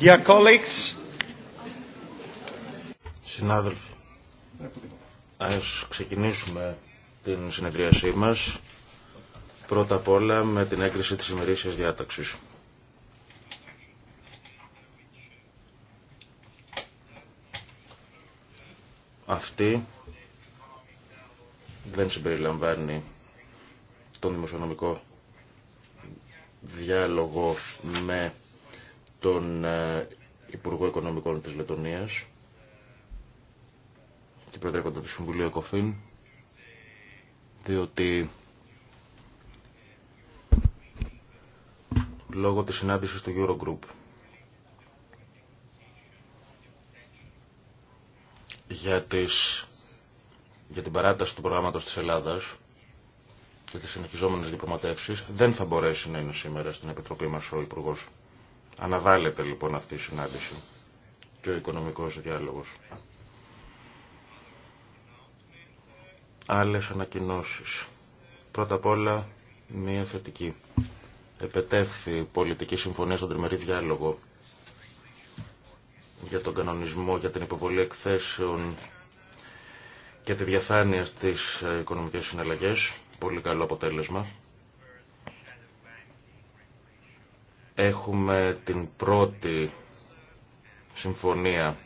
Dear colleagues, συνάδελφοι, ας ξεκινήσουμε την συνεδρίασή μας πρώτα απ' όλα με την έγκριση της ημερήσιας διάταξης. Αυτή δεν συμπεριλαμβάνει τον δημοσιονομικό διάλογο με τον ε, Υπουργό Οικονομικών της Λετωνίας και προεδρεύοντα του Συμβουλίου ΕΚΟΦΗΝ διότι λόγω της συνάντησης του Eurogroup για, τις, για την παράταση του προγράμματος της Ελλάδας και τις συνεχιζόμενες διπλωματεύσεις δεν θα μπορέσει να είναι σήμερα στην Επιτροπή μας ο Υπουργός Αναβάλλεται λοιπόν αυτή η συνάντηση και ο οικονομικός διάλογος. Άλλες ανακοινώσεις. Πρώτα απ' όλα μία θετική. Επετεύχθη πολιτική συμφωνία στον τριμερή διάλογο για τον κανονισμό, για την υποβολή εκθέσεων και τη διαφάνεια στις ε, οικονομικές συναλλαγές. Πολύ καλό αποτέλεσμα. Έχουμε την πρώτη συμφωνία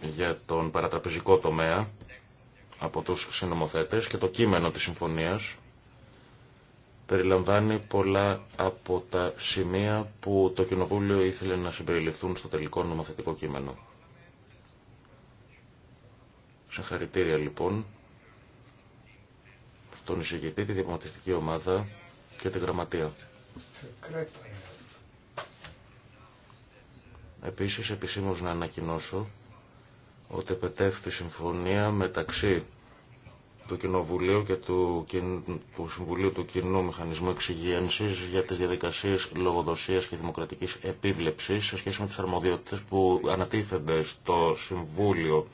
για τον παρατραπεζικό τομέα από τους συνομοθέτες και το κείμενο της συμφωνίας περιλαμβάνει πολλά από τα σημεία που το Κοινοβούλιο ήθελε να συμπεριληφθούν στο τελικό νομοθετικό κείμενο. Σε χαρητήρια λοιπόν στον εισηγητή, τη διαπραγματευτική ομάδα και τη γραμματεία. Επίσης επισήμως να ανακοινώσω ότι πετεύχθη συμφωνία μεταξύ του Κοινοβουλίου και του, Συμβουλίου του Κοινού Μηχανισμού Εξυγίανσης για τις διαδικασίες λογοδοσίας και δημοκρατικής επίβλεψης σε σχέση με τις αρμοδιότητες που ανατίθενται στο Συμβούλιο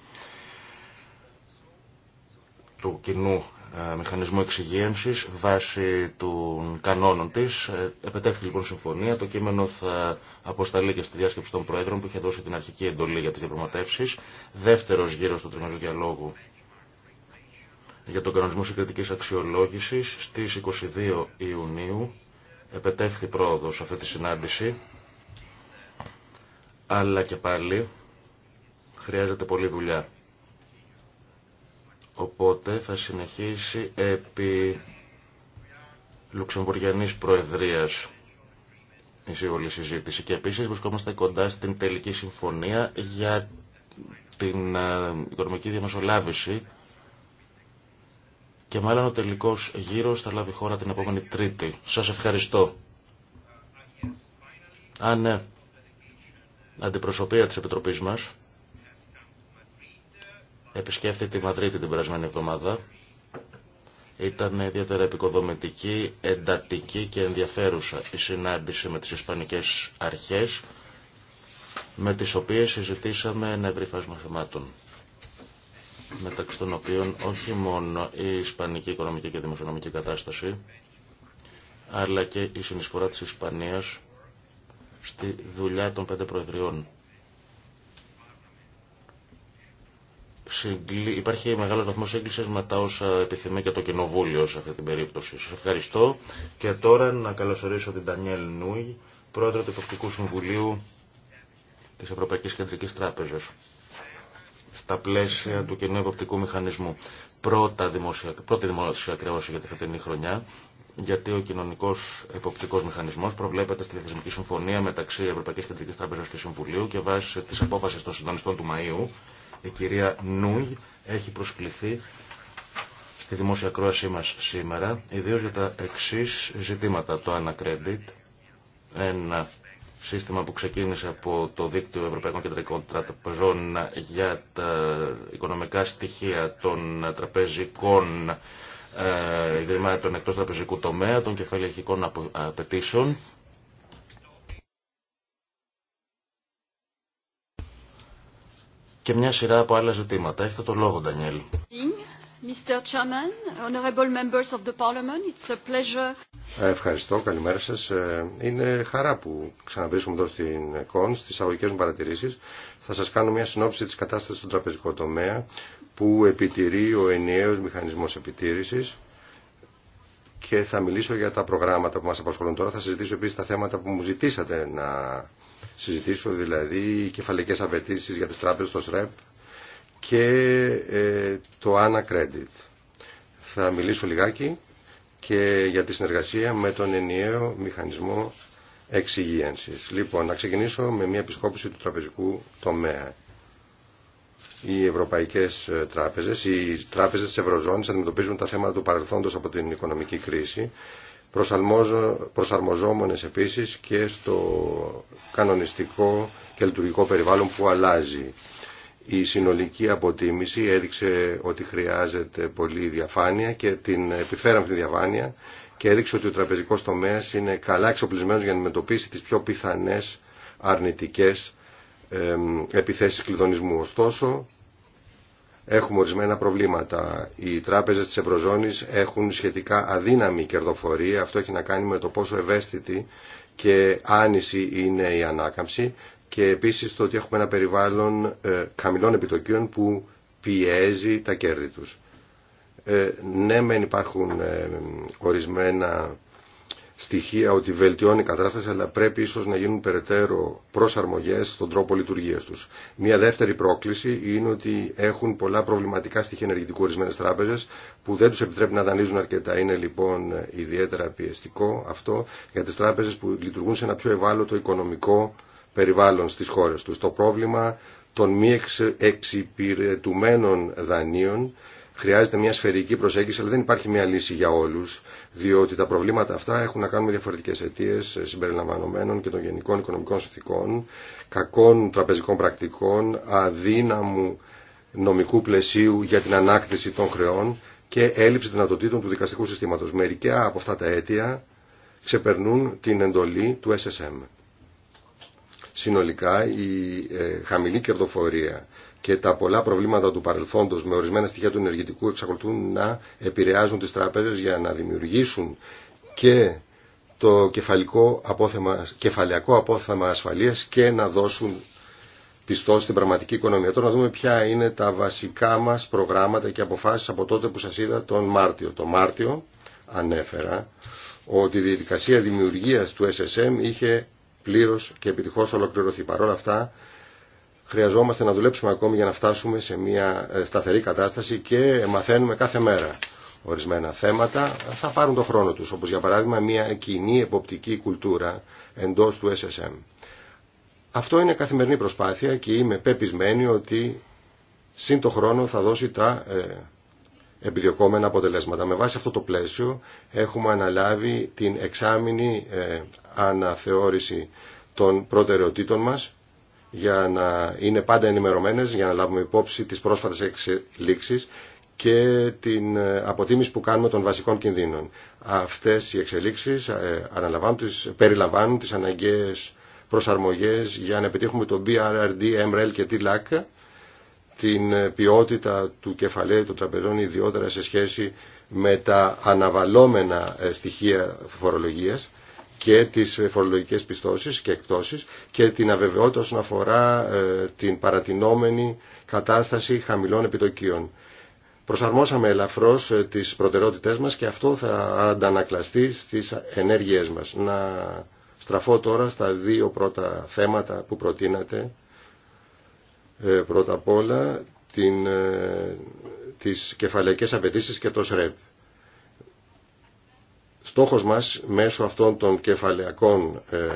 του Κοινού ε, μηχανισμό εξυγίανσης βάσει των κανόνων της. Ε, επετέχθη λοιπόν συμφωνία. Το κείμενο θα αποσταλεί και στη διάσκεψη των Προέδρων που είχε δώσει την αρχική εντολή για τις διαπραγματεύσεις. Δεύτερος γύρος του τριμερούς διαλόγου για τον κανονισμό συγκριτικής αξιολόγησης στις 22 Ιουνίου. Επετέχθη πρόοδο σε αυτή τη συνάντηση. Αλλά και πάλι χρειάζεται πολλή δουλειά Οπότε θα συνεχίσει επί Λουξεμβουργιανής Προεδρίας η σύγχρονη συζήτηση. Και επίσης βρισκόμαστε κοντά στην τελική συμφωνία για την ε, οικονομική διαμεσολάβηση και μάλλον ο τελικός γύρος θα λάβει χώρα την επόμενη Τρίτη. Σας ευχαριστώ. Α, ναι. Αντιπροσωπεία της Επιτροπής μας. Επισκέφτηκε τη Μαδρίτη την περασμένη εβδομάδα. Ήταν ιδιαίτερα επικοδομητική, εντατική και ενδιαφέρουσα η συνάντηση με τις Ισπανικές αρχές, με τις οποίες συζητήσαμε ένα ευρύ θεμάτων μεταξύ των οποίων όχι μόνο η ισπανική οικονομική και δημοσιονομική κατάσταση, αλλά και η συνεισφορά της Ισπανίας στη δουλειά των πέντε προεδριών. υπάρχει μεγάλο βαθμό σύγκληση με τα όσα επιθυμεί και το Κοινοβούλιο σε αυτή την περίπτωση. Σα ευχαριστώ και τώρα να καλωσορίσω την Ντανιέλ Νούι, πρόεδρο του Υποπτικού Συμβουλίου τη Ευρωπαϊκή Κεντρική Τράπεζα, στα πλαίσια του κοινού εποπτικού μηχανισμού. Πρώτα δημοσια, πρώτη δημόσια ακρέωση για τη φετινή χρονιά, γιατί ο κοινωνικό εποπτικό μηχανισμό προβλέπεται στη Διεθνική Συμφωνία μεταξύ Ευρωπαϊκή Κεντρική Τράπεζα και Συμβουλίου και βάσει τη απόφαση των συντονιστών του Μαΐου η κυρία Νούι έχει προσκληθεί στη δημόσια κρόασή μας σήμερα, ιδίως για τα εξής ζητήματα. Το Anacredit, ένα σύστημα που ξεκίνησε από το Δίκτυο Ευρωπαϊκών Κεντρικών Τραπεζών για τα οικονομικά στοιχεία των τραπεζικών ε, ιδρυμάτων εκτός τραπεζικού τομέα, των κεφαλιακικών απαιτήσεων και μια σειρά από άλλα ζητήματα. Έχετε το λόγο, Ντανιέλ. Ευχαριστώ, καλημέρα σα. Ε, είναι χαρά που ξαναβρίσκομαι εδώ στην ΚΟΝ, στι αγωγικέ μου παρατηρήσεις. Θα σας κάνω μια συνόψη της κατάστασης στον τραπεζικό τομέα που επιτηρεί ο ενιαίο μηχανισμός επιτήρηση και θα μιλήσω για τα προγράμματα που μας απασχολούν τώρα. Θα συζητήσω επίση τα θέματα που μου ζητήσατε να συζητήσω, δηλαδή οι κεφαλικές απαιτήσει για τις τράπεζες, το ΣΡΕΠ και ε, το ANA Credit. Θα μιλήσω λιγάκι και για τη συνεργασία με τον ενιαίο μηχανισμό εξυγίανσης. Λοιπόν, να ξεκινήσω με μια επισκόπηση του τραπεζικού τομέα. Οι ευρωπαϊκές ε, τράπεζες, οι τράπεζες της Ευρωζώνης αντιμετωπίζουν τα θέματα του παρελθόντος από την οικονομική κρίση προσαρμοζόμενες επίσης και στο κανονιστικό και λειτουργικό περιβάλλον που αλλάζει. Η συνολική αποτίμηση έδειξε ότι χρειάζεται πολύ διαφάνεια και την επιφέραμε αυτή τη διαφάνεια και έδειξε ότι ο τραπεζικός τομέας είναι καλά εξοπλισμένος για να αντιμετωπίσει τις πιο πιθανές αρνητικές επιθέσεις κλειδονισμού. Ωστόσο, έχουμε ορισμένα προβλήματα. Οι τράπεζε τη Ευρωζώνη έχουν σχετικά αδύναμη κερδοφορία. Αυτό έχει να κάνει με το πόσο ευαίσθητη και άνηση είναι η ανάκαμψη και επίσης το ότι έχουμε ένα περιβάλλον ε, χαμηλών επιτοκίων που πιέζει τα κέρδη τους. Ε, ναι, μεν υπάρχουν ε, ορισμένα στοιχεία ότι βελτιώνει η κατάσταση, αλλά πρέπει ίσω να γίνουν περαιτέρω προσαρμογέ στον τρόπο λειτουργία του. Μία δεύτερη πρόκληση είναι ότι έχουν πολλά προβληματικά στοιχεία ενεργητικού ορισμένε τράπεζε που δεν του επιτρέπει να δανείζουν αρκετά. Είναι λοιπόν ιδιαίτερα πιεστικό αυτό για τι τράπεζε που λειτουργούν σε ένα πιο ευάλωτο οικονομικό περιβάλλον στι χώρε του. Το πρόβλημα των μη εξυπηρετουμένων δανείων Χρειάζεται μια σφαιρική προσέγγιση, αλλά δεν υπάρχει μια λύση για όλου, διότι τα προβλήματα αυτά έχουν να κάνουν με διαφορετικέ αιτίε ε, συμπεριλαμβανομένων και των γενικών οικονομικών συνθηκών, κακών τραπεζικών πρακτικών, αδύναμου νομικού πλαισίου για την ανάκτηση των χρεών και έλλειψη δυνατοτήτων του δικαστικού συστήματος. Μερικά από αυτά τα αίτια ξεπερνούν την εντολή του SSM. Συνολικά η ε, χαμηλή κερδοφορία και τα πολλά προβλήματα του παρελθόντος με ορισμένα στοιχεία του ενεργητικού εξακολουθούν να επηρεάζουν τις τράπεζες για να δημιουργήσουν και το κεφαλικό απόθεμα, κεφαλαιακό απόθεμα ασφαλείας και να δώσουν πιστό στην πραγματική οικονομία. Τώρα να δούμε ποια είναι τα βασικά μας προγράμματα και αποφάσεις από τότε που σας είδα τον Μάρτιο. Το Μάρτιο ανέφερα ότι η διαδικασία δημιουργίας του SSM είχε πλήρως και επιτυχώς ολοκληρωθεί. Παρ' όλα αυτά χρειαζόμαστε να δουλέψουμε ακόμη για να φτάσουμε σε μια ε, σταθερή κατάσταση και μαθαίνουμε κάθε μέρα. Ορισμένα θέματα θα πάρουν τον χρόνο τους, όπως για παράδειγμα μια κοινή εποπτική κουλτούρα εντός του SSM. Αυτό είναι καθημερινή προσπάθεια και είμαι πεπισμένη ότι σύν χρόνο θα δώσει τα ε, επιδιωκόμενα αποτελέσματα. Με βάση αυτό το πλαίσιο έχουμε αναλάβει την εξάμηνη ε, αναθεώρηση των προτεραιοτήτων μας για να είναι πάντα ενημερωμένες, για να λάβουμε υπόψη τις πρόσφατες εξελίξεις και την ε, αποτίμηση που κάνουμε των βασικών κινδύνων. Αυτές οι εξελίξεις ε, αναλαμβάνουν τις, περιλαμβάνουν τις αναγκαίες προσαρμογές για να επιτύχουμε το BRRD, MREL και TLAC την ε, ποιότητα του κεφαλαίου των τραπεζών ιδιότερα σε σχέση με τα αναβαλώμενα ε, στοιχεία φορολογίας και τις ε, φορολογικές πιστώσεις και εκτόσεις και την αβεβαιότητα όσον αφορά την παρατηνόμενη κατάσταση χαμηλών επιτοκίων. Προσαρμόσαμε ελαφρώς τις προτεραιότητές μας και αυτό θα αντανακλαστεί στις ενέργειές μας. Να στραφώ τώρα στα δύο πρώτα θέματα που προτείνατε ε, πρώτα απ' όλα την, ε, τις κεφαλαϊκές απαιτήσει και το ΣΡΕΠ. Στόχος μας μέσω αυτών των κεφαλαϊκών ε,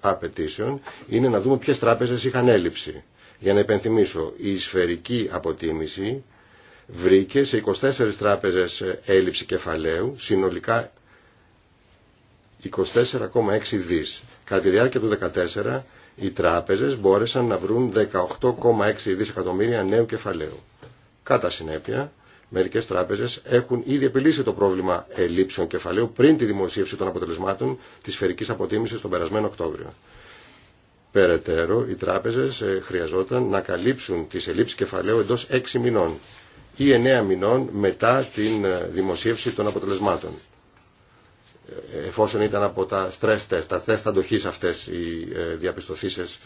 απαιτήσεων είναι να δούμε ποιες τράπεζες είχαν έλλειψη. Για να υπενθυμίσω, η σφαιρική αποτίμηση βρήκε σε 24 τράπεζες έλλειψη κεφαλαίου, συνολικά 24,6 δις. Κατά τη διάρκεια του 2014 οι τράπεζες μπόρεσαν να βρουν 18,6 δισεκατομμύρια νέου κεφαλαίου. Κατά συνέπεια, μερικές τράπεζες έχουν ήδη επιλύσει το πρόβλημα ελλείψεων κεφαλαίου πριν τη δημοσίευση των αποτελεσμάτων της σφαιρικής αποτίμησης τον περασμένο Οκτώβριο. Περαιτέρω, οι τράπεζες ε, χρειαζόταν να καλύψουν τις ελλείψεις κεφαλαίου εντός 6 μηνών ή 9 μηνών μετά την ε, δημοσίευση των αποτελεσμάτων εφόσον ήταν από τα stress test, τα test αντοχής αυτές οι ε, διαπιστωθήσεις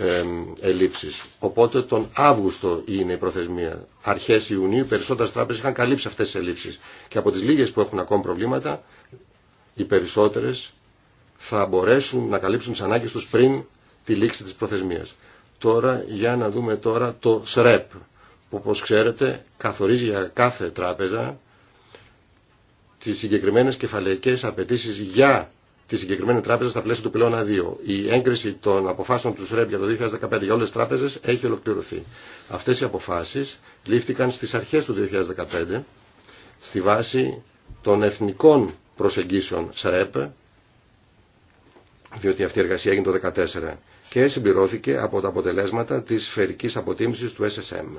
ε, ε, ελλείψεις. Οπότε τον Αύγουστο είναι η προθεσμία. Αρχές Ιουνίου περισσότερες τράπεζες είχαν καλύψει αυτές τις ελλείψεις. Και από τις λίγες που έχουν ακόμη προβλήματα, οι περισσότερες θα μπορέσουν να καλύψουν τις ανάγκες τους πριν τη λήξη της προθεσμίας. Τώρα, για να δούμε τώρα το ΣΡΕΠ, e που όπως ξέρετε καθορίζει για κάθε τράπεζα τις συγκεκριμένες κεφαλαϊκές απαιτήσει για τη συγκεκριμένη τράπεζα στα πλαίσια του πυλώνα 2. Η έγκριση των αποφάσεων του ΣΡΕΠ για το 2015 για όλες τις τράπεζες έχει ολοκληρωθεί. Αυτές οι αποφάσεις λήφθηκαν στις αρχές του 2015 στη βάση των εθνικών προσεγγίσεων ΣΡΕΠ διότι αυτή η εργασία έγινε το 2014 και συμπληρώθηκε από τα αποτελέσματα της σφαιρικής αποτίμησης του SSM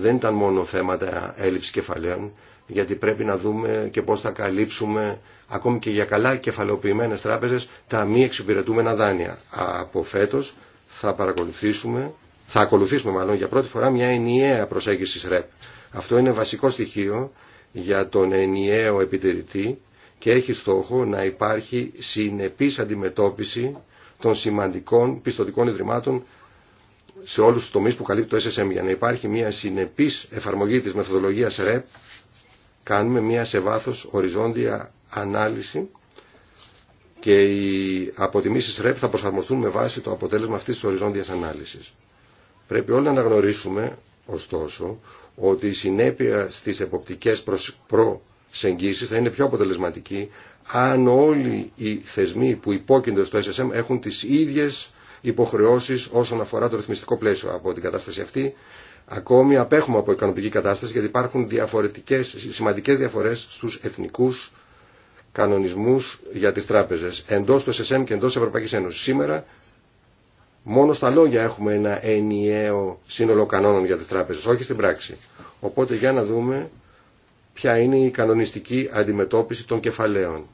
δεν ήταν μόνο θέματα έλλειψη κεφαλαίων, γιατί πρέπει να δούμε και πώς θα καλύψουμε ακόμη και για καλά κεφαλαιοποιημένες τράπεζες τα μη εξυπηρετούμενα δάνεια. Από φέτος θα παρακολουθήσουμε, θα ακολουθήσουμε μάλλον για πρώτη φορά μια ενιαία προσέγγιση ΡΕΠ. Αυτό είναι βασικό στοιχείο για τον ενιαίο επιτηρητή και έχει στόχο να υπάρχει συνεπής αντιμετώπιση των σημαντικών πιστοτικών ιδρυμάτων σε όλους τους τομείς που καλύπτει το SSM. Για να υπάρχει μια συνεπής εφαρμογή της μεθοδολογίας REP, κάνουμε μια σε βάθος οριζόντια ανάλυση και οι αποτιμήσεις REP θα προσαρμοστούν με βάση το αποτέλεσμα αυτής της οριζόντιας ανάλυσης. Πρέπει όλοι να αναγνωρίσουμε, ωστόσο, ότι η συνέπεια στις εποπτικές προσεγγίσεις θα είναι πιο αποτελεσματική αν όλοι οι θεσμοί που υπόκεινται στο SSM έχουν τις ίδιες υποχρεώσεις όσον αφορά το ρυθμιστικό πλαίσιο από την κατάσταση αυτή. Ακόμη απέχουμε από ικανοποιητική κατάσταση γιατί υπάρχουν διαφορετικές, σημαντικές διαφορές στους εθνικούς κανονισμούς για τις τράπεζες εντός του SSM και εντός της Ευρωπαϊκής Ένωσης. Σήμερα μόνο στα λόγια έχουμε ένα ενιαίο σύνολο κανόνων για τις τράπεζες, όχι στην πράξη. Οπότε για να δούμε ποια είναι η κανονιστική αντιμετώπιση των κεφαλαίων.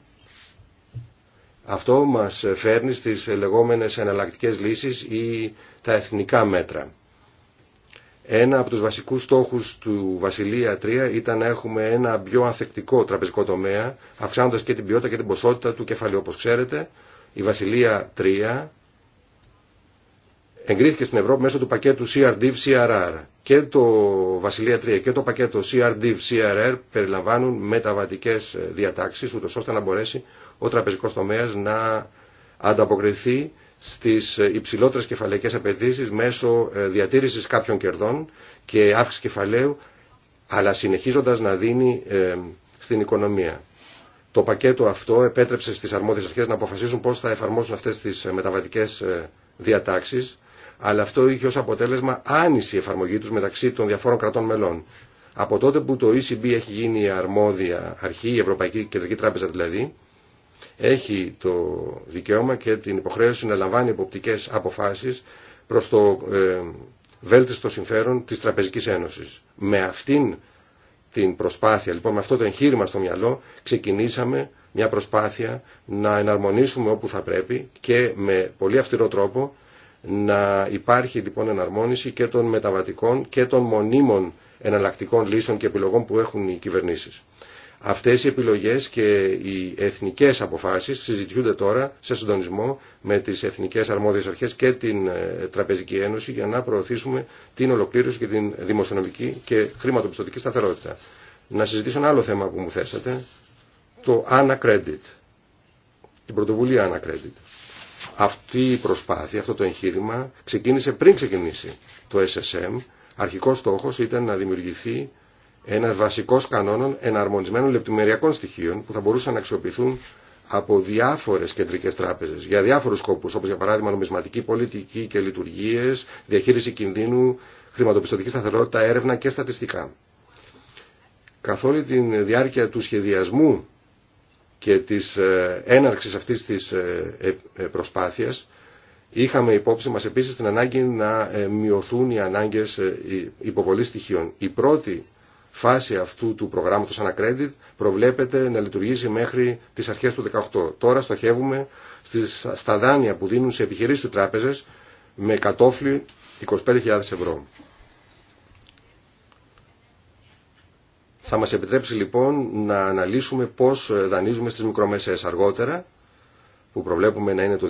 Αυτό μας φέρνει στις λεγόμενες εναλλακτικέ λύσεις ή τα εθνικά μέτρα. Ένα από τους βασικούς στόχους του Βασιλεία 3 ήταν να έχουμε ένα πιο ανθεκτικό τραπεζικό τομέα, αυξάνοντας και την ποιότητα και την ποσότητα του κεφαλαίου. Όπως ξέρετε, η Βασιλεία 3 εγκρίθηκε στην Ευρώπη μέσω του πακέτου CRDIV-CRR. Και το Βασιλεία 3 και το πακέτο CRDIV-CRR περιλαμβάνουν μεταβατικές διατάξεις, ούτως ώστε να μπορέσει ο τραπεζικός τομέας να ανταποκριθεί στις υψηλότερες κεφαλαϊκές απαιτήσει μέσω ε, διατήρησης κάποιων κερδών και αύξηση κεφαλαίου, αλλά συνεχίζοντας να δίνει ε, στην οικονομία. Το πακέτο αυτό επέτρεψε στις αρμόδιες αρχές να αποφασίσουν πώς θα εφαρμόσουν αυτές τις ε, μεταβατικές διατάξεις, αλλά αυτό είχε ως αποτέλεσμα άνηση εφαρμογή τους μεταξύ των διαφόρων κρατών μελών. Από τότε που το ECB έχει γίνει η αρμόδια αρχή, η Ευρωπαϊκή Κεντρική Τράπεζα δηλαδή, έχει το δικαίωμα και την υποχρέωση να λαμβάνει εποπτικές αποφάσεις προς το ε, βέλτιστο συμφέρον της Τραπεζικής Ένωσης. Με αυτήν την προσπάθεια, λοιπόν με αυτό το εγχείρημα στο μυαλό, ξεκινήσαμε μια προσπάθεια να εναρμονίσουμε όπου θα πρέπει και με πολύ αυστηρό τρόπο να υπάρχει λοιπόν εναρμόνιση και των μεταβατικών και των μονίμων εναλλακτικών λύσεων και επιλογών που έχουν οι κυβερνήσεις. Αυτές οι επιλογές και οι εθνικές αποφάσεις συζητιούνται τώρα σε συντονισμό με τις εθνικές αρμόδιες αρχές και την ε, Τραπεζική Ένωση για να προωθήσουμε την ολοκλήρωση και την δημοσιονομική και χρηματοπιστωτική σταθερότητα. Να συζητήσω ένα άλλο θέμα που μου θέσατε, το Anacredit, την πρωτοβουλία Anacredit. Αυτή η προσπάθεια, αυτό το εγχείρημα ξεκίνησε πριν ξεκινήσει το SSM. Αρχικός στόχος ήταν να δημιουργηθεί ένα βασικό κανόνων εναρμονισμένων λεπτομεριακών στοιχείων που θα μπορούσαν να αξιοποιηθούν από διάφορε κεντρικέ τράπεζε για διάφορου σκόπου, όπω για παράδειγμα νομισματική πολιτική και λειτουργίε, διαχείριση κινδύνου, χρηματοπιστωτική σταθερότητα, έρευνα και στατιστικά. Καθ' όλη τη διάρκεια του σχεδιασμού και της ε, έναρξης αυτής της ε, ε, προσπάθεια, είχαμε υπόψη μα επίση την ανάγκη να μειωθούν οι ανάγκε υποβολή στοιχείων. Η πρώτη φάση αυτού του προγράμματος Anacredit προβλέπεται να λειτουργήσει μέχρι τις αρχές του 2018. Τώρα στοχεύουμε στις, στα δάνεια που δίνουν σε επιχειρήσεις και τράπεζες με κατόφλι 25.000 ευρώ. Θα μας επιτρέψει λοιπόν να αναλύσουμε πώς δανείζουμε στις μικρομέσες αργότερα, που προβλέπουμε να είναι το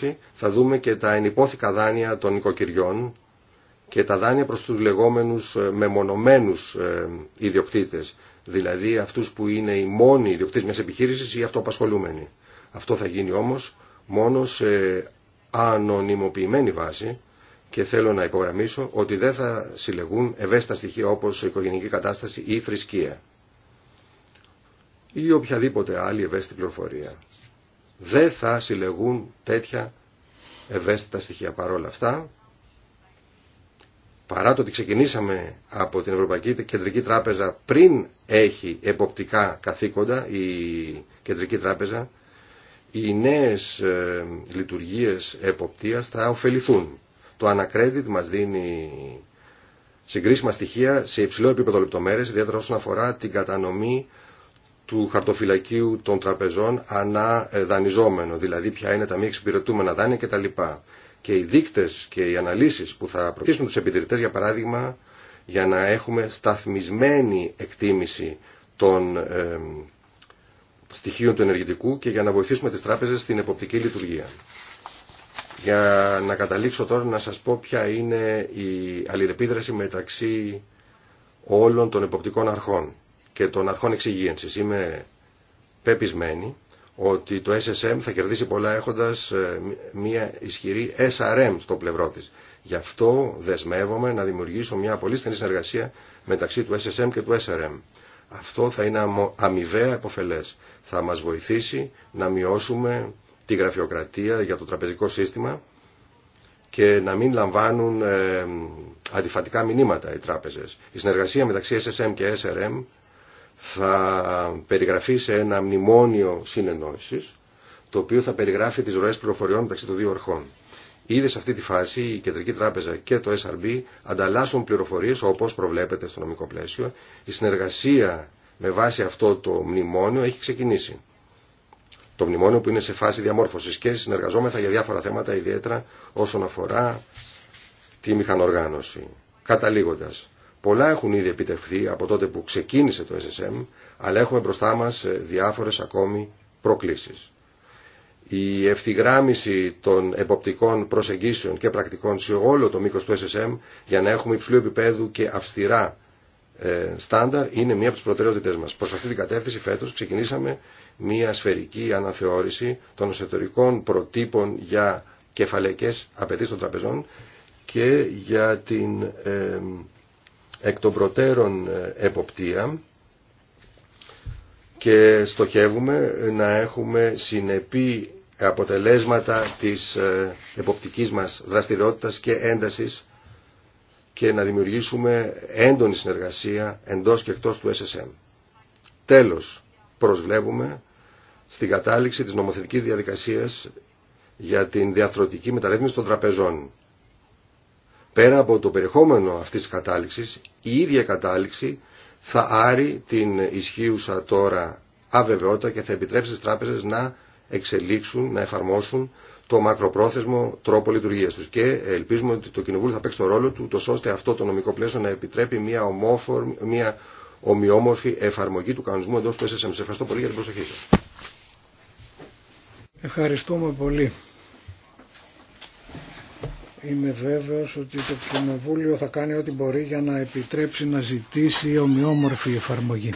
2020, θα δούμε και τα ενυπόθηκα δάνεια των οικοκυριών, και τα δάνεια προς τους λεγόμενους ε, μεμονωμένους ε, ιδιοκτήτες, δηλαδή αυτούς που είναι οι μόνοι ιδιοκτήτες μιας επιχείρησης ή αυτοπασχολούμενοι. Αυτό θα γίνει όμως μόνο σε ανωνυμοποιημένη βάση και θέλω να υπογραμμίσω ότι δεν θα συλλεγούν ευαίσθητα στοιχεία όπως οικογενική κατάσταση ή θρησκεία ή οποιαδήποτε άλλη ευαίσθητη πληροφορία. Δεν θα συλλεγούν τέτοια ευαίσθητα στοιχεία παρόλα αυτά παρά το ότι ξεκινήσαμε από την Ευρωπαϊκή Κεντρική Τράπεζα πριν έχει εποπτικά καθήκοντα η Κεντρική Τράπεζα, οι νέες ε, λειτουργίες εποπτείας θα ωφεληθούν. Το ανακρέδιτ μας δίνει συγκρίσιμα στοιχεία σε υψηλό επίπεδο λεπτομέρειες, ιδιαίτερα όσον αφορά την κατανομή του χαρτοφυλακίου των τραπεζών ανά ε, δηλαδή ποια είναι τα μη εξυπηρετούμενα δάνεια κτλ και οι δείκτες και οι αναλύσεις που θα προωθήσουν τους επιτηρητές για παράδειγμα για να έχουμε σταθμισμένη εκτίμηση των στοιχείων του ενεργητικού και για να βοηθήσουμε τις τράπεζες στην εποπτική λειτουργία. Για να καταλήξω τώρα να σας πω ποια είναι η αλληλεπίδραση μεταξύ όλων των εποπτικών αρχών και των αρχών εξυγίανσης. Είμαι πεπισμένη ότι το SSM θα κερδίσει πολλά έχοντας ε, μια ισχυρή SRM στο πλευρό της. Γι' αυτό δεσμεύομαι να δημιουργήσω μια πολύ στενή συνεργασία μεταξύ του SSM και του SRM. Αυτό θα είναι αμοιβαία εποφελές Θα μας βοηθήσει να μειώσουμε τη γραφειοκρατία για το τραπεζικό σύστημα και να μην λαμβάνουν ε, αντιφατικά μηνύματα οι τράπεζες. Η συνεργασία μεταξύ SSM και SRM θα περιγραφεί σε ένα μνημόνιο συνεννόησης το οποίο θα περιγράφει τις ροές πληροφοριών μεταξύ των δύο αρχών. Ήδη σε αυτή τη φάση η Κεντρική Τράπεζα και το SRB ανταλλάσσουν πληροφορίες όπως προβλέπεται στο νομικό πλαίσιο. Η συνεργασία με βάση αυτό το μνημόνιο έχει ξεκινήσει. Το μνημόνιο που είναι σε φάση διαμόρφωσης και συνεργαζόμεθα για διάφορα θέματα ιδιαίτερα όσον αφορά τη μηχανοργάνωση. καταλήγοντα. Πολλά έχουν ήδη επιτευχθεί από τότε που ξεκίνησε το SSM, αλλά έχουμε μπροστά μας ε, διάφορες ακόμη προκλήσεις. Η ευθυγράμμιση των εποπτικών προσεγγίσεων και πρακτικών σε όλο το μήκος του SSM για να έχουμε υψηλού επίπεδου και αυστηρά ε, στάνταρ είναι μία από τις προτεραιότητές μας. Προς αυτή την κατεύθυνση φέτος ξεκινήσαμε μία σφαιρική αναθεώρηση των εσωτερικών προτύπων για κεφαλαικές απαιτήσεις των τραπεζών και για την ε, εκ των προτέρων ε, εποπτεία και στοχεύουμε να έχουμε συνεπή αποτελέσματα της ε, εποπτικής μας δραστηριότητας και έντασης και να δημιουργήσουμε έντονη συνεργασία εντός και εκτός του SSM. Τέλος, προσβλέπουμε στην κατάληξη της νομοθετικής διαδικασίας για την διαθροτική μεταρρύθμιση των τραπεζών Πέρα από το περιεχόμενο αυτής της κατάληξης, η ίδια κατάληξη θα άρει την ισχύουσα τώρα αβεβαιότητα και θα επιτρέψει στις τράπεζες να εξελίξουν, να εφαρμόσουν το μακροπρόθεσμο τρόπο λειτουργία του. Και ελπίζουμε ότι το Κοινοβούλιο θα παίξει το ρόλο του, τόσο ώστε αυτό το νομικό πλαίσιο να επιτρέπει μια, ομόφορμη, μια ομοιόμορφη εφαρμογή του κανονισμού εντό του SSM. Σε ευχαριστώ πολύ για την προσοχή σα. Ευχαριστούμε πολύ. Είμαι βέβαιος ότι το Κοινοβούλιο θα κάνει ό,τι μπορεί για να επιτρέψει να ζητήσει ομοιόμορφη εφαρμογή.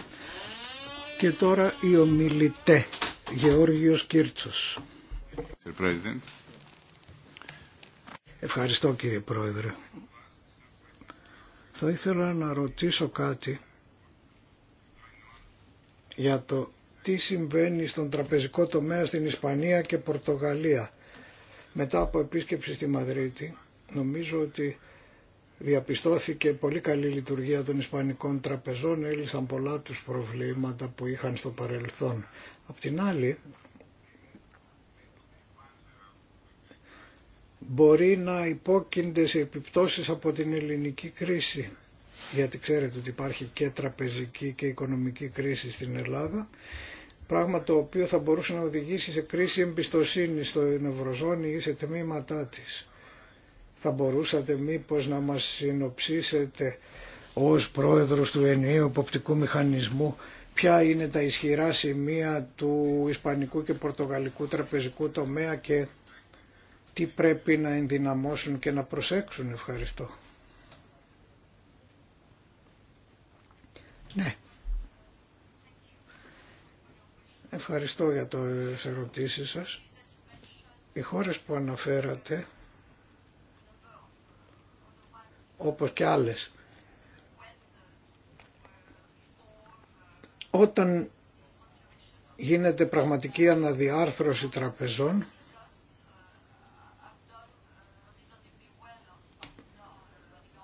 Και τώρα η ομιλητέ. Γεώργιος Κύρτσος. Ευχαριστώ κύριε Πρόεδρε. Θα ήθελα να ρωτήσω κάτι για το τι συμβαίνει στον τραπεζικό τομέα στην Ισπανία και Πορτογαλία μετά από επίσκεψη στη Μαδρίτη νομίζω ότι διαπιστώθηκε πολύ καλή λειτουργία των Ισπανικών τραπεζών, έλυσαν πολλά τους προβλήματα που είχαν στο παρελθόν. Απ' την άλλη, μπορεί να υπόκεινται σε επιπτώσεις από την ελληνική κρίση, γιατί ξέρετε ότι υπάρχει και τραπεζική και οικονομική κρίση στην Ελλάδα πράγμα το οποίο θα μπορούσε να οδηγήσει σε κρίση εμπιστοσύνη στο Ευρωζώνη ή σε τμήματά της. Θα μπορούσατε μήπως να μας συνοψίσετε ως πρόεδρος του ενιαίου Ποπτικού μηχανισμού ποια είναι τα ισχυρά σημεία του ισπανικού και πορτογαλικού τραπεζικού τομέα και τι πρέπει να ενδυναμώσουν και να προσέξουν. Ευχαριστώ. Ναι. Ευχαριστώ για το ερωτήσει σας. Οι χώρες που αναφέρατε, όπως και άλλες, όταν γίνεται πραγματική αναδιάρθρωση τραπεζών,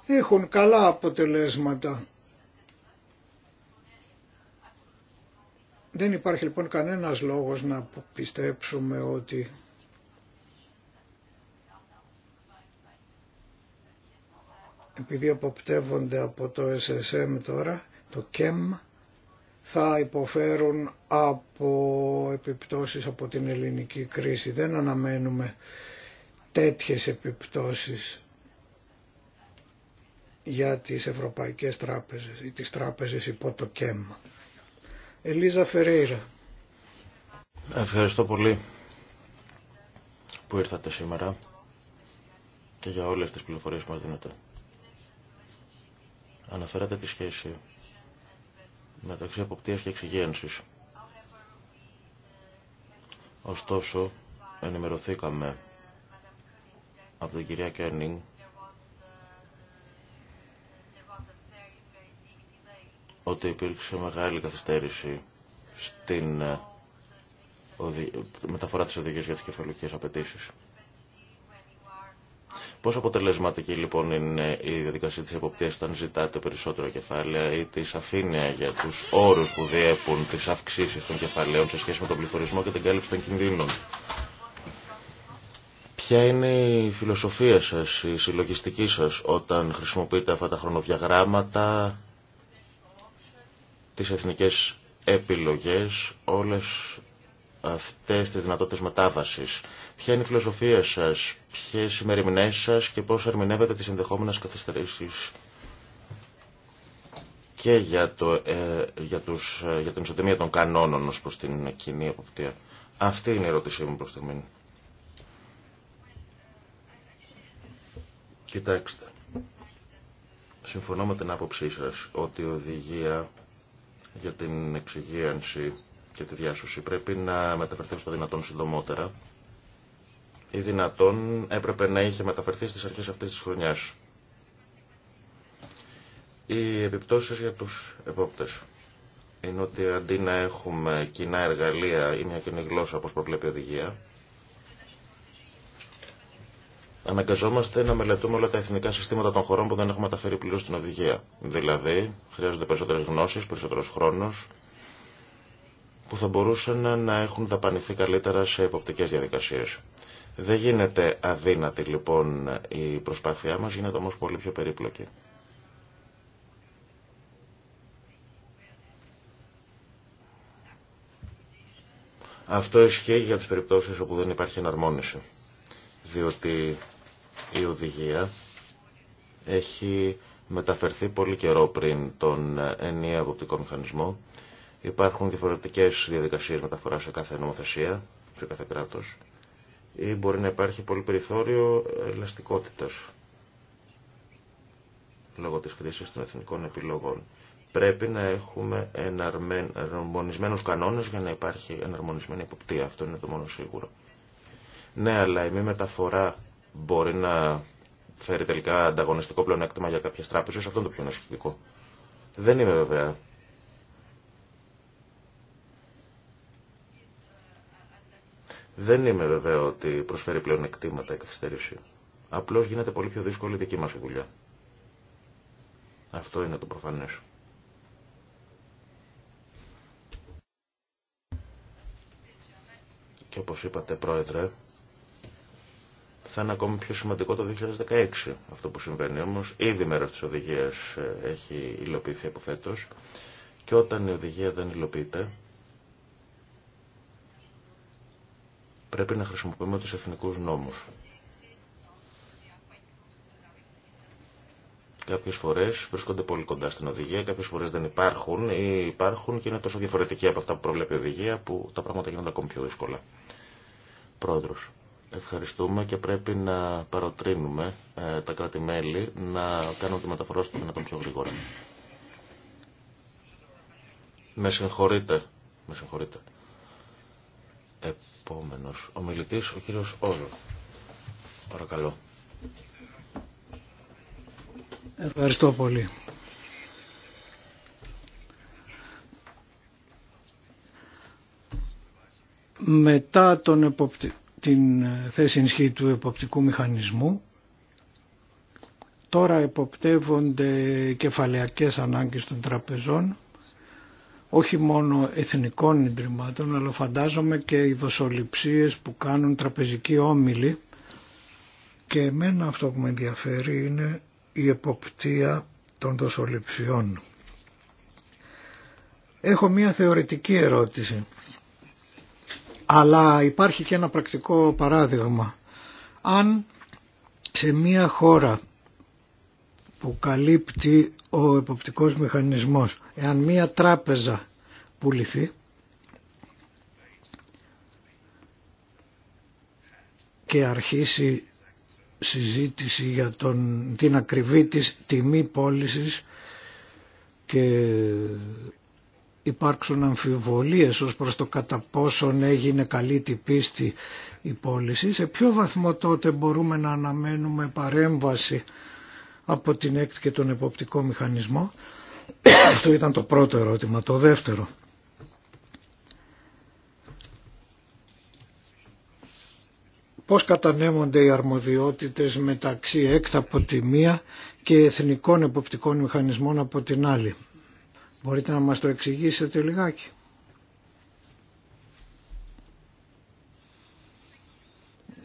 έχουν καλά αποτελέσματα Δεν υπάρχει λοιπόν κανένας λόγος να πιστέψουμε ότι επειδή αποπτεύονται από το SSM τώρα, το ΚΕΜ e θα υποφέρουν από επιπτώσεις από την ελληνική κρίση. Δεν αναμένουμε τέτοιες επιπτώσεις για τις ευρωπαϊκές τράπεζες ή τις τράπεζες υπό το ΚΕΜ. Ελίζα Φερέιρα. Ευχαριστώ πολύ που ήρθατε σήμερα και για όλες τις πληροφορίες που μας δίνετε. Αναφέρατε τη σχέση μεταξύ αποπτίας και εξυγένσης. Ωστόσο, ενημερωθήκαμε από την κυρία Κέρνινγκ ότι υπήρξε μεγάλη καθυστέρηση στην ε, μεταφορά της οδηγίας για τις κεφαλικές απαιτήσεις. Πόσο αποτελεσματική λοιπόν είναι η διαδικασία της εποπτείας όταν ζητάτε περισσότερα κεφάλαια ή τη αφήνεια για τους όρους που διέπουν τις αυξήσεις των κεφαλαίων σε σχέση με τον πληθωρισμό και την κάλυψη των κινδύνων. Ποια είναι η φιλοσοφία σας, η συλλογιστική σας όταν χρησιμοποιείτε αυτά τα χρονοδιαγράμματα τις εθνικές επιλογές, όλες αυτές τις δυνατότητες μετάβασης. Ποια είναι η φιλοσοφία σας, ποιες οι μεριμνές σας και πώς ερμηνεύετε τις ενδεχόμενες καθυστερήσεις και για, το, ε, για, τους, ε, για την ισοτιμία των κανόνων ως προς την κοινή εποπτεία. Αυτή είναι η ερώτησή μου προς τη μήνυ. Κοιτάξτε, συμφωνώ με την άποψή σας ότι η οδηγία για την εξυγίανση και τη διάσωση πρέπει να μεταφερθεί στο δυνατόν συντομότερα. Ή δυνατόν έπρεπε να είχε μεταφερθεί στις αρχές αυτής της χρονιάς. Οι επιπτώσεις για τους επόπτες είναι ότι αντί να έχουμε κοινά εργαλεία ή μια κοινή γλώσσα όπως προβλέπει η οδηγία, Αναγκαζόμαστε να μελετούμε όλα τα εθνικά συστήματα των χωρών που δεν έχουμε μεταφέρει πλήρω στην οδηγία. Δηλαδή, χρειάζονται περισσότερε γνώσει, περισσότερο χρόνο που θα μπορούσαν να έχουν δαπανηθεί καλύτερα σε υποπτικέ διαδικασίε. Δεν γίνεται αδύνατη λοιπόν η προσπάθειά μα, γίνεται όμω πολύ πιο περίπλοκη. Αυτό ισχύει για τις περιπτώσεις όπου δεν υπάρχει εναρμόνιση. Διότι η οδηγία έχει μεταφερθεί πολύ καιρό πριν τον ενιαίο αποπτικό μηχανισμό. Υπάρχουν διαφορετικές διαδικασίες μεταφοράς σε κάθε νομοθεσία, σε κάθε κράτος ή μπορεί να υπάρχει πολύ περιθώριο ελαστικότητας λόγω της χρήσης των εθνικών επιλογών. Πρέπει να έχουμε εναρμονισμένους κανόνες για να υπάρχει εναρμονισμένη εποπτεία. Αυτό είναι το μόνο σίγουρο. Ναι, αλλά η μη μεταφορά μπορεί να φέρει τελικά ανταγωνιστικό πλεονέκτημα για κάποιες τράπεζες. Αυτό είναι το πιο ανασχετικό. Δεν είμαι βέβαια. Δεν είμαι βέβαια ότι προσφέρει πλεονεκτήματα η καθυστέρηση. Απλώς γίνεται πολύ πιο δύσκολη η δική μας δουλειά. Αυτό είναι το προφανές. Και όπως είπατε πρόεδρε, θα είναι ακόμη πιο σημαντικό το 2016. Αυτό που συμβαίνει όμως, ήδη μέρος της οδηγίας ε, έχει υλοποιηθεί από φέτος και όταν η οδηγία δεν υλοποιείται πρέπει να χρησιμοποιούμε τους εθνικούς νόμους. Κάποιες φορές βρίσκονται πολύ κοντά στην οδηγία, κάποιες φορές δεν υπάρχουν ή υπάρχουν και είναι τόσο διαφορετική από αυτά που προβλέπει η οδηγία που τα πράγματα γίνονται ακόμη πιο δύσκολα. Πρόεδρος. Ευχαριστούμε και πρέπει να παροτρύνουμε ε, τα κράτη-μέλη να κάνουν τη μεταφορά στο δυνατόν πιο γρήγορα. Με συγχωρείτε. Με Επόμενος ο μιλητής, ο κύριος Όλο. Παρακαλώ. Ευχαριστώ πολύ. Μετά τον εποπτή την θέση ενισχύ του εποπτικού μηχανισμού. Τώρα εποπτεύονται κεφαλαιακές ανάγκες των τραπεζών, όχι μόνο εθνικών ιδρυμάτων, αλλά φαντάζομαι και οι δοσοληψίες που κάνουν τραπεζικοί όμιλοι. Και εμένα αυτό που με ενδιαφέρει είναι η εποπτεία των δοσοληψιών. Έχω μία θεωρητική ερώτηση. Αλλά υπάρχει και ένα πρακτικό παράδειγμα. Αν σε μία χώρα που καλύπτει ο εποπτικός μηχανισμός, εάν μία τράπεζα πουληθεί και αρχίσει συζήτηση για τον, την ακριβή της τιμή πώλησης και υπάρξουν αμφιβολίες ως προς το κατά πόσον έγινε καλή την πίστη η πώληση, σε ποιο βαθμό τότε μπορούμε να αναμένουμε παρέμβαση από την έκτη και τον εποπτικό μηχανισμό. Αυτό ήταν το πρώτο ερώτημα. Το δεύτερο. Πώς κατανέμονται οι αρμοδιότητες μεταξύ έκτα από τη μία και εθνικών εποπτικών μηχανισμών από την άλλη. Μπορείτε να μας το εξηγήσετε λιγάκι.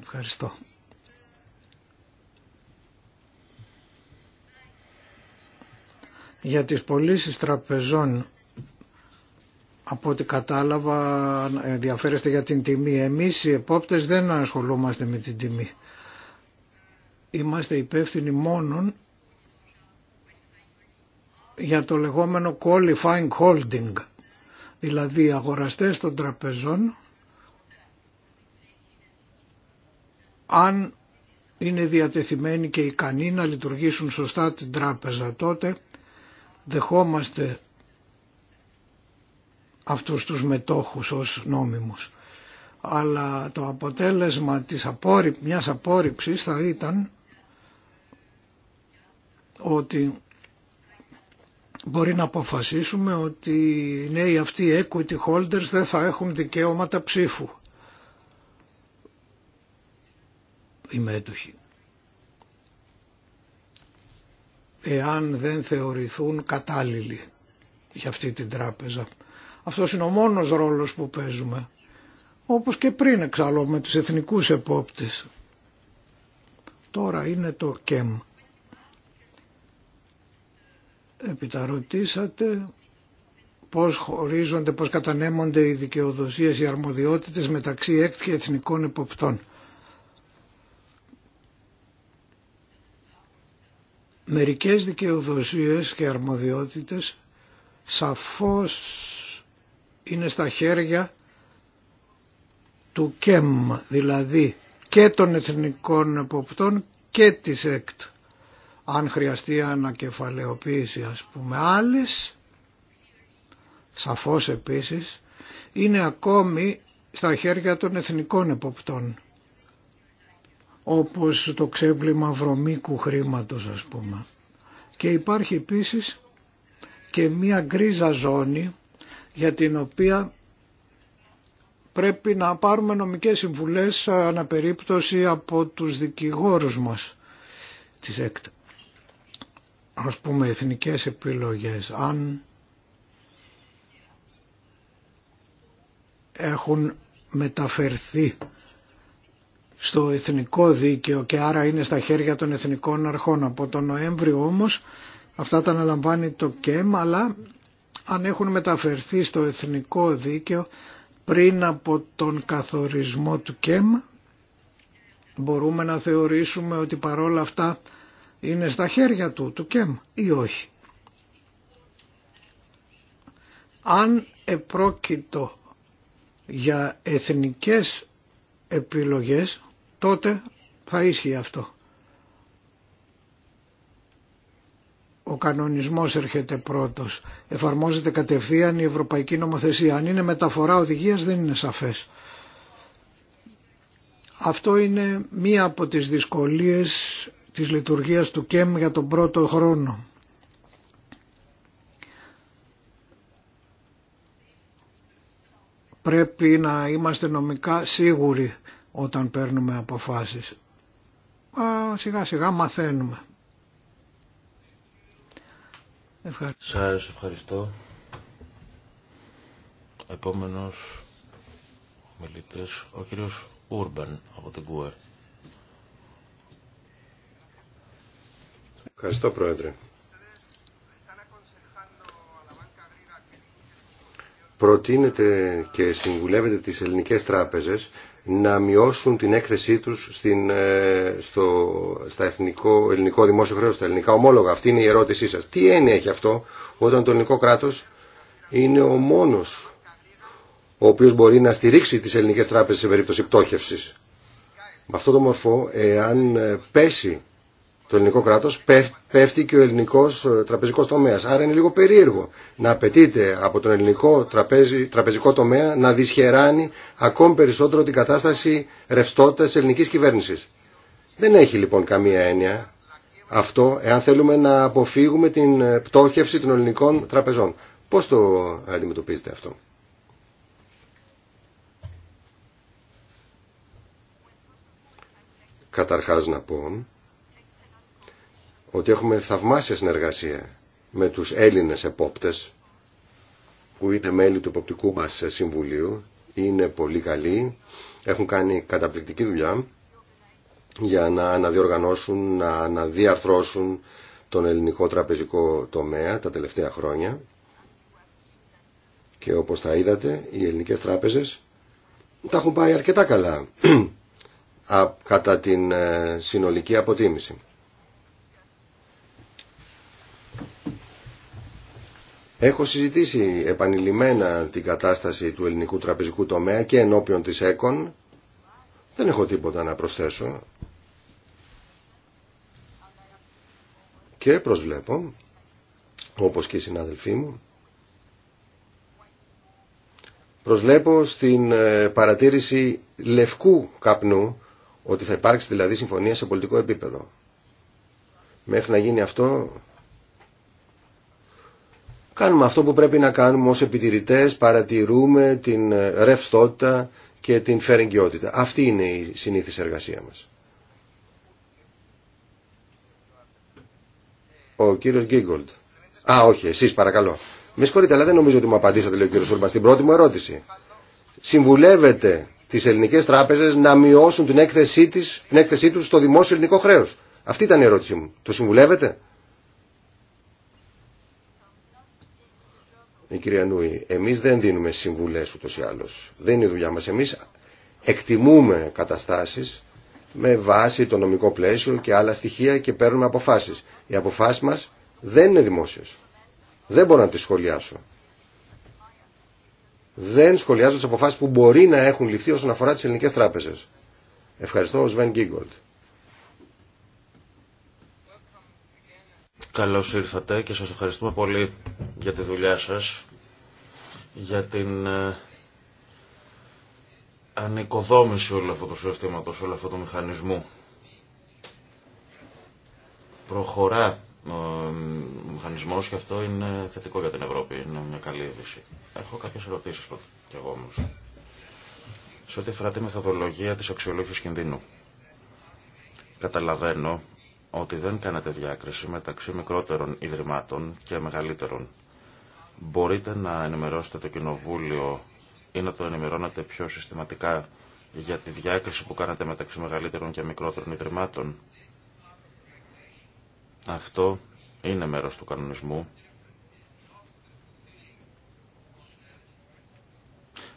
Ευχαριστώ. Για τις πωλήσει τραπεζών από ό,τι κατάλαβα ενδιαφέρεστε για την τιμή. Εμείς οι επόπτες δεν ασχολούμαστε με την τιμή. Είμαστε υπεύθυνοι μόνον για το λεγόμενο qualifying holding, δηλαδή αγοραστές των τραπεζών, αν είναι διατεθειμένοι και ικανοί να λειτουργήσουν σωστά την τράπεζα, τότε δεχόμαστε αυτούς τους μετόχους ως νόμιμους. Αλλά το αποτέλεσμα της απόρρι... μιας απόρριψης θα ήταν ότι μπορεί να αποφασίσουμε ότι οι νέοι αυτοί equity holders δεν θα έχουν δικαιώματα ψήφου. οι μέτοχοι. Εάν δεν θεωρηθούν κατάλληλοι για αυτή την τράπεζα. Αυτό είναι ο μόνος ρόλος που παίζουμε. Όπως και πριν εξάλλου με τους εθνικούς επόπτες. Τώρα είναι το ΚΕΜ Επιταρωτήσατε πώς χωρίζονται, πώς κατανέμονται οι δικαιοδοσίες, οι αρμοδιότητες μεταξύ ΕΚΤ και εθνικών εποπτών. Μερικές δικαιοδοσίες και αρμοδιότητες σαφώς είναι στα χέρια του ΚΕΜ, δηλαδή και των εθνικών εποπτών και της ΕΚΤ αν χρειαστεί ανακεφαλαιοποίηση ας πούμε. Άλλες, σαφώς επίσης, είναι ακόμη στα χέρια των εθνικών εποπτών όπως το ξέπλυμα βρωμίκου χρήματος ας πούμε. Και υπάρχει επίσης και μία γκρίζα ζώνη για την οποία πρέπει να πάρουμε νομικές συμβουλές αναπερίπτωση από τους δικηγόρους μας της ΕΚΤΑ ας πούμε εθνικές επιλογές αν έχουν μεταφερθεί στο εθνικό δίκαιο και άρα είναι στα χέρια των εθνικών αρχών. Από τον Νοέμβριο όμως αυτά τα αναλαμβάνει το ΚΕΜ αλλά αν έχουν μεταφερθεί στο εθνικό δίκαιο πριν από τον καθορισμό του ΚΕΜ μπορούμε να θεωρήσουμε ότι παρόλα αυτά είναι στα χέρια του, του ΚΕΜ ή όχι. Αν επρόκειτο για εθνικές επιλογές, τότε θα ίσχυε αυτό. Ο κανονισμός έρχεται πρώτος. Εφαρμόζεται κατευθείαν η ευρωπαϊκή νομοθεσία. Αν είναι μεταφορά οδηγίας δεν είναι σαφές. Αυτό είναι μία από τις δυσκολίες της λειτουργίας του ΚΕΜ για τον πρώτο χρόνο. Πρέπει να είμαστε νομικά σίγουροι όταν παίρνουμε αποφάσεις. Α, σιγά σιγά μαθαίνουμε. Ευχαριστώ. Σας ευχαριστώ. Επόμενος μιλητής, ο κύριος Ούρμπαν από την ΚΟΕ. Ευχαριστώ Πρόεδρε. Προτείνετε και συμβουλεύετε τις ελληνικές τράπεζες να μειώσουν την έκθεσή τους στην, ε, στο, στα εθνικό, ελληνικό δημόσιο χρέος, στα ελληνικά ομόλογα. Αυτή είναι η ερώτησή σας. Τι έννοια έχει αυτό όταν το ελληνικό κράτος είναι ο μόνος ο οποίος μπορεί να στηρίξει τις ελληνικές τράπεζες σε περίπτωση πτώχευσης. Με αυτό το μορφό, εάν ε, πέσει το ελληνικό κράτος, πέφτει και ο ελληνικός ε, τραπεζικός τομέας. Άρα είναι λίγο περίεργο να απαιτείται από τον ελληνικό τραπέζι, τραπεζικό τομέα να δυσχεράνει ακόμη περισσότερο την κατάσταση ρευστότητας της ελληνικής κυβέρνησης. Δεν έχει λοιπόν καμία έννοια αυτό εάν θέλουμε να αποφύγουμε την ε, πτώχευση των ελληνικών τραπεζών. Πώς το αντιμετωπίζετε αυτό. Καταρχάς να πω ότι έχουμε θαυμάσια συνεργασία με τους Έλληνες επόπτες που είναι μέλη του εποπτικού μας συμβουλίου, είναι πολύ καλοί, έχουν κάνει καταπληκτική δουλειά για να αναδιοργανώσουν, να αναδιαρθρώσουν τον ελληνικό τραπεζικό τομέα τα τελευταία χρόνια και όπως τα είδατε οι ελληνικές τράπεζες τα έχουν πάει αρκετά καλά κατά την ε, συνολική αποτίμηση. Έχω συζητήσει επανειλημμένα την κατάσταση του ελληνικού τραπεζικού τομέα και ενώπιον της ΕΚΟΝ. Δεν έχω τίποτα να προσθέσω. Και προσβλέπω, όπως και οι συνάδελφοί μου, προσβλέπω στην ε, παρατήρηση λευκού καπνού ότι θα υπάρξει δηλαδή συμφωνία σε πολιτικό επίπεδο. Μέχρι να γίνει αυτό Κάνουμε αυτό που πρέπει να κάνουμε ως επιτηρητές, παρατηρούμε την ε, ρευστότητα και την φερεγγιότητα. Αυτή είναι η συνήθις εργασία μας. Ο κύριος Γκίγκολτ. Α, όχι, εσείς παρακαλώ. Με συγχωρείτε, αλλά δεν νομίζω ότι μου απαντήσατε, λέει ο κύριος Σούρμπαν, στην πρώτη μου ερώτηση. Συμβουλεύετε τις ελληνικές τράπεζες να μειώσουν την έκθεσή, της, την έκθεσή τους στο δημόσιο ελληνικό χρέος. Αυτή ήταν η ερώτησή μου. Το συμβουλεύετε. η ε, κυρία Νούη, εμείς δεν δίνουμε συμβουλές ούτως ή άλλως. Δεν είναι η δουλειά μας. Εμείς εκτιμούμε καταστάσεις με βάση το νομικό πλαίσιο και άλλα στοιχεία και παίρνουμε αποφάσεις. Οι αποφάσεις μας δεν είναι δημόσιες. Δεν μπορώ να τις σχολιάσω. Δεν σχολιάζω τις αποφάσεις που μπορεί να έχουν ληφθεί όσον αφορά τις ελληνικές τράπεζες. Ευχαριστώ, Σβέν Γκίγκολτ. Καλώς ήρθατε και σας ευχαριστούμε πολύ για τη δουλειά σας, για την ε, ανοικοδόμηση όλου αυτού του συστήματος, όλου αυτού του μηχανισμού. Προχωρά ε, ο μηχανισμός και αυτό είναι θετικό για την Ευρώπη, είναι μια καλή είδηση. Έχω κάποιες ερωτήσεις κι εγώ όμως. Σε ό,τι αφορά τη μεθοδολογία της αξιολόγησης κινδύνου. Καταλαβαίνω ότι δεν κάνετε διάκριση μεταξύ μικρότερων ιδρυμάτων και μεγαλύτερων. Μπορείτε να ενημερώσετε το Κοινοβούλιο ή να το ενημερώνετε πιο συστηματικά για τη διάκριση που κάνατε μεταξύ μεγαλύτερων και μικρότερων ιδρυμάτων. Αυτό είναι μέρος του κανονισμού.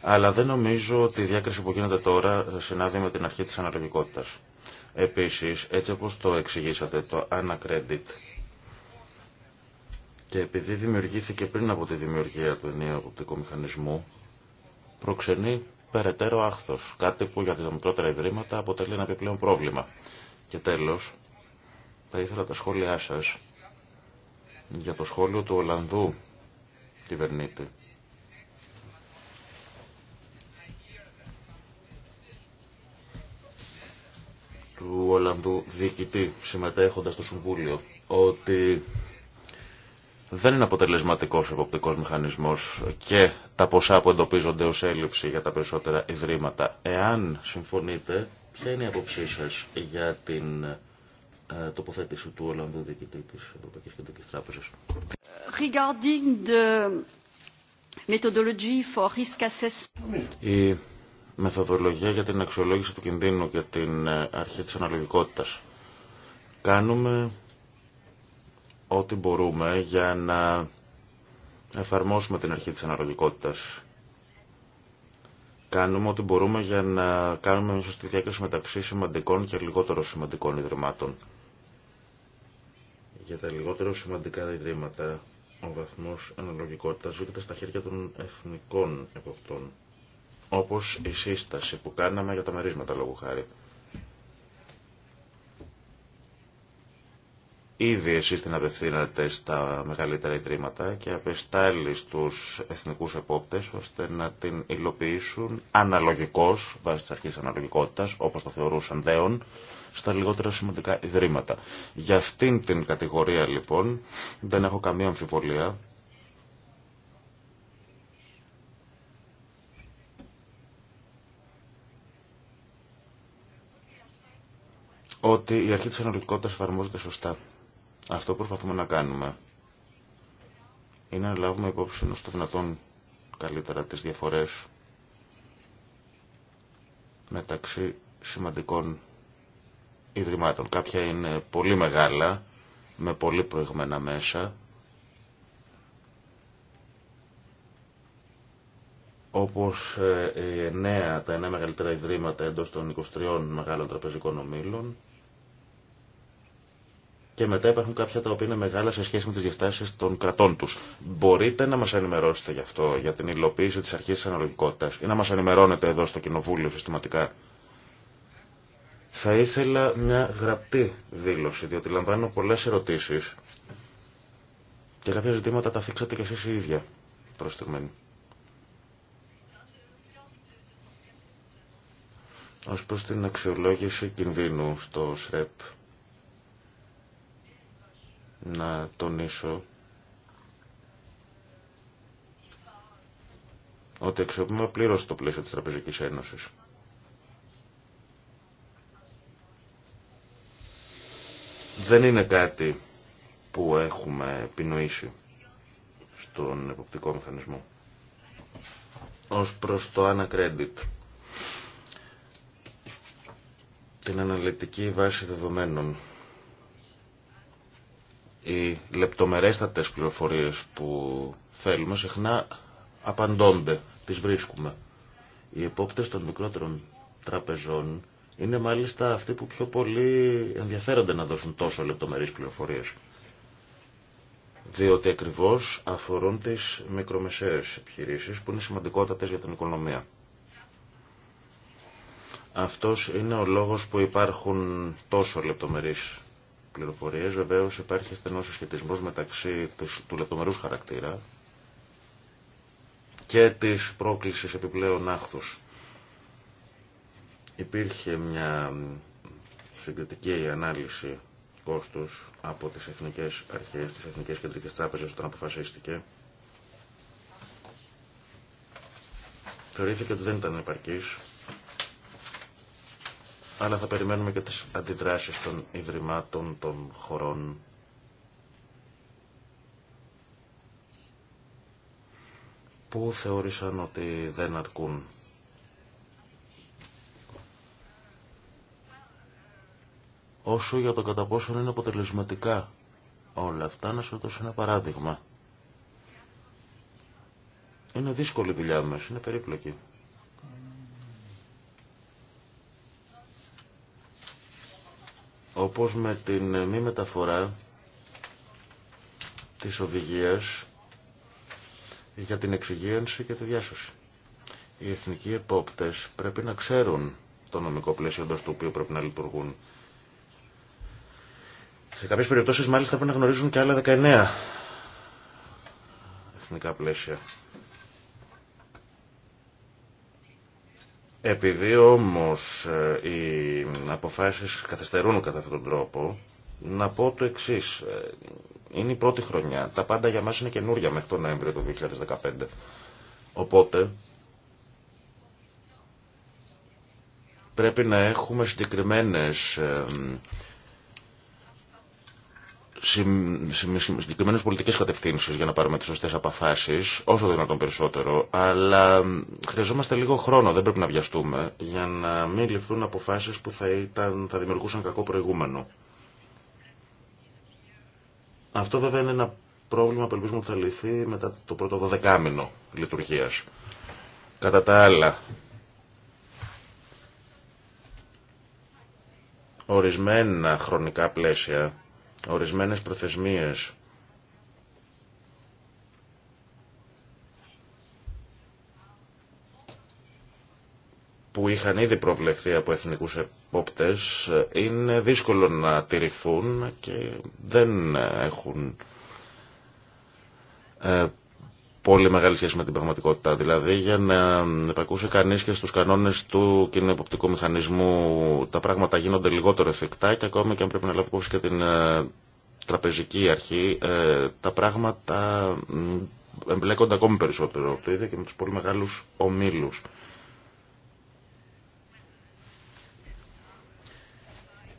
Αλλά δεν νομίζω ότι η διάκριση που γίνεται τώρα συνάδει με την αρχή της αναλογικότητας. Επίσης, έτσι όπως το εξηγήσατε, το ανακρέντιτ και επειδή δημιουργήθηκε πριν από τη δημιουργία του ενιαίου οπτικού μηχανισμού, προξενεί περαιτέρω άχθος, κάτι που για τα μικρότερα ιδρύματα αποτελεί ένα επιπλέον πρόβλημα. Και τέλος, θα ήθελα τα σχόλιά σας για το σχόλιο του Ολλανδού κυβερνήτη του Ολλανδού διοικητή συμμετέχοντας στο Συμβούλιο ότι δεν είναι αποτελεσματικός ο εποπτικός μηχανισμός και τα ποσά που εντοπίζονται ως έλλειψη για τα περισσότερα ιδρύματα. Εάν συμφωνείτε, ποια είναι η αποψή σας για την ε, τοποθέτηση του Ολλανδού διοικητή της Ευρωπαϊκή Κεντρικής Τράπεζας. Regarding methodology μεθοδολογία για την αξιολόγηση του κινδύνου και την ε, αρχή της αναλογικότητας. Κάνουμε ό,τι μπορούμε για να εφαρμόσουμε την αρχή της αναλογικότητας. Κάνουμε ό,τι μπορούμε για να κάνουμε μια σωστή διάκριση μεταξύ σημαντικών και λιγότερο σημαντικών ιδρυμάτων. Για τα λιγότερο σημαντικά ιδρύματα, ο βαθμός αναλογικότητας βρίσκεται στα χέρια των εθνικών εποπτών όπως η σύσταση που κάναμε για τα μερίσματα λόγου χάρη. Ήδη εσείς την απευθύνατε στα μεγαλύτερα ιδρύματα και απεστάλλει τους εθνικούς επόπτες ώστε να την υλοποιήσουν αναλογικώς, βάσει της αρχής αναλογικότητας, όπως το θεωρούσαν δέον, στα λιγότερα σημαντικά ιδρύματα. Για αυτήν την κατηγορία λοιπόν δεν έχω καμία αμφιβολία ότι η αρχή της αναλογικότητας εφαρμόζεται σωστά. Αυτό που προσπαθούμε να κάνουμε είναι να λάβουμε υπόψη ενός το δυνατόν καλύτερα τις διαφορές μεταξύ σημαντικών ιδρυμάτων. Κάποια είναι πολύ μεγάλα, με πολύ προηγμένα μέσα, όπως ε, τα εννέα μεγαλύτερα ιδρύματα εντός των 23 μεγάλων τραπεζικών ομίλων, και μετά υπάρχουν κάποια τα οποία είναι μεγάλα σε σχέση με τις διαστάσεις των κρατών τους. Μπορείτε να μας ενημερώσετε γι' αυτό, για την υλοποίηση της αρχής της αναλογικότητας ή να μας ενημερώνετε εδώ στο Κοινοβούλιο συστηματικά. Θα ήθελα μια γραπτή δήλωση, διότι λαμβάνω πολλές ερωτήσεις και κάποια ζητήματα τα θίξατε κι εσεί οι ίδια προς στιγμή. Ως την αξιολόγηση κινδύνου στο ΣΡΕΠ να τονίσω ότι εξοπλίζουμε πλήρως το πλαίσιο της Τραπεζικής Ένωσης. Δεν είναι κάτι που έχουμε επινοήσει στον εποπτικό μηχανισμό. Ως προς το ανακρέντιτ. Την αναλυτική βάση δεδομένων οι λεπτομερέστατες πληροφορίες που θέλουμε συχνά απαντώνται, τις βρίσκουμε. Οι επόπτες των μικρότερων τραπεζών είναι μάλιστα αυτοί που πιο πολύ ενδιαφέρονται να δώσουν τόσο λεπτομερείς πληροφορίες. Διότι ακριβώς αφορούν τις μικρομεσαίες επιχειρήσεις που είναι σημαντικότατες για την οικονομία. Αυτός είναι ο λόγος που υπάρχουν τόσο λεπτομερείς Πληροφορίε βεβαίω υπάρχει στενός συσχετισμό μεταξύ του λεπτομερού χαρακτήρα και τη πρόκληση επιπλέον άχθου. Υπήρχε μια συγκριτική ανάλυση κόστου από τι εθνικέ αρχέ τι εθνικέ κεντρικές τράπεζε όταν αποφασίστηκε. Θεωρήθηκε ότι δεν ήταν επαρκή αλλά θα περιμένουμε και τις αντιδράσεις των Ιδρυμάτων των χωρών. που θεώρησαν ότι δεν αρκούν. Όσο για το κατά πόσο είναι αποτελεσματικά όλα αυτά, να σου δώσω ένα παράδειγμα. Είναι δύσκολη δουλειά μας, είναι περίπλοκη. όπως με την μη μεταφορά της οδηγίας για την εξυγίανση και τη διάσωση. Οι εθνικοί επόπτες πρέπει να ξέρουν το νομικό πλαίσιο εντός του οποίου πρέπει να λειτουργούν. Σε κάποιες περιπτώσεις μάλιστα πρέπει να γνωρίζουν και άλλα 19 εθνικά πλαίσια. Επειδή όμως ε, οι αποφάσεις καθυστερούν κατά αυτόν τον τρόπο, να πω το εξή. Ε, είναι η πρώτη χρονιά. Τα πάντα για μας είναι καινούρια μέχρι τον Νοέμβριο του 2015. Οπότε πρέπει να έχουμε συγκεκριμένες ε, συγκεκριμένε πολιτικέ κατευθύνσει για να πάρουμε τι σωστέ αποφάσει, όσο δυνατόν περισσότερο, αλλά χρειαζόμαστε λίγο χρόνο, δεν πρέπει να βιαστούμε, για να μην ληφθούν αποφάσει που θα, ήταν, θα δημιουργούσαν κακό προηγούμενο. Αυτό βέβαια είναι ένα πρόβλημα που ελπίζουμε ότι θα λυθεί μετά το πρώτο δωδεκάμινο λειτουργία. Κατά τα άλλα, ορισμένα χρονικά πλαίσια ορισμένες προθεσμίες που είχαν ήδη προβλεφθεί από εθνικούς επόπτες είναι δύσκολο να τηρηθούν και δεν έχουν ε, πολύ μεγάλη σχέση με την πραγματικότητα. Δηλαδή για να επακούσει κανεί και στου κανόνε του κοινοποπτικού μηχανισμού τα πράγματα γίνονται λιγότερο εφικτά και ακόμη και αν πρέπει να λάβει υπόψη και την ε, τραπεζική αρχή, ε, τα πράγματα εμπλέκονται ακόμη περισσότερο. Το ίδιο και με του πολύ μεγάλου ομίλου.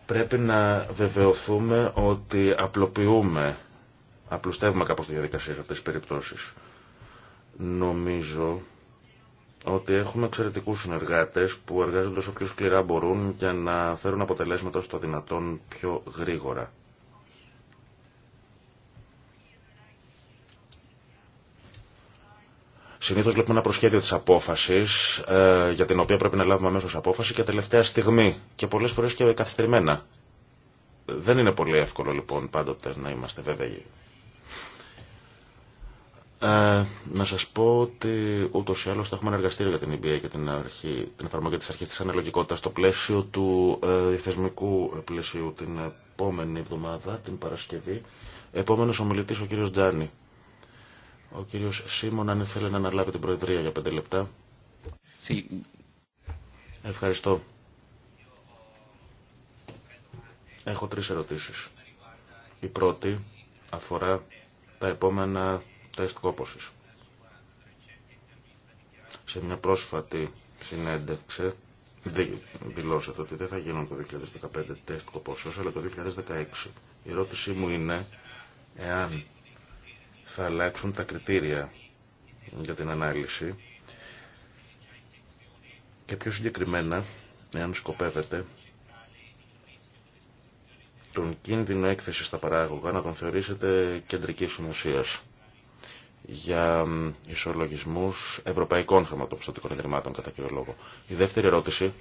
Πρέπει να βεβαιωθούμε ότι απλοποιούμε, απλουστεύουμε κάπως τη διαδικασία σε αυτές τις περιπτώσεις. Νομίζω ότι έχουμε εξαιρετικού συνεργάτες που εργάζονται όσο πιο σκληρά μπορούν για να φέρουν αποτελέσματα στο δυνατόν πιο γρήγορα. Συνήθω βλέπουμε ένα προσχέδιο τη απόφαση ε, για την οποία πρέπει να λάβουμε αμέσω απόφαση και τελευταία στιγμή και πολλέ φορέ και καθυστερημένα. Δεν είναι πολύ εύκολο λοιπόν πάντοτε να είμαστε βέβαιοι ε, να σας πω ότι ούτως ή άλλως θα έχουμε ένα εργαστήριο για την EBA και την, αρχή, την εφαρμογή της αρχής της αναλογικότητας στο πλαίσιο του ε, θεσμικού πλαισίου την επόμενη εβδομάδα, την Παρασκευή. Επόμενος ομιλητής ο κύριος Τζάνι. Ο κύριος Σίμων αν ήθελε να αναλάβει την Προεδρία για πέντε λεπτά. Ευχαριστώ. Έχω τρεις ερωτήσεις. Η πρώτη αφορά τα επόμενα τεστ κόπωσης. Σε μια πρόσφατη συνέντευξη δηλώσατε ότι δεν θα γίνουν το 2015 τεστ κόπωσης αλλά το 2016. Η ερώτησή μου είναι εάν θα αλλάξουν τα κριτήρια για την ανάλυση και πιο συγκεκριμένα, εάν σκοπεύετε, τον κίνδυνο έκθεση στα παράγωγα να τον θεωρήσετε κεντρική σημασία για ισολογισμού ευρωπαϊκών χρηματοπιστωτικών ιδρυμάτων κατά κύριο λόγο. Η δεύτερη ερώτηση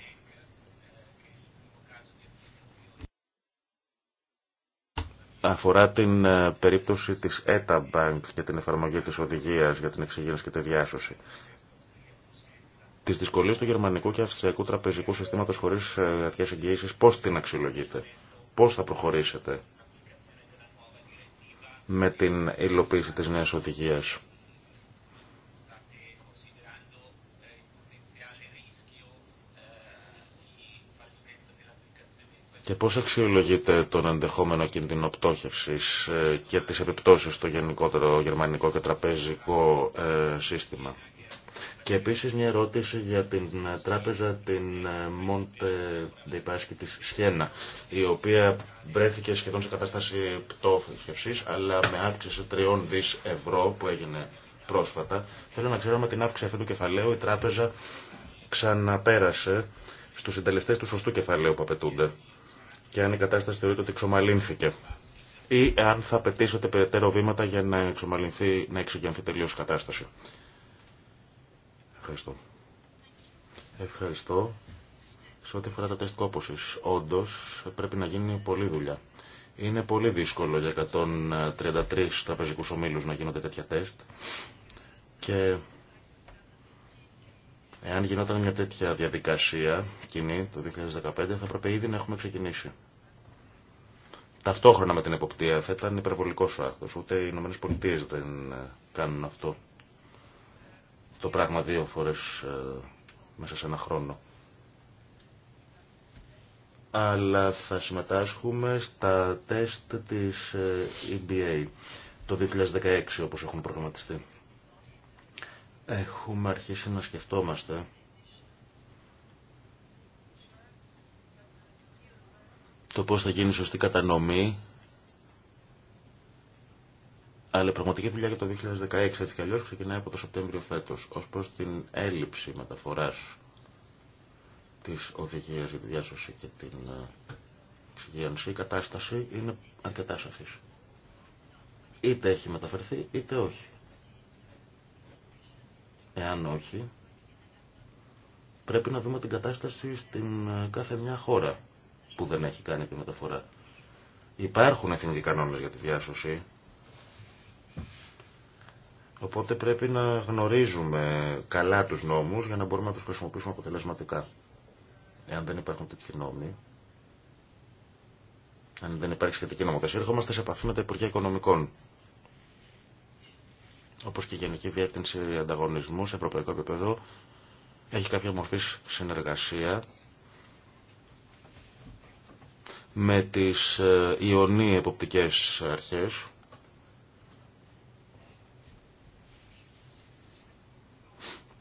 αφορά την ε, περίπτωση της ETA Bank και την εφαρμογή της οδηγίας για την εξυγέννηση και τη διάσωση. Τις δυσκολίες του γερμανικού και αυστριακού τραπεζικού συστήματος χωρίς ε, αρχές εγγύησης, πώς την αξιολογείτε, πώς θα προχωρήσετε με την υλοποίηση της νέας οδηγίας. Και πώς αξιολογείται τον ενδεχόμενο κίνδυνο πτώχευσης ε, και τις επιπτώσεις στο γενικότερο γερμανικό και τραπέζικο ε, σύστημα. Και επίσης μια ερώτηση για την τράπεζα την ε, Monte de Paschi της Σιένα, η οποία βρέθηκε σχεδόν σε κατάσταση πτώχευσης, αλλά με αύξηση 3 δις ευρώ που έγινε πρόσφατα. Θέλω να ξέρω με την αύξηση αυτού του κεφαλαίου η τράπεζα ξαναπέρασε στους συντελεστές του σωστού κεφαλαίου που απαιτούνται και αν η κατάσταση θεωρείται ότι ξομαλύνθηκε ή αν θα απαιτήσετε περαιτέρω βήματα για να εξομαλυνθεί, να εξηγενθεί τελείως κατάσταση. Ευχαριστώ. Ευχαριστώ. Σε ό,τι αφορά τα τεστ κόπωση, όντω πρέπει να γίνει πολλή δουλειά. Είναι πολύ δύσκολο για 133 τραπεζικού ομίλου να γίνονται τέτοια τεστ. Και εάν γινόταν μια τέτοια διαδικασία κοινή το 2015, θα πρέπει ήδη να έχουμε ξεκινήσει. Ταυτόχρονα με την εποπτεία θα ήταν υπερβολικό ο Ούτε οι ΗΠΑ δεν κάνουν αυτό το πράγμα δύο φορές ε, μέσα σε ένα χρόνο. Αλλά θα συμμετάσχουμε στα τεστ της ε, EBA το 2016 όπως έχουν προγραμματιστεί. Έχουμε αρχίσει να σκεφτόμαστε το πώς θα γίνει σωστή κατανομή αλλά η πραγματική δουλειά για το 2016 έτσι κι αλλιώς ξεκινάει από το Σεπτέμβριο φέτος ως προς την έλλειψη μεταφοράς της οδηγίας για τη διάσωση και την ε, εξυγίανση. Η κατάσταση είναι αρκετά σαφής. Είτε έχει μεταφερθεί είτε όχι. Εάν όχι, πρέπει να δούμε την κατάσταση στην ε, κάθε μια χώρα που δεν έχει κάνει τη μεταφορά. Υπάρχουν εθνικοί κανόνες για τη διάσωση, Οπότε πρέπει να γνωρίζουμε καλά τους νόμους για να μπορούμε να τους χρησιμοποιήσουμε αποτελεσματικά. Εάν δεν υπάρχουν τέτοιοι νόμοι, αν δεν υπάρχει σχετική νομοθεσία, έρχομαστε σε επαφή με τα Υπουργεία Οικονομικών. Όπως και η Γενική Διεύθυνση Ανταγωνισμού σε ευρωπαϊκό επίπεδο έχει κάποια μορφή συνεργασία με τις ε, Ιωνίοι Εποπτικές Αρχές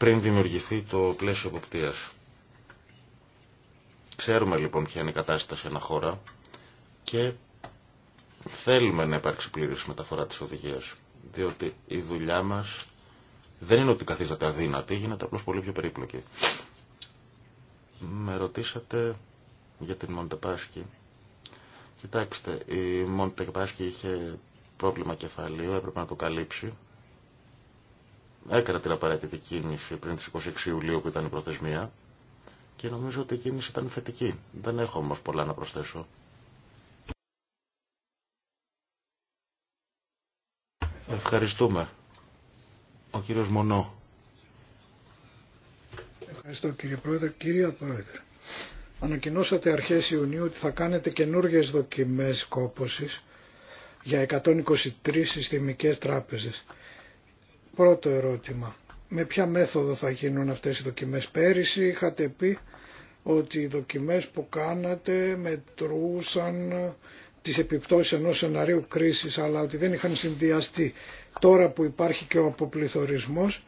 πριν δημιουργηθεί το πλαίσιο εποπτείας. Ξέρουμε λοιπόν ποια είναι η κατάσταση σε ένα χώρα και θέλουμε να υπάρξει πλήρης μεταφορά της οδηγίας. Διότι η δουλειά μας δεν είναι ότι καθίσταται αδύνατη, γίνεται απλώς πολύ πιο περίπλοκη. Με ρωτήσατε για την Μοντεπάσκη. Κοιτάξτε, η Μοντεπάσκη είχε πρόβλημα κεφαλίου, έπρεπε να το καλύψει έκανα την απαραίτητη κίνηση πριν τις 26 Ιουλίου που ήταν η προθεσμία και νομίζω ότι η κίνηση ήταν θετική. Δεν έχω όμως πολλά να προσθέσω. Ευχαριστούμε. Ο κύριος Μονό. Ευχαριστώ κύριε Πρόεδρε. Κύριε Πρόεδρε, ανακοινώσατε αρχές Ιουνίου ότι θα κάνετε καινούργιες δοκιμές κόπωσης για 123 συστημικές τράπεζες. Πρώτο ερώτημα. Με ποια μέθοδο θα γίνουν αυτές οι δοκιμές. Πέρυσι είχατε πει ότι οι δοκιμές που κάνατε μετρούσαν τις επιπτώσεις ενός σενάριου κρίσης αλλά ότι δεν είχαν συνδυαστεί τώρα που υπάρχει και ο αποπληθωρισμός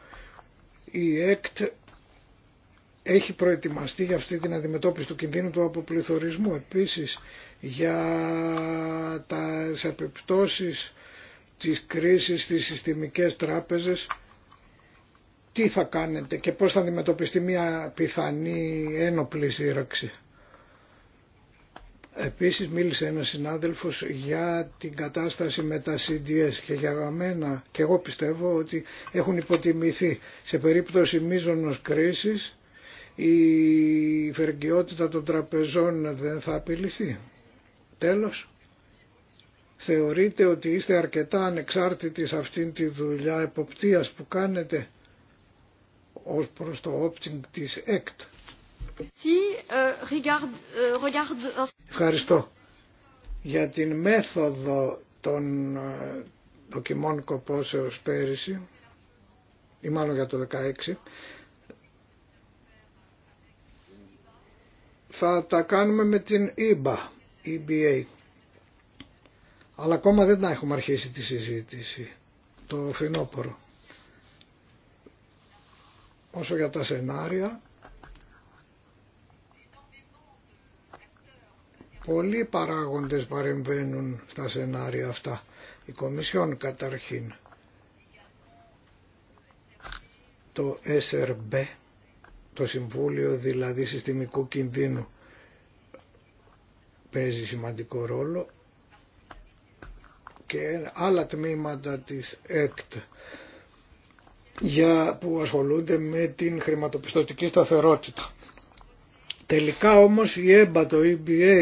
η ΕΚΤ έχει προετοιμαστεί για αυτή την αντιμετώπιση του κινδύνου του αποπληθωρισμού επίσης για τα επιπτώσεις της κρίσης στις συστημικές τράπεζες τι θα κάνετε και πώς θα αντιμετωπιστεί μια πιθανή ένοπλη σύραξη. Επίσης μίλησε ένας συνάδελφος για την κατάσταση με τα CDS και για μένα και εγώ πιστεύω ότι έχουν υποτιμηθεί σε περίπτωση μίζωνος κρίσης η φεργιότητα των τραπεζών δεν θα απειληθεί. Τέλος, θεωρείτε ότι είστε αρκετά ανεξάρτητοι σε αυτήν τη δουλειά εποπτείας που κάνετε ως προς το opting της ΕΚΤ. Euh, euh, Ευχαριστώ για την μέθοδο των ε, δοκιμών κοπόσεως πέρυσι ή μάλλον για το 2016 θα τα κάνουμε με την EBA, EBA αλλά ακόμα δεν τα έχουμε αρχίσει τη συζήτηση. Το φινόπωρο. Όσο για τα σενάρια, πολλοί παράγοντες παρεμβαίνουν στα σενάρια αυτά. Η Κομισιόν καταρχήν. Το SRB, το Συμβούλιο δηλαδή Συστημικού Κινδύνου, παίζει σημαντικό ρόλο και άλλα τμήματα της ΕΚΤ για, που ασχολούνται με την χρηματοπιστωτική σταθερότητα. Τελικά όμως η ΕΜΠΑ, το EBA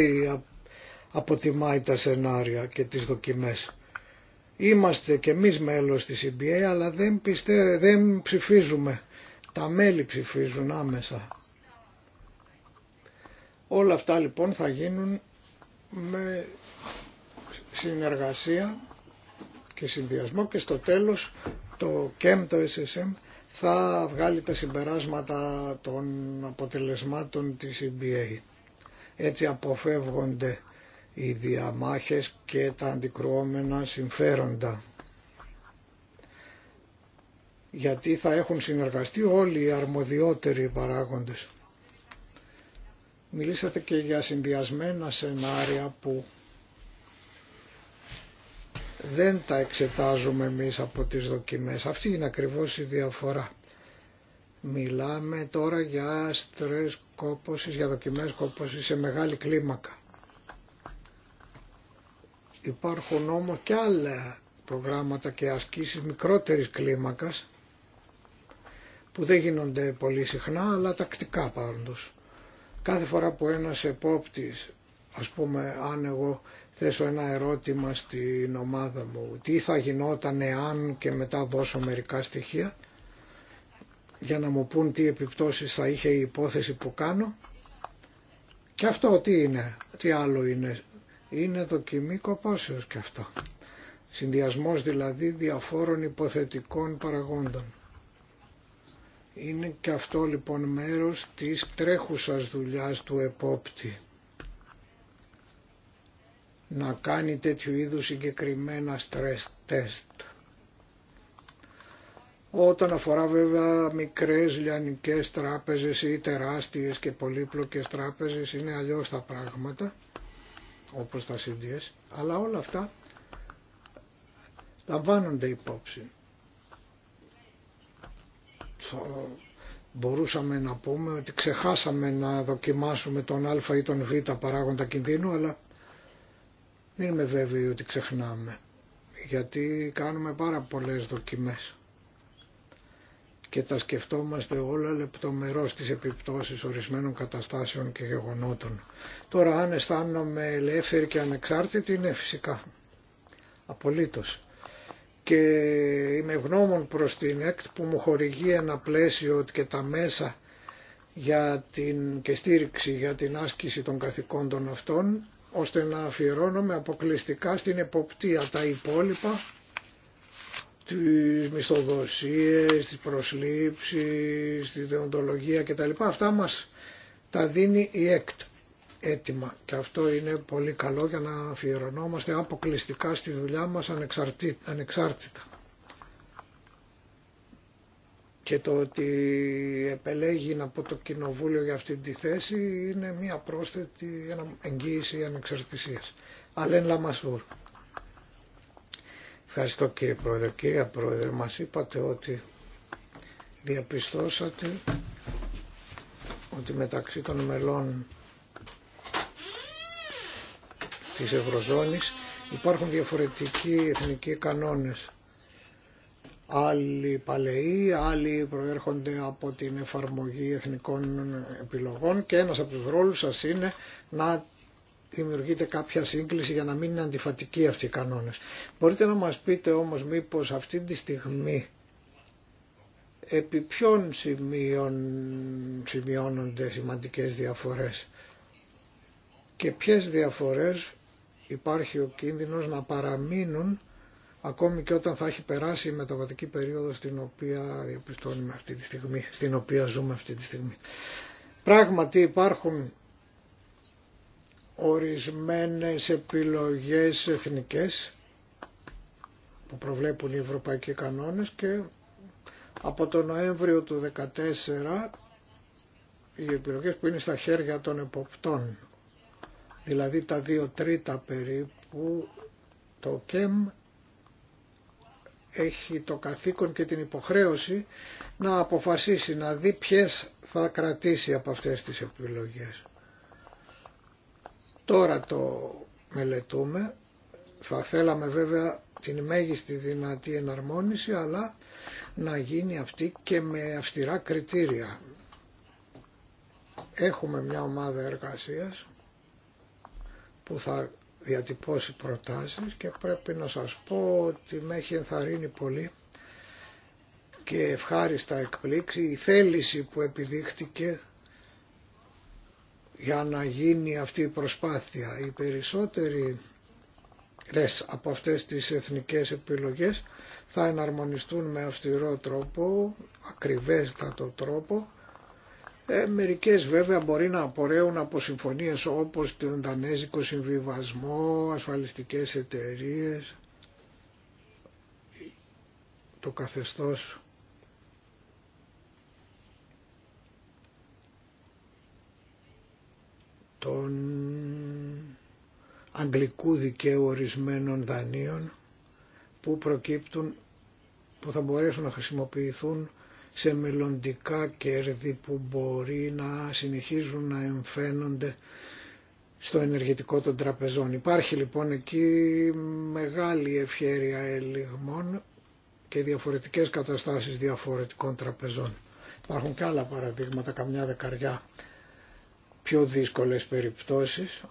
αποτιμάει τα σενάρια και τις δοκιμές. Είμαστε και εμείς μέλος της EBA αλλά δεν, πιστε, δεν ψηφίζουμε. Τα μέλη ψηφίζουν άμεσα. Όλα αυτά λοιπόν θα γίνουν με συνεργασία και συνδυασμό και στο τέλος το ΚΕΜ, το SSM, θα βγάλει τα συμπεράσματα των αποτελεσμάτων της EBA. Έτσι αποφεύγονται οι διαμάχες και τα αντικρουόμενα συμφέροντα. Γιατί θα έχουν συνεργαστεί όλοι οι αρμοδιότεροι παράγοντες. Μιλήσατε και για συνδυασμένα σενάρια που δεν τα εξετάζουμε εμείς από τις δοκιμές. Αυτή είναι ακριβώς η διαφορά. Μιλάμε τώρα για στρες κόπωσης, για δοκιμές κόπωσης σε μεγάλη κλίμακα. Υπάρχουν όμως και άλλα προγράμματα και ασκήσεις μικρότερης κλίμακας που δεν γίνονται πολύ συχνά αλλά τακτικά πάντως. Κάθε φορά που ένας επόπτης, ας πούμε αν εγώ θέσω ένα ερώτημα στην ομάδα μου. Τι θα γινόταν εάν και μετά δώσω μερικά στοιχεία για να μου πούν τι επιπτώσεις θα είχε η υπόθεση που κάνω. Και αυτό τι είναι, τι άλλο είναι. Είναι δοκιμή κοπόσεως και αυτό. Συνδυασμός δηλαδή διαφόρων υποθετικών παραγόντων. Είναι και αυτό λοιπόν μέρος της τρέχουσας δουλειάς του επόπτη να κάνει τέτοιου είδους συγκεκριμένα stress test. Όταν αφορά βέβαια μικρές λιανικές τράπεζες ή τεράστιες και πολύπλοκες τράπεζες είναι αλλιώς τα πράγματα, όπως τα CDS, αλλά όλα αυτά λαμβάνονται υπόψη. Μπορούσαμε να πούμε ότι ξεχάσαμε να δοκιμάσουμε τον α ή τον β παράγοντα κινδύνου, αλλά δεν είμαι βέβαιη ότι ξεχνάμε, γιατί κάνουμε πάρα πολλές δοκιμές και τα σκεφτόμαστε όλα λεπτομερώς τις επιπτώσεις ορισμένων καταστάσεων και γεγονότων. Τώρα αν αισθάνομαι ελεύθερη και ανεξάρτητη είναι φυσικά, απολύτως. Και είμαι γνώμων προς την ΕΚΤ που μου χορηγεί ένα πλαίσιο και τα μέσα για την, και στήριξη για την άσκηση των καθηκόντων αυτών ώστε να αφιερώνομαι αποκλειστικά στην εποπτεία τα υπόλοιπα τις μισθοδοσίες, τις προσλήψεις, τη διοντολογία κτλ. Αυτά μας τα δίνει η ΕΚΤ έτοιμα και αυτό είναι πολύ καλό για να αφιερωνόμαστε αποκλειστικά στη δουλειά μας ανεξάρτητα και το ότι επελέγει από το Κοινοβούλιο για αυτή τη θέση είναι μια πρόσθετη εγγύηση ανεξαρτησίας. Αλέν Λαμασούρ. Ευχαριστώ κύριε Πρόεδρε. Κύριε Πρόεδρε, μας είπατε ότι διαπιστώσατε ότι μεταξύ των μελών της Ευρωζώνης υπάρχουν διαφορετικοί εθνικοί κανόνες άλλοι παλαιοί, άλλοι προέρχονται από την εφαρμογή εθνικών επιλογών και ένας από τους ρόλους σας είναι να δημιουργείτε κάποια σύγκληση για να μην είναι αντιφατικοί αυτοί οι κανόνες. Μπορείτε να μας πείτε όμως μήπως αυτή τη στιγμή επί ποιων σημείων σημειώνονται σημαντικές διαφορές και ποιες διαφορές υπάρχει ο κίνδυνος να παραμείνουν ακόμη και όταν θα έχει περάσει η μεταβατική περίοδος στην οποία διαπιστώνουμε αυτή τη στιγμή, στην οποία ζούμε αυτή τη στιγμή. Πράγματι υπάρχουν ορισμένες επιλογές εθνικές που προβλέπουν οι ευρωπαϊκοί κανόνες και από τον Νοέμβριο του 2014 οι επιλογές που είναι στα χέρια των εποπτών δηλαδή τα δύο τρίτα περίπου το ΚΕΜ έχει το καθήκον και την υποχρέωση να αποφασίσει, να δει ποιες θα κρατήσει από αυτές τις επιλογές. Τώρα το μελετούμε, θα θέλαμε βέβαια την μέγιστη δυνατή εναρμόνιση, αλλά να γίνει αυτή και με αυστηρά κριτήρια. Έχουμε μια ομάδα εργασίας που θα διατυπώσει προτάσεις και πρέπει να σας πω ότι με έχει ενθαρρύνει πολύ και ευχάριστα εκπλήξει η θέληση που επιδείχτηκε για να γίνει αυτή η προσπάθεια. Οι περισσότεροι ρες από αυτές τις εθνικές επιλογές θα εναρμονιστούν με αυστηρό τρόπο, ακριβέστατο τρόπο ε, μερικές βέβαια μπορεί να απορρέουν από συμφωνίες όπως τον Δανέζικο Συμβιβασμό, ασφαλιστικές εταιρείες, το καθεστώς των αγγλικού δικαίου ορισμένων δανείων που προκύπτουν, που θα μπορέσουν να χρησιμοποιηθούν σε μελλοντικά κέρδη που μπορεί να συνεχίζουν να εμφαίνονται στο ενεργητικό των τραπεζών. Υπάρχει λοιπόν εκεί μεγάλη ευχέρεια ελιγμών και διαφορετικές καταστάσεις διαφορετικών τραπεζών. Υπάρχουν και άλλα παραδείγματα, καμιά δεκαριά πιο δύσκολες περιπτώσεις.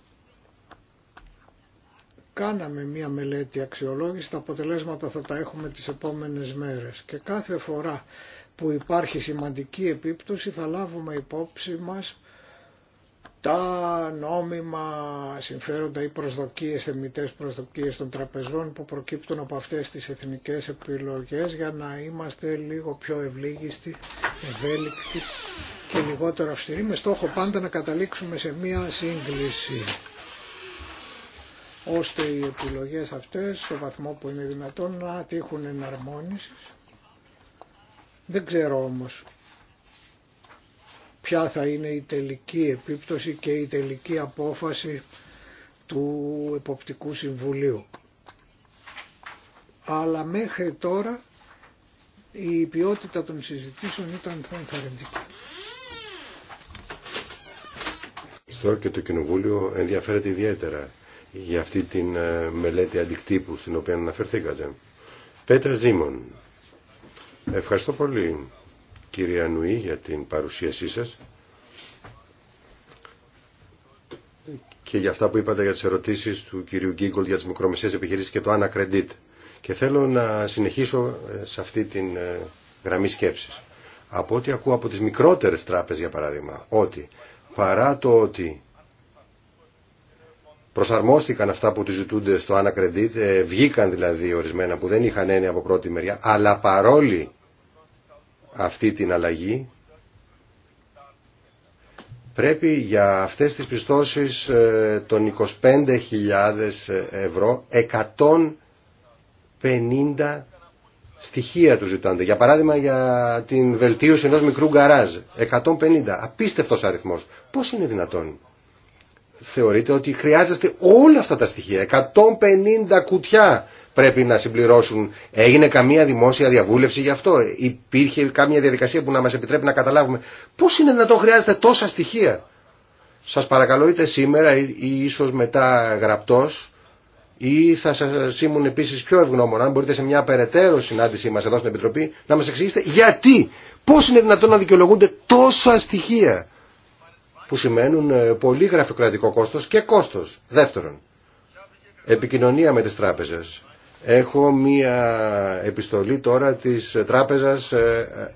Κάναμε μία μελέτη αξιολόγηση, τα αποτελέσματα θα τα έχουμε τις επόμενες μέρες και κάθε φορά που υπάρχει σημαντική επίπτωση θα λάβουμε υπόψη μας τα νόμιμα συμφέροντα ή προσδοκίες, θεμητές προσδοκίες των τραπεζών που προκύπτουν από αυτές τις εθνικές επιλογές για να είμαστε λίγο πιο ευλίγιστοι, ευέλικτοι και λιγότερο αυστηροί με στόχο πάντα να καταλήξουμε σε μία σύγκληση ώστε οι επιλογές αυτές στο βαθμό που είναι δυνατόν να τύχουν εναρμόνισης δεν ξέρω όμως ποια θα είναι η τελική επίπτωση και η τελική απόφαση του Εποπτικού Συμβουλίου. Αλλά μέχρι τώρα η ποιότητα των συζητήσεων ήταν θα ενθαρρυντική. Στο και το Κοινοβούλιο ενδιαφέρεται ιδιαίτερα για αυτή την ε, μελέτη αντικτύπου στην οποία αναφερθήκατε. Πέτρα Ζήμων. Ευχαριστώ πολύ κύριε Ανουή, για την παρουσίασή σας και για αυτά που είπατε για τις ερωτήσεις του κυρίου Γκίγκολ για τις μικρομεσαίες επιχειρήσεις και το ανακρεντήτ. Και θέλω να συνεχίσω ε, σε αυτή την ε, γραμμή σκέψης. Από ό,τι ακούω από τις μικρότερες τράπεζες για παράδειγμα, ότι παρά το ότι προσαρμόστηκαν αυτά που τους ζητούνται στο ανακρεντήτ, βγήκαν δηλαδή ορισμένα που δεν είχαν έννοια από πρώτη μεριά, αλλά παρόλη αυτή την αλλαγή πρέπει για αυτές τις πιστώσεις ε, των 25.000 ευρώ 150 στοιχεία του ζητάνε. Για παράδειγμα για την βελτίωση ενός μικρού γκαράζ. 150. Απίστευτος αριθμός. Πώς είναι δυνατόν. Θεωρείτε ότι χρειάζεστε όλα αυτά τα στοιχεία. 150 κουτιά πρέπει να συμπληρώσουν. Έγινε καμία δημόσια διαβούλευση γι' αυτό. Υπήρχε καμία διαδικασία που να μας επιτρέπει να καταλάβουμε πώς είναι δυνατόν χρειάζεται τόσα στοιχεία. Σας παρακαλώ είτε σήμερα ή ίσως μετά γραπτός ή θα σας ήμουν επίσης πιο ευγνώμων αν μπορείτε σε μια περαιτέρω συνάντησή μας εδώ στην Επιτροπή να μας εξηγήσετε γιατί πώς είναι δυνατόν να δικαιολογούνται τόσα στοιχεία που σημαίνουν ε, πολύ γραφειοκρατικό κόστος και κόστος. Δεύτερον, επικοινωνία με τις τράπεζες. Έχω μία επιστολή τώρα της τράπεζας, ε, ε,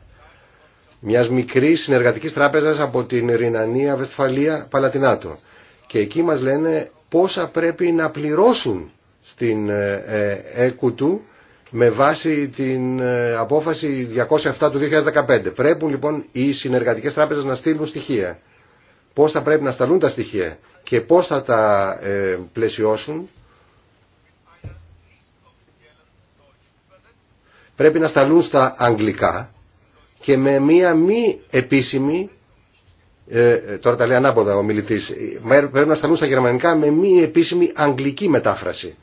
μιας μικρής συνεργατικής τράπεζας από την Ρινανία Βεσφαλία Παλατινάτο. Και εκεί μας λένε πόσα πρέπει να πληρώσουν στην ΕΚΟΥΤΟΥ με βάση την απόφαση 207 του 2015. Πρέπει λοιπόν οι συνεργατικές τράπεζες να στείλουν στοιχεία πώς θα πρέπει να σταλούν τα στοιχεία και πώς θα τα ε, πλαισιώσουν πρέπει να σταλούν στα αγγλικά και με μία μη επίσημη ε, ε, τώρα τα λέει ανάποδα ο μιλητής πρέπει να σταλούν στα γερμανικά με μη επίσημη αγγλική μετάφραση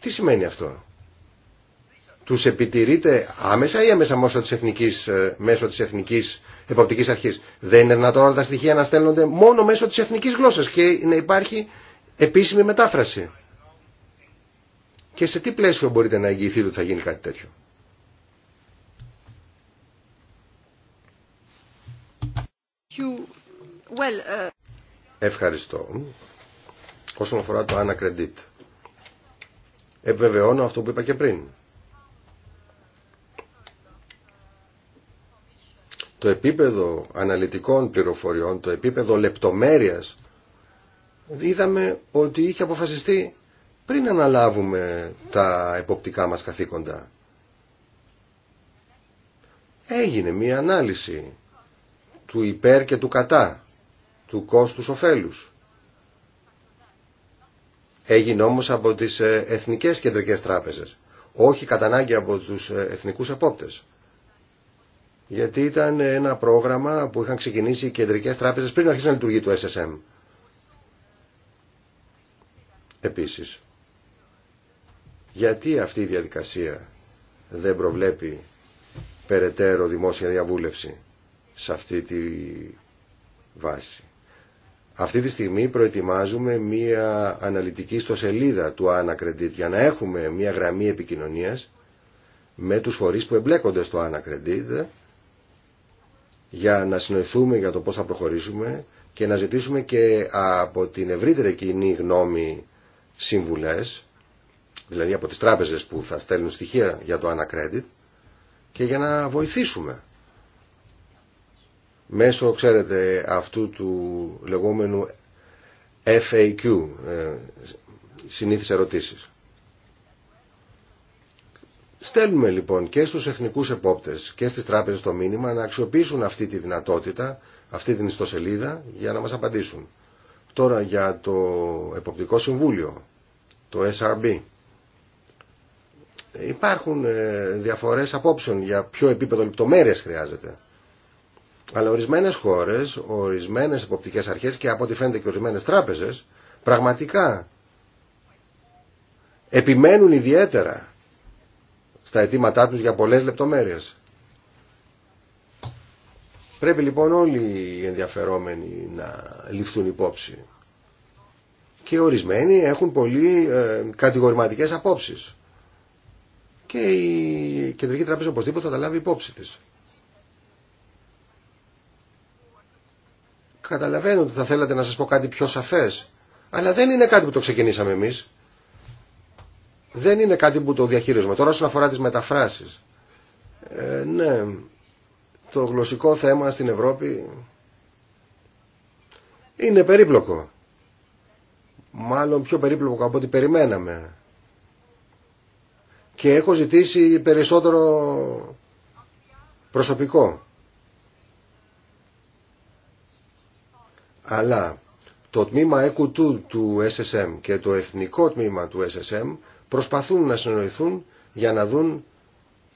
τι σημαίνει αυτό τους επιτηρείτε άμεσα ή άμεσα μέσω της εθνικής, ε, μέσω της εθνικής εποπτικής αρχής. Δεν είναι δυνατόν όλα τα στοιχεία να στέλνονται μόνο μέσω της εθνικής γλώσσας και να υπάρχει επίσημη μετάφραση. Και σε τι πλαίσιο μπορείτε να εγγυηθείτε ότι θα γίνει κάτι τέτοιο. Ε, Ευχαριστώ. Όσον αφορά το Anna Credit. Επιβεβαιώνω αυτό που είπα και πριν. το επίπεδο αναλυτικών πληροφοριών, το επίπεδο λεπτομέρειας, είδαμε ότι είχε αποφασιστεί πριν αναλάβουμε τα εποπτικά μας καθήκοντα. Έγινε μία ανάλυση του υπέρ και του κατά, του κόστους ωφέλους. Έγινε όμως από τις ε, εθνικές κεντρικές τράπεζες, όχι κατά ανάγκη από τους ε, εθνικούς επόπτες γιατί ήταν ένα πρόγραμμα που είχαν ξεκινήσει οι κεντρικές τράπεζες πριν αρχίσει να λειτουργεί το SSM. Επίσης, γιατί αυτή η διαδικασία δεν προβλέπει περαιτέρω δημόσια διαβούλευση σε αυτή τη βάση. Αυτή τη στιγμή προετοιμάζουμε μία αναλυτική ιστοσελίδα του Anacredit για να έχουμε μία γραμμή επικοινωνίας με τους φορείς που εμπλέκονται στο Anacredit για να συνοηθούμε για το πώς θα προχωρήσουμε και να ζητήσουμε και από την ευρύτερη κοινή γνώμη συμβουλές, δηλαδή από τις τράπεζες που θα στέλνουν στοιχεία για το ανακρέντιτ και για να βοηθήσουμε μέσω, ξέρετε, αυτού του λεγόμενου FAQ, ε, συνήθεις ερωτήσεις. Στέλνουμε λοιπόν και στους εθνικούς επόπτες και στις τράπεζες το μήνυμα να αξιοποιήσουν αυτή τη δυνατότητα, αυτή την ιστοσελίδα για να μας απαντήσουν. Τώρα για το Εποπτικό Συμβούλιο, το SRB. Υπάρχουν ε, διαφορές απόψεων για ποιο επίπεδο λεπτομέρειας χρειάζεται. Αλλά ορισμένες χώρες, ορισμένες εποπτικές αρχές και από ό,τι φαίνεται και ορισμένες τράπεζες, πραγματικά επιμένουν ιδιαίτερα στα αιτήματά τους για πολλές λεπτομέρειες. Πρέπει λοιπόν όλοι οι ενδιαφερόμενοι να ληφθούν υπόψη. Και ορισμένοι έχουν πολύ ε, κατηγορηματικές απόψεις. Και η Κεντρική Τράπεζα οπωσδήποτε θα τα λάβει υπόψη της. Καταλαβαίνω ότι θα θέλατε να σας πω κάτι πιο σαφές. Αλλά δεν είναι κάτι που το ξεκινήσαμε εμείς δεν είναι κάτι που το διαχειρίζουμε. Τώρα όσον αφορά τις μεταφράσεις, ε, ναι, το γλωσσικό θέμα στην Ευρώπη είναι περίπλοκο. Μάλλον πιο περίπλοκο από ό,τι περιμέναμε. Και έχω ζητήσει περισσότερο προσωπικό. Αλλά το τμήμα ΕΚΟΥΤΟΥ του SSM και το εθνικό τμήμα του SSM προσπαθούν να συνοηθούν για να δουν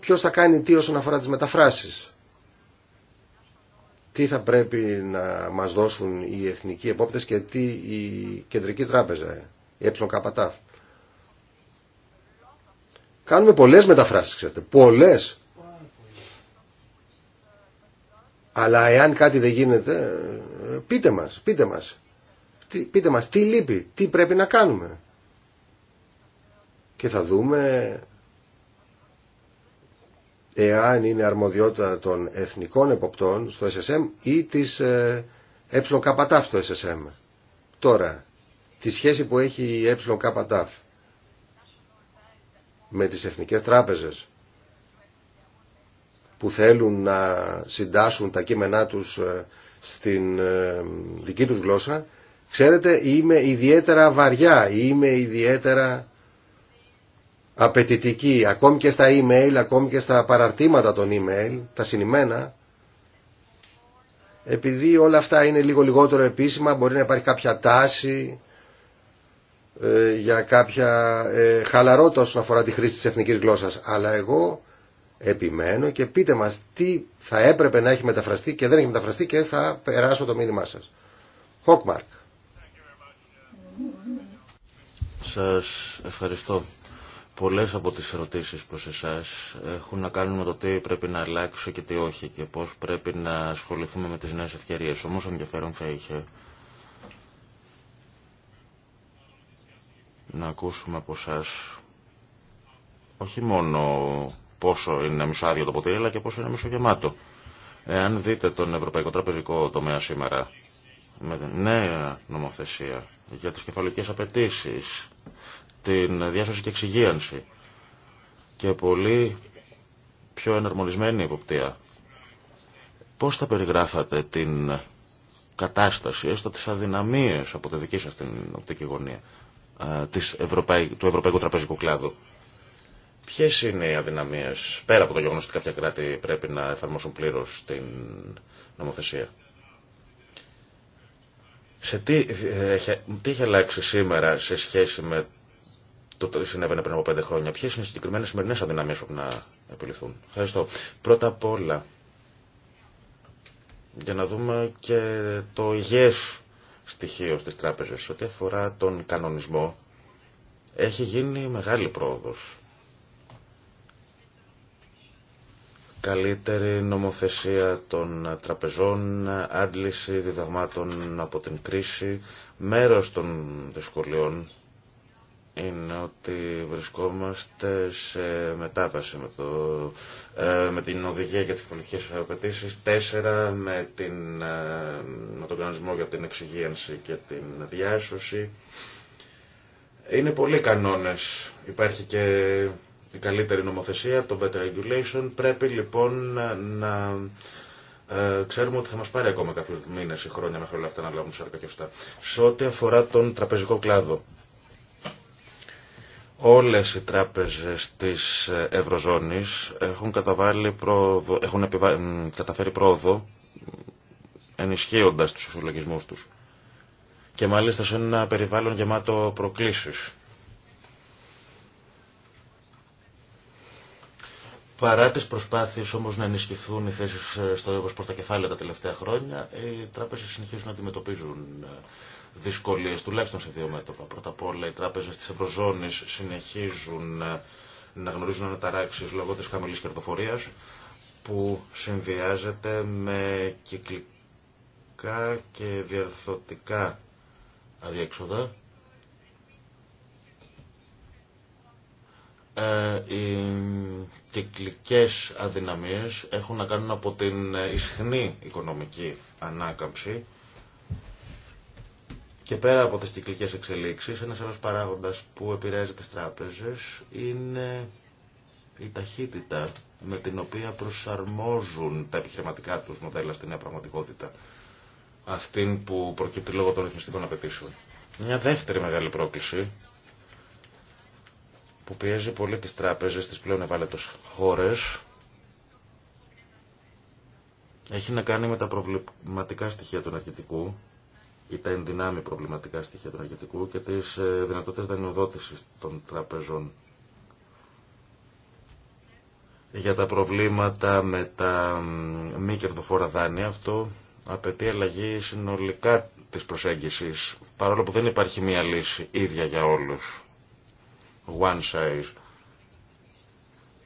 ποιος θα κάνει τι όσον αφορά τις μεταφράσεις. Τι θα πρέπει να μας δώσουν οι εθνικοί επόπτες και τι η κεντρική τράπεζα, η ΕΚΤ. Κάνουμε πολλές μεταφράσεις, ξέρετε, πολλές. Αλλά εάν κάτι δεν γίνεται, ε, πείτε μας, πείτε μας. Πείτε μας τι λείπει, τι πρέπει να κάνουμε και θα δούμε εάν είναι αρμοδιότητα των εθνικών εποπτών στο SSM ή της ε, ΕΚΤ στο SSM. Τώρα, τη σχέση που έχει η ΕΚΤ με τις εθνικές τράπεζες που θέλουν να συντάσσουν τα κείμενά τους ε, στην ε, δική τους γλώσσα, ξέρετε είμαι ιδιαίτερα βαριά, είμαι ιδιαίτερα απαιτητική, ακόμη και στα email, ακόμη και στα παραρτήματα των email, τα συνημένα, επειδή όλα αυτά είναι λίγο λιγότερο επίσημα, μπορεί να υπάρχει κάποια τάση ε, για κάποια ε, χαλαρότητα όσον αφορά τη χρήση της εθνικής γλώσσας. Αλλά εγώ επιμένω και πείτε μας τι θα έπρεπε να έχει μεταφραστεί και δεν έχει μεταφραστεί και θα περάσω το μήνυμά σας. Hawkmark Σας ευχαριστώ Πολλές από τις ερωτήσεις προς εσάς έχουν να κάνουν με το τι πρέπει να αλλάξει και τι όχι και πώς πρέπει να ασχοληθούμε με τις νέες ευκαιρίες. Όμως ενδιαφέρον θα είχε να ακούσουμε από εσά όχι μόνο πόσο είναι μισοάδιο το ποτήρι αλλά και πόσο είναι μισογεμάτο. Εάν δείτε τον Ευρωπαϊκό Τραπεζικό τομέα σήμερα με νέα νομοθεσία για τις κεφαλικές απαιτήσει την διάσωση και εξυγίανση και πολύ πιο εναρμονισμένη υποπτία. Πώς θα περιγράφατε την κατάσταση, έστω τις αδυναμίες από τη δική σας την οπτική γωνία της Ευρωπαϊ... του Ευρωπαϊκού Τραπεζικού Κλάδου. Ποιες είναι οι αδυναμίες, πέρα από το γεγονός ότι κάποια κράτη πρέπει να εφαρμόσουν πλήρως την νομοθεσία. Σε τι, ε, ε, ε, τι έχει αλλάξει σήμερα σε σχέση με το τι συνέβαινε πριν από πέντε χρόνια. Ποιε είναι οι συγκεκριμένε σημερινέ αδυναμίε που να επιληθούν. Ευχαριστώ. Πρώτα απ' όλα, για να δούμε και το υγιέ στοιχείο στι τράπεζε Ό,τι αφορά τον κανονισμό, έχει γίνει μεγάλη πρόοδο. Καλύτερη νομοθεσία των τραπεζών, άντληση διδαγμάτων από την κρίση, μέρος των δυσκολιών είναι ότι βρισκόμαστε σε μετάβαση με, το, ε, με την οδηγία για τις Πολιτικές απαιτήσει, τέσσερα με, την, ε, με τον κανονισμό για την εξυγίανση και την διάσωση. Είναι πολλοί κανόνες. Υπάρχει και η καλύτερη νομοθεσία, το Better Regulation. Πρέπει λοιπόν να ε, ξέρουμε ότι θα μας πάρει ακόμα κάποιους μήνες ή χρόνια μέχρι όλα αυτά να λάβουν σάρκα και Σε ό,τι αφορά τον τραπεζικό κλάδο Όλες οι τράπεζες της Ευρωζώνης έχουν, καταβάλει έχουν καταφέρει πρόοδο ενισχύοντας τους ισολογισμούς τους. Και μάλιστα σε ένα περιβάλλον γεμάτο προκλήσεις. Παρά τις προσπάθειες όμως να ενισχυθούν οι θέσεις ε, στο προς τα κεφάλαια τα τελευταία χρόνια, οι τράπεζες συνεχίζουν να αντιμετωπίζουν ε, δυσκολίες, τουλάχιστον σε δύο μέτωπα. Πρώτα απ' όλα οι τράπεζες της Ευρωζώνης συνεχίζουν ε, να γνωρίζουν αναταράξεις λόγω της χαμηλής κερδοφορίας που συνδυάζεται με κυκλικά και διαρθωτικά αδιέξοδα. Ε, οι κυκλικές αδυναμίες έχουν να κάνουν από την ε, ισχνή οικονομική ανάκαμψη και πέρα από τις κυκλικές εξελίξεις, ένας άλλος παράγοντας που επηρεάζει τις τράπεζες είναι η ταχύτητα με την οποία προσαρμόζουν τα επιχειρηματικά τους μοντέλα στην νέα πραγματικότητα. Αυτήν που προκύπτει λόγω των ρυθμιστικών απαιτήσεων. Μια δεύτερη μεγάλη πρόκληση που πιέζει πολύ τις τράπεζες στις πλέον ευάλωτες χώρες έχει να κάνει με τα προβληματικά στοιχεία του ενεργητικού ή τα ενδυνάμει προβληματικά στοιχεία του ενεργητικού και τις ε, δυνατότητες δανειοδότησης των τραπεζών. Για τα προβλήματα με τα μη κερδοφόρα δάνεια αυτό απαιτεί αλλαγή συνολικά της προσέγγισης παρόλο που δεν υπάρχει μία λύση ίδια για όλους. One size.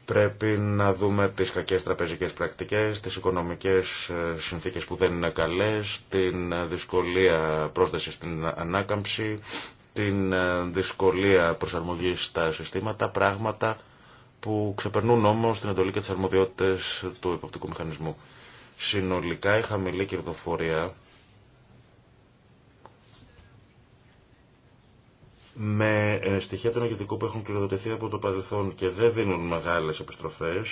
Πρέπει να δούμε τις κακές τραπεζικές πρακτικές, τις οικονομικές ε, συνθήκες που δεν είναι καλές, την ε, δυσκολία πρόσθεσης στην ανάκαμψη, την ε, δυσκολία προσαρμογής στα συστήματα, πράγματα που ξεπερνούν όμως την εντολή και τις αρμοδιότητες του υποπτικού μηχανισμού. Συνολικά η χαμηλή κερδοφορία με ε, στοιχεία των ενεργητικού που έχουν κληροδοτηθεί από το παρελθόν και δεν δίνουν μεγάλες επιστροφές,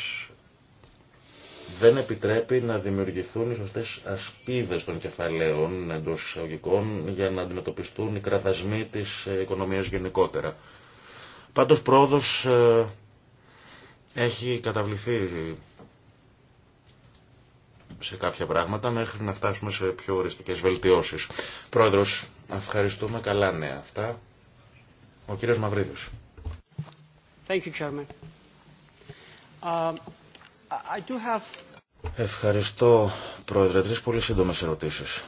δεν επιτρέπει να δημιουργηθούν οι σωστές ασπίδες των κεφαλαίων εντό εισαγωγικών για να αντιμετωπιστούν οι κραδασμοί της ε, οικονομίας γενικότερα. Πάντως πρόοδος ε, έχει καταβληθεί σε κάποια πράγματα μέχρι να φτάσουμε σε πιο οριστικές βελτιώσεις. Πρόεδρος, ευχαριστούμε. Καλά νέα αυτά. Ο κύριος Μαυρίδης. Thank you, Uh, Ευχαριστώ, Πρόεδρε. Τρεις πολύ σύντομες ερωτήσεις.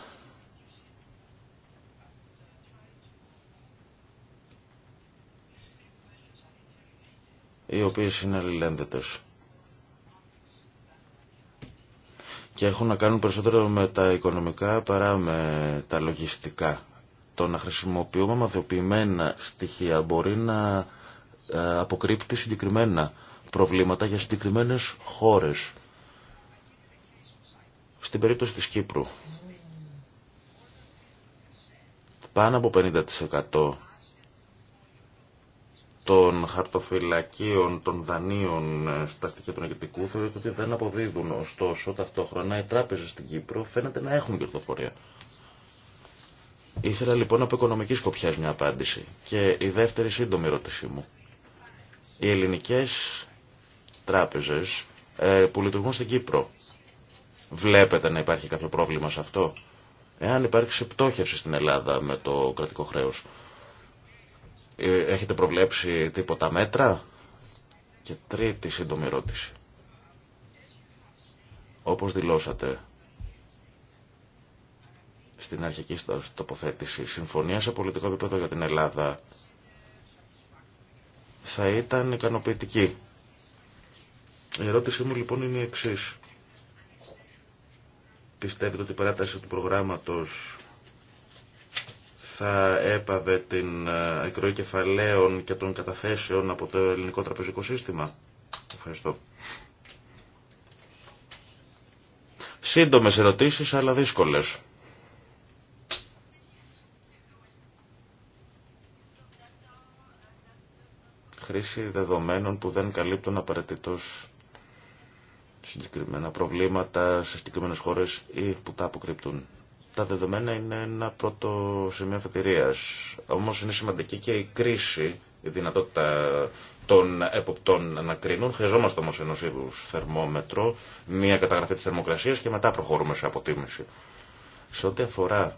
οι οποίες είναι αλληλένδετες. Και έχουν να κάνουν περισσότερο με τα οικονομικά παρά με τα λογιστικά το να χρησιμοποιούμε μαθοποιημένα στοιχεία μπορεί να ε, αποκρύπτει συγκεκριμένα προβλήματα για συγκεκριμένες χώρες. Στην περίπτωση της Κύπρου, πάνω από 50% των χαρτοφυλακίων, των δανείων ε, στα στοιχεία του ενεργητικού θεωρείται ότι δεν αποδίδουν. Ωστόσο, ταυτόχρονα οι τράπεζες στην Κύπρο φαίνεται να έχουν κερδοφορία. Ήθελα λοιπόν από οικονομική σκοπιά μια απάντηση. Και η δεύτερη σύντομη ερώτησή μου. Οι ελληνικές τράπεζες ε, που λειτουργούν στην Κύπρο, βλέπετε να υπάρχει κάποιο πρόβλημα σε αυτό. Εάν υπάρξει πτώχευση στην Ελλάδα με το κρατικό χρέος, ε, έχετε προβλέψει τίποτα μέτρα. Και τρίτη σύντομη ερώτηση. Όπως δηλώσατε, στην αρχική τοποθέτηση συμφωνία σε πολιτικό επίπεδο για την Ελλάδα θα ήταν ικανοποιητική. Η ερώτησή μου λοιπόν είναι η εξή. Πιστεύετε ότι η παράταση του προγράμματος θα έπαβε την ε, εκροή κεφαλαίων και των καταθέσεων από το ελληνικό τραπεζικό σύστημα. Ευχαριστώ. Σύντομες ερωτήσεις αλλά δύσκολες. χρήση δεδομένων που δεν καλύπτουν απαραίτητο συγκεκριμένα προβλήματα σε συγκεκριμένε χώρε ή που τα αποκρυπτούν. Τα δεδομένα είναι ένα πρώτο σημείο αφετηρία. Όμω είναι σημαντική και η κρίση, η δυνατότητα των εποπτών να κρίνουν. Χρειαζόμαστε όμω ενός είδου θερμόμετρο, μία καταγραφή τη θερμοκρασία και μετά προχωρούμε σε αποτίμηση. Σε ό,τι αφορά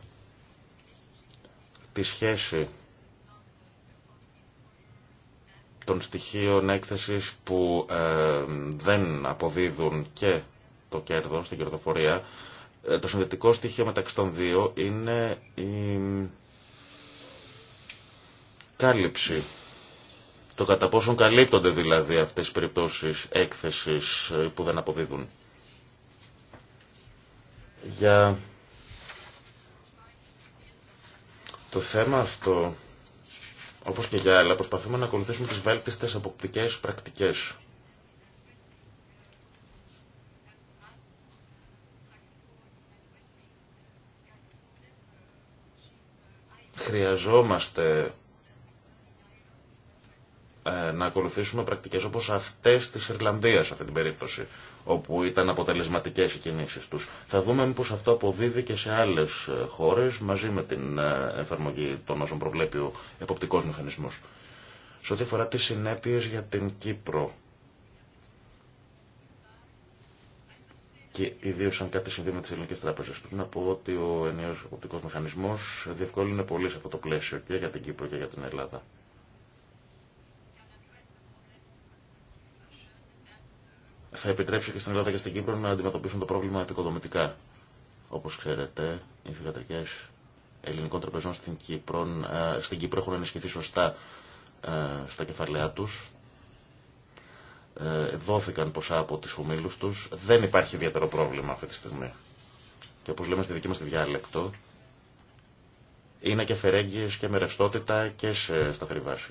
τη σχέση των στοιχείων έκθεσης που ε, δεν αποδίδουν και το κέρδος, στην κερδοφορία, ε, το συνδετικό στοιχείο μεταξύ των δύο είναι η κάλυψη. Το κατά πόσον καλύπτονται δηλαδή αυτές οι περιπτώσεις έκθεσης ε, που δεν αποδίδουν. Για το θέμα αυτό όπως και για άλλα, προσπαθούμε να ακολουθήσουμε τις βέλτιστες αποπτικές πρακτικές. Χρειαζόμαστε ε, να ακολουθήσουμε πρακτικές όπως αυτές της Ιρλανδίας σε αυτή την περίπτωση, όπου ήταν αποτελεσματικές οι κινήσεις τους. Θα δούμε μήπως αυτό αποδίδει και σε άλλες ε, χώρες μαζί με την ε, εφαρμογή των όσων προβλέπει ο εποπτικός μηχανισμός. Σε ό,τι αφορά τις συνέπειες για την Κύπρο, και ιδίω αν κάτι συμβεί με τι ελληνικέ τράπεζε. Πρέπει να πω ότι ο ενιαίο οπτικό μηχανισμό διευκόλυνε πολύ σε αυτό το πλαίσιο και για την Κύπρο και για την Ελλάδα. θα επιτρέψει και στην Ελλάδα και στην Κύπρο να αντιμετωπίσουν το πρόβλημα επικοδομητικά. Όπως ξέρετε, οι φυγατρικές ελληνικών τραπεζών στην Κύπρο, ε, στην Κύπρο έχουν ενισχυθεί σωστά ε, στα κεφαλαία τους. Ε, δόθηκαν ποσά από τις ομίλου τους. Δεν υπάρχει ιδιαίτερο πρόβλημα αυτή τη στιγμή. Και όπως λέμε στη δική μας τη διάλεκτο, είναι και φερέγγιες και με ρευστότητα και σε σταθερή βάση.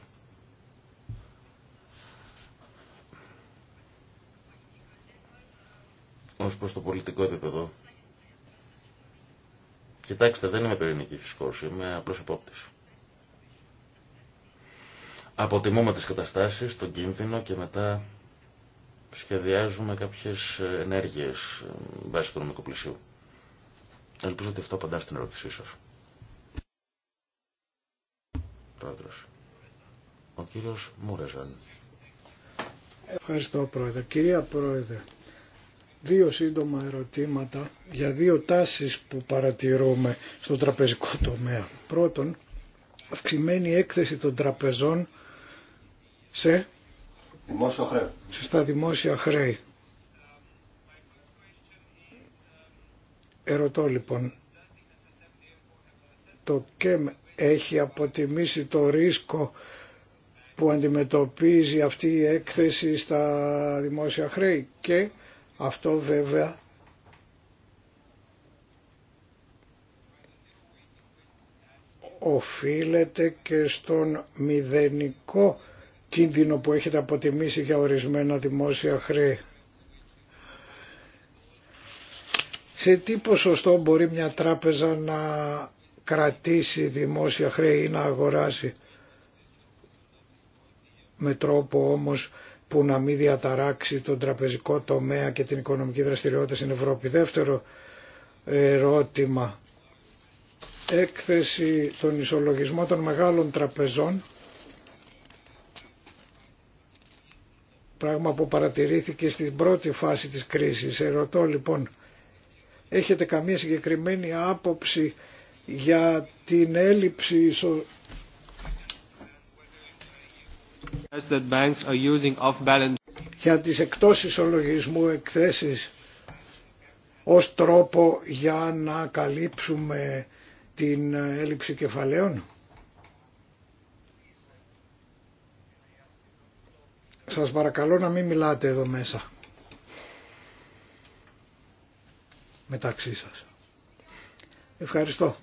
ως προς το πολιτικό επίπεδο. Κοιτάξτε, δεν είμαι πυρηνική φυσικός, είμαι απλός υπόπτης. Αποτιμούμε τις καταστάσεις, τον κίνδυνο και μετά σχεδιάζουμε κάποιες ενέργειες ε, βάσει του νομικού πλησίου. Ελπίζω ότι αυτό απαντά στην ερώτησή σας. Πρόεδρος. Ο κύριος Μούρεζαν. Ευχαριστώ πρόεδρε. Κυρία πρόεδρε, δύο σύντομα ερωτήματα για δύο τάσεις που παρατηρούμε στο τραπεζικό τομέα. Πρώτον, αυξημένη έκθεση των τραπεζών σε στα δημόσια χρέη. Ερωτώ λοιπόν, το ΚΕΜ έχει αποτιμήσει το ρίσκο που αντιμετωπίζει αυτή η έκθεση στα δημόσια χρέη και αυτό βέβαια οφείλεται και στον μηδενικό κίνδυνο που έχετε αποτιμήσει για ορισμένα δημόσια χρέη. Σε τι ποσοστό μπορεί μια τράπεζα να κρατήσει δημόσια χρέη ή να αγοράσει με τρόπο όμως που να μην διαταράξει τον τραπεζικό τομέα και την οικονομική δραστηριότητα στην Ευρώπη. Δεύτερο ερώτημα. Έκθεση των ισολογισμών των μεγάλων τραπεζών. Πράγμα που παρατηρήθηκε στην πρώτη φάση της κρίσης. Ερωτώ λοιπόν, έχετε καμία συγκεκριμένη άποψη για την έλλειψη για τις εκτός ισολογισμού εκθέσεις ως τρόπο για να καλύψουμε την έλλειψη κεφαλαίων. Σας παρακαλώ να μην μιλάτε εδώ μέσα. Μεταξύ σας. Ευχαριστώ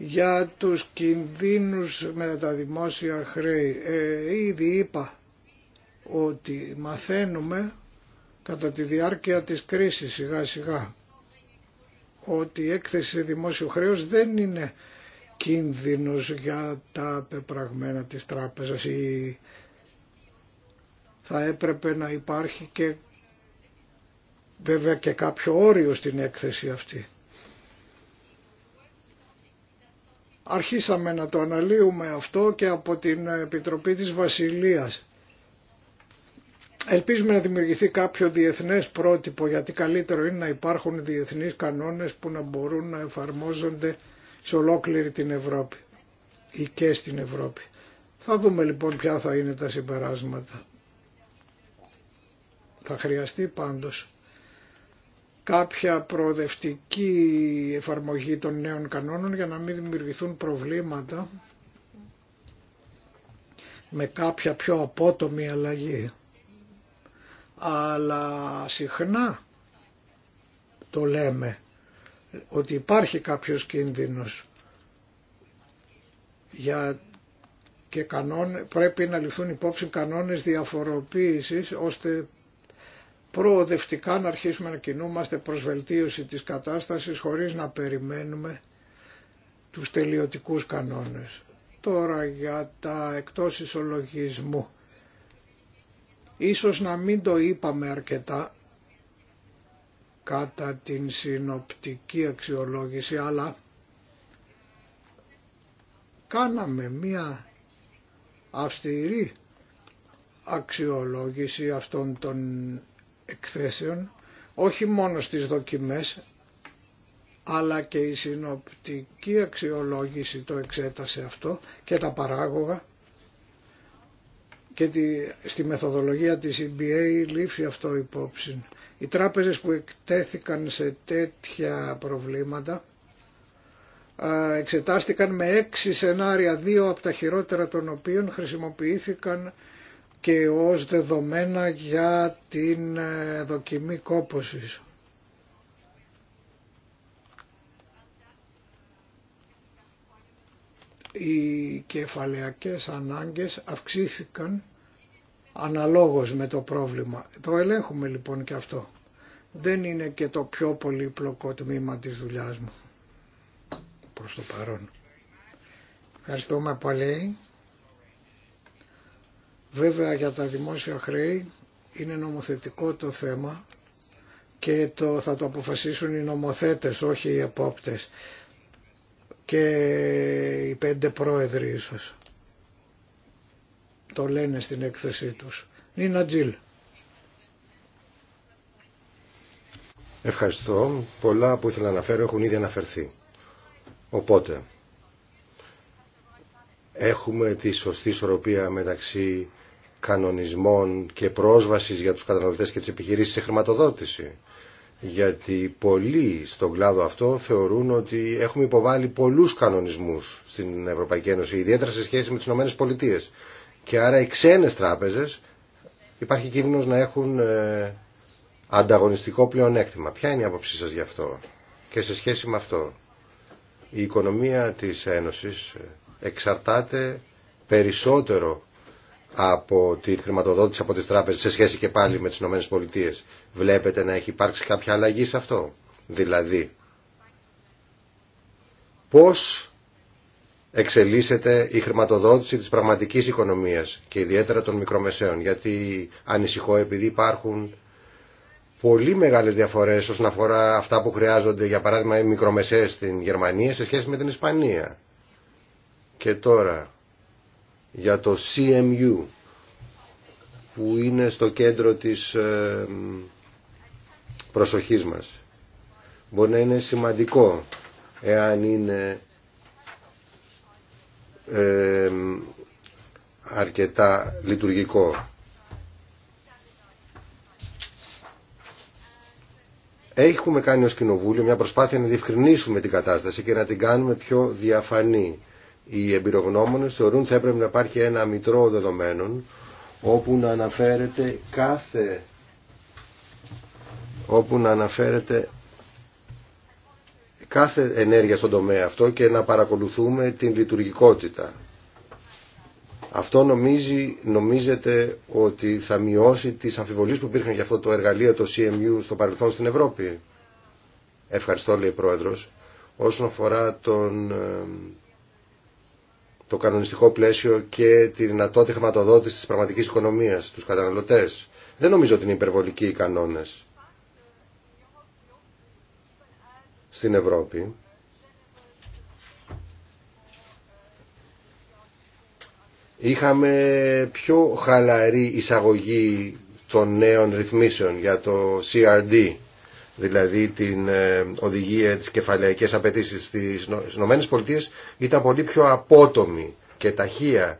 για τους κινδύνους με τα δημόσια χρέη. Ε, ήδη είπα ότι μαθαίνουμε κατά τη διάρκεια της κρίσης σιγά σιγά ότι η έκθεση δημόσιου χρέους δεν είναι κίνδυνος για τα πεπραγμένα της τράπεζας ή θα έπρεπε να υπάρχει και βέβαια και κάποιο όριο στην έκθεση αυτή. Αρχίσαμε να το αναλύουμε αυτό και από την Επιτροπή της Βασιλείας. Ελπίζουμε να δημιουργηθεί κάποιο διεθνές πρότυπο γιατί καλύτερο είναι να υπάρχουν διεθνείς κανόνες που να μπορούν να εφαρμόζονται σε ολόκληρη την Ευρώπη ή και στην Ευρώπη. Θα δούμε λοιπόν ποια θα είναι τα συμπεράσματα. Θα χρειαστεί πάντως κάποια προοδευτική εφαρμογή των νέων κανόνων για να μην δημιουργηθούν προβλήματα με κάποια πιο απότομη αλλαγή. Αλλά συχνά το λέμε ότι υπάρχει κάποιος κίνδυνος για και πρέπει να ληφθούν υπόψη κανόνες διαφοροποίησης ώστε προοδευτικά να αρχίσουμε να κινούμαστε προς βελτίωση της κατάστασης χωρίς να περιμένουμε τους τελειωτικούς κανόνες. Τώρα για τα εκτός ισολογισμού. Ίσως να μην το είπαμε αρκετά κατά την συνοπτική αξιολόγηση, αλλά κάναμε μία αυστηρή αξιολόγηση αυτών των εκθέσεων όχι μόνο στις δοκιμές αλλά και η συνοπτική αξιολόγηση το εξέτασε αυτό και τα παράγωγα και τη, στη μεθοδολογία της EBA λήφθη αυτό υπόψη. Οι τράπεζες που εκτέθηκαν σε τέτοια προβλήματα εξετάστηκαν με έξι σενάρια, δύο από τα χειρότερα των οποίων χρησιμοποιήθηκαν και ως δεδομένα για την ε, δοκιμή κόπωσης. Οι κεφαλαιακές ανάγκες αυξήθηκαν αναλόγως με το πρόβλημα. Το ελέγχουμε λοιπόν και αυτό. Δεν είναι και το πιο πολύπλοκο τμήμα της δουλειάς μου προς το παρόν. Ευχαριστούμε πολύ. Βέβαια για τα δημόσια χρέη είναι νομοθετικό το θέμα και το θα το αποφασίσουν οι νομοθέτες, όχι οι επόπτες και οι πέντε πρόεδροι ίσως. Το λένε στην έκθεσή τους. Νίνα Τζιλ. Ευχαριστώ. Πολλά που ήθελα να αναφέρω έχουν ήδη αναφερθεί. Οπότε, έχουμε τη σωστή ισορροπία μεταξύ κανονισμών και πρόσβασης για τους καταναλωτές και τις επιχειρήσεις σε χρηματοδότηση. Γιατί πολλοί στον κλάδο αυτό θεωρούν ότι έχουμε υποβάλει πολλούς κανονισμούς στην Ευρωπαϊκή Ένωση, ιδιαίτερα σε σχέση με τις Ηνωμένες Και άρα οι ξένες τράπεζες υπάρχει κίνδυνος να έχουν ε, ανταγωνιστικό πλεονέκτημα. Ποια είναι η άποψή σας γι' αυτό και σε σχέση με αυτό. Η οικονομία της Ένωσης ε, εξαρτάται περισσότερο από τη χρηματοδότηση από τις τράπεζες σε σχέση και πάλι με τις ΗΠΑ. Βλέπετε να έχει υπάρξει κάποια αλλαγή σε αυτό. Δηλαδή, πώς εξελίσσεται η χρηματοδότηση της πραγματικής οικονομίας και ιδιαίτερα των μικρομεσαίων. Γιατί ανησυχώ επειδή υπάρχουν πολύ μεγάλες διαφορές όσον αφορά αυτά που χρειάζονται για παράδειγμα οι μικρομεσαίες στην Γερμανία σε σχέση με την Ισπανία. Και τώρα για το CMU που είναι στο κέντρο της ε, προσοχής μας. Μπορεί να είναι σημαντικό εάν είναι ε, αρκετά λειτουργικό. Έχουμε κάνει ως Κοινοβούλιο μια προσπάθεια να διευκρινίσουμε την κατάσταση και να την κάνουμε πιο διαφανή οι εμπειρογνώμονες θεωρούν θα έπρεπε να υπάρχει ένα μητρό δεδομένων όπου να αναφέρεται κάθε όπου να αναφέρεται κάθε ενέργεια στον τομέα αυτό και να παρακολουθούμε την λειτουργικότητα. Αυτό νομίζει, νομίζετε ότι θα μειώσει τις αμφιβολίες που υπήρχαν για αυτό το εργαλείο, το CMU, στο παρελθόν στην Ευρώπη. Ευχαριστώ, λέει ο Πρόεδρος. Όσον αφορά τον ε, το κανονιστικό πλαίσιο και τη δυνατότητα χρηματοδότηση τη πραγματική οικονομία, τους καταναλωτές. Δεν νομίζω ότι είναι υπερβολικοί οι κανόνες στην Ευρώπη. Είχαμε πιο χαλαρή εισαγωγή των νέων ρυθμίσεων για το CRD δηλαδή την ε, οδηγία της κεφαλαϊκής απαιτήσεις στις ΗΠΑ ήταν πολύ πιο απότομη και ταχεία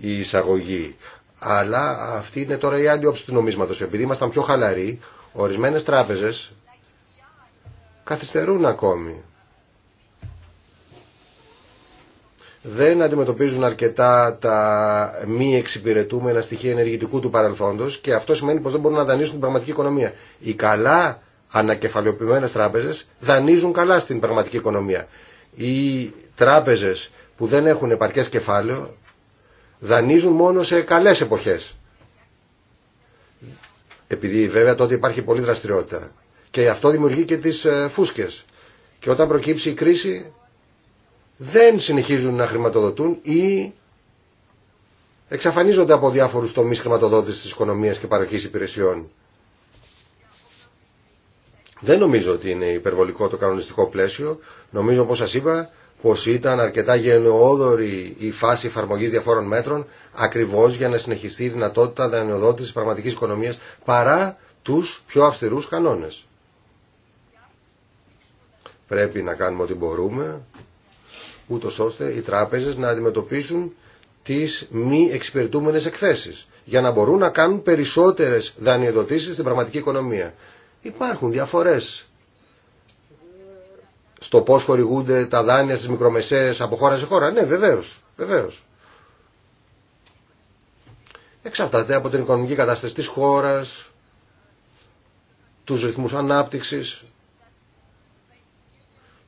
η εισαγωγή. Αλλά αυτή είναι τώρα η άλλη όψη του νομίσματος. Επειδή ήμασταν πιο χαλαροί, ορισμένες τράπεζες καθυστερούν ακόμη. δεν αντιμετωπίζουν αρκετά τα μη εξυπηρετούμενα στοιχεία ενεργητικού του παρελθόντος και αυτό σημαίνει πως δεν μπορούν να δανείσουν την πραγματική οικονομία. Η καλά ανακεφαλαιοποιημένες τράπεζες δανείζουν καλά στην πραγματική οικονομία. Οι τράπεζες που δεν έχουν επαρκές κεφάλαιο δανείζουν μόνο σε καλές εποχές. Επειδή βέβαια τότε υπάρχει πολλή δραστηριότητα. Και αυτό δημιουργεί και τις ε, φούσκες. Και όταν προκύψει η κρίση δεν συνεχίζουν να χρηματοδοτούν ή εξαφανίζονται από διάφορους τομείς χρηματοδότησης της οικονομίας και παροχής υπηρεσιών. Δεν νομίζω ότι είναι υπερβολικό το κανονιστικό πλαίσιο. Νομίζω, όπως σας είπα, πως ήταν αρκετά γενναιόδορη η φάση εφαρμογής διαφόρων μέτρων ακριβώς για να συνεχιστεί η δυνατότητα δανειοδότησης πραγματικής οικονομίας παρά τους πιο αυστηρούς κανόνες. Πρέπει να κάνουμε ό,τι μπορούμε, ούτω ώστε οι τράπεζες να αντιμετωπίσουν τις μη εξυπηρετούμενες εκθέσεις για να μπορούν να κάνουν περισσότερες δανειοδοτήσεις στην πραγματική οικονομία. Υπάρχουν διαφορές στο πώς χορηγούνται τα δάνεια στις μικρομεσαίες από χώρα σε χώρα. Ναι, βεβαίως, βεβαίως. Εξαρτάται από την οικονομική κατάσταση της χώρας, τους ρυθμούς ανάπτυξης.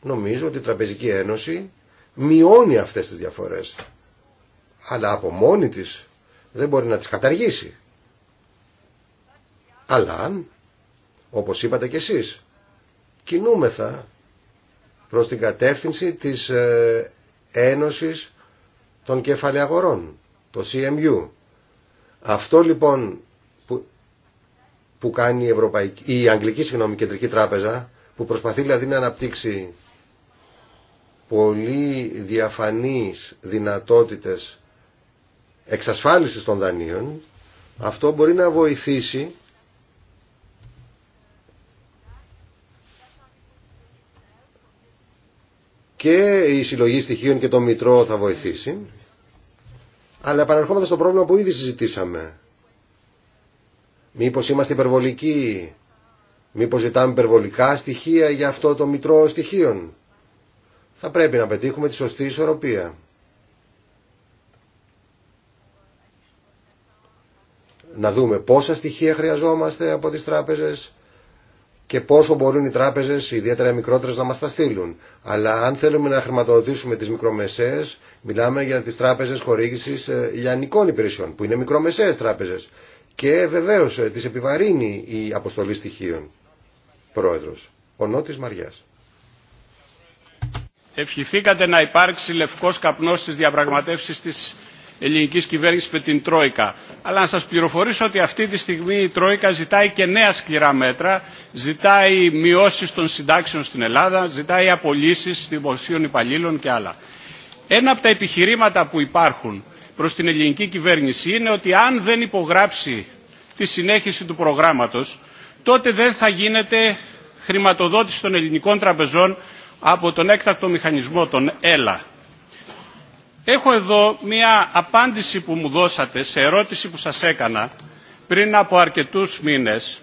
Νομίζω ότι η Τραπεζική Ένωση μειώνει αυτές τις διαφορές. Αλλά από μόνη της δεν μπορεί να τις καταργήσει. Αλλά όπως είπατε κι εσείς, κινούμεθα προς την κατεύθυνση της ε, Ένωσης των Κεφαλαιαγορών, το CMU. Αυτό λοιπόν που, που κάνει η, Ευρωπαϊκή, Αγγλική συγγνώμη, Κεντρική Τράπεζα, που προσπαθεί δηλαδή να αναπτύξει πολύ διαφανείς δυνατότητες εξασφάλισης των δανείων, αυτό μπορεί να βοηθήσει και η συλλογή στοιχείων και το Μητρό θα βοηθήσει. Αλλά επαναρχόμαστε στο πρόβλημα που ήδη συζητήσαμε. Μήπως είμαστε υπερβολικοί, μήπως ζητάμε υπερβολικά στοιχεία για αυτό το Μητρό στοιχείων. Θα πρέπει να πετύχουμε τη σωστή ισορροπία. Να δούμε πόσα στοιχεία χρειαζόμαστε από τις τράπεζες, και πόσο μπορούν οι τράπεζες, ιδιαίτερα οι μικρότερες, να μας τα στείλουν. Αλλά αν θέλουμε να χρηματοδοτήσουμε τις μικρομεσαίες, μιλάμε για τις τράπεζες χορήγησης ε, λιανικών υπηρεσιών, που είναι μικρομεσαίες τράπεζες. Και βεβαίως ε, τις επιβαρύνει η αποστολή στοιχείων. Πρόεδρος, ο Νότης Μαριάς. Ευχηθήκατε να υπάρξει λευκός καπνός στις διαπραγματεύσεις της Ελληνική κυβέρνηση με την Τρόικα. Αλλά να σα πληροφορήσω ότι αυτή τη στιγμή η Τρόικα ζητάει και νέα σκληρά μέτρα, ζητάει μειώσει των συντάξεων στην Ελλάδα, ζητάει απολύσει δημοσίων υπαλλήλων και άλλα. Ένα από τα επιχειρήματα που υπάρχουν προ την ελληνική κυβέρνηση είναι ότι αν δεν υπογράψει τη συνέχιση του προγράμματο, τότε δεν θα γίνεται χρηματοδότηση των ελληνικών τραπεζών από τον έκτακτο μηχανισμό, τον ΕΛΑ. Έχω εδώ μία απάντηση που μου δώσατε σε ερώτηση που σας έκανα πριν από αρκετούς μήνες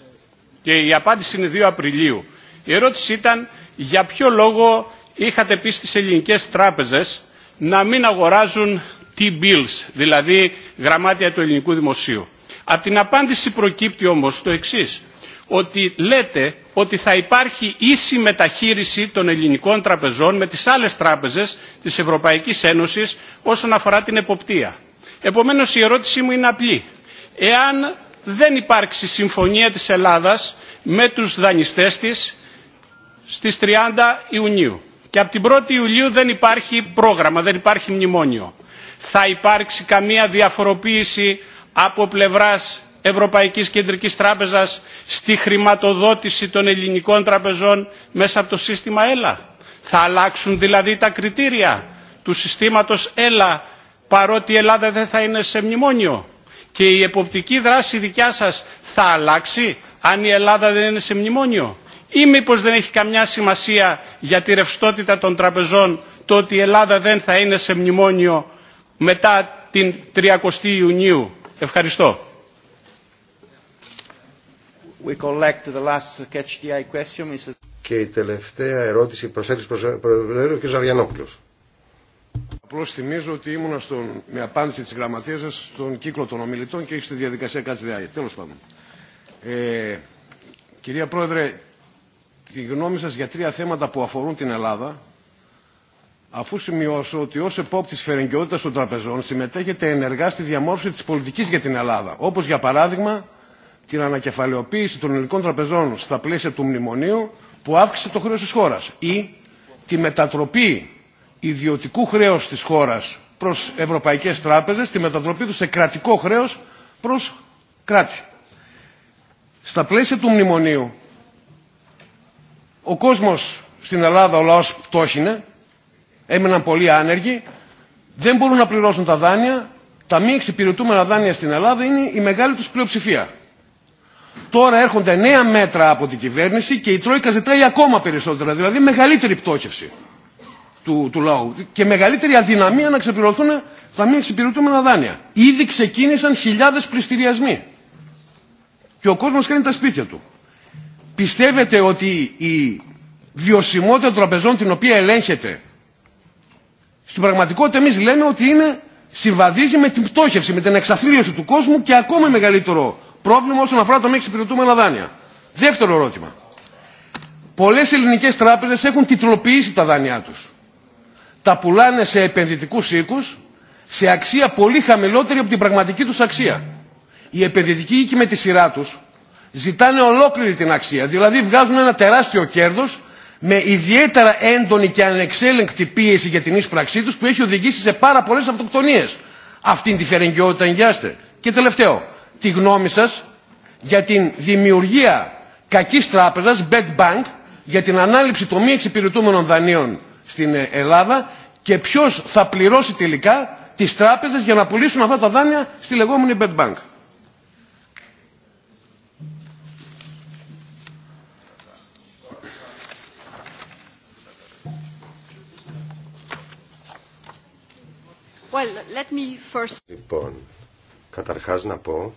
και η απάντηση είναι 2 Απριλίου. Η ερώτηση ήταν για ποιο λόγο είχατε πει στις ελληνικές τράπεζες να μην αγοράζουν T-bills, δηλαδή γραμμάτια του ελληνικού δημοσίου. Από την απάντηση προκύπτει όμως το εξής, ότι λέτε ότι θα υπάρχει ίση μεταχείριση των ελληνικών τραπεζών με τις άλλες τράπεζες της Ευρωπαϊκής Ένωσης όσον αφορά την εποπτεία. Επομένως η ερώτησή μου είναι απλή. Εάν δεν υπάρξει συμφωνία της Ελλάδας με τους δανειστές της στις 30 Ιουνίου και από την 1η Ιουλίου δεν υπάρχει πρόγραμμα, δεν υπάρχει μνημόνιο, θα υπάρξει καμία διαφοροποίηση από πλευράς Ευρωπαϊκής Κεντρικής Τράπεζας στη χρηματοδότηση των ελληνικών τραπεζών μέσα από το σύστημα ΕΛΑ. Θα αλλάξουν δηλαδή τα κριτήρια του συστήματος ΕΛΑ παρότι η Ελλάδα δεν θα είναι σε μνημόνιο. Και η εποπτική δράση δικιά σας θα αλλάξει αν η Ελλάδα δεν είναι σε μνημόνιο. Ή μήπως δεν έχει καμιά σημασία για τη ρευστότητα των τραπεζών το ότι η Ελλάδα δεν θα είναι σε μνημόνιο μετά την 30η Ιουνίου. Ευχαριστώ. We collect the last catch the eye question, Και η τελευταία ερώτηση προς προσέχει και κ. Ζαριανόπουλος. Απλώς θυμίζω ότι ήμουνα στον, με απάντηση της γραμματείας σας στον κύκλο των ομιλητών και στη διαδικασία ΚΑΤΣΔΙΑΙ. Τέλος πάντων. Ε, κυρία Πρόεδρε, τη γνώμη σας για τρία θέματα που αφορούν την Ελλάδα, αφού σημειώσω ότι ως επόπτης φερεγγιότητας των τραπεζών συμμετέχετε ενεργά στη διαμόρφωση της πολιτικής για την Ελλάδα, όπως για παράδειγμα την ανακεφαλαιοποίηση των ελληνικών τραπεζών στα πλαίσια του μνημονίου που αύξησε το χρέος της χώρας ή τη μετατροπή ιδιωτικού χρέους της χώρας προς ευρωπαϊκές τράπεζες, τη μετατροπή του σε κρατικό χρέος προς κράτη. Στα πλαίσια του μνημονίου ο κόσμος στην Ελλάδα, ο λαός πτώχινε, έμειναν πολύ άνεργοι, δεν μπορούν να πληρώσουν τα δάνεια, τα μη εξυπηρετούμενα δάνεια στην Ελλάδα είναι η μεγάλη τους πλειοψηφία. Τώρα έρχονται νέα μέτρα από την κυβέρνηση και η Τρόικα ζητάει ακόμα περισσότερα, δηλαδή μεγαλύτερη πτώχευση του, του λαού και μεγαλύτερη αδυναμία να ξεπληρωθούν τα μη εξυπηρετούμενα δάνεια. Ήδη ξεκίνησαν χιλιάδε πληστηριασμοί και ο κόσμο κάνει τα σπίτια του. Πιστεύετε ότι η βιωσιμότητα των τραπεζών την οποία ελέγχεται στην πραγματικότητα εμεί λέμε ότι είναι συμβαδίζει με την πτώχευση, με την εξαθλίωση του κόσμου και ακόμα μεγαλύτερο πρόβλημα όσον αφορά τα μη εξυπηρετούμενα δάνεια. Δεύτερο ερώτημα. Πολλές ελληνικές τράπεζες έχουν τιτλοποιήσει τα δάνειά τους. Τα πουλάνε σε επενδυτικούς οίκους σε αξία πολύ χαμηλότερη από την πραγματική τους αξία. Οι επενδυτικοί οίκοι με τη σειρά τους ζητάνε ολόκληρη την αξία. Δηλαδή βγάζουν ένα τεράστιο κέρδος με ιδιαίτερα έντονη και ανεξέλεγκτη πίεση για την ίσπραξή τους που έχει οδηγήσει σε πάρα πολλές αυτοκτονίες. Αυτήν τη φερεγγιότητα Και τελευταίο, τη γνώμη σας για την δημιουργία κακής τράπεζας, bad bank, για την ανάληψη των μη εξυπηρετούμενων δανείων στην ε, Ελλάδα και ποιος θα πληρώσει τελικά τις τράπεζες για να πουλήσουν αυτά τα δάνεια στη λεγόμενη bad bank. Λοιπόν, Καταρχάς να πω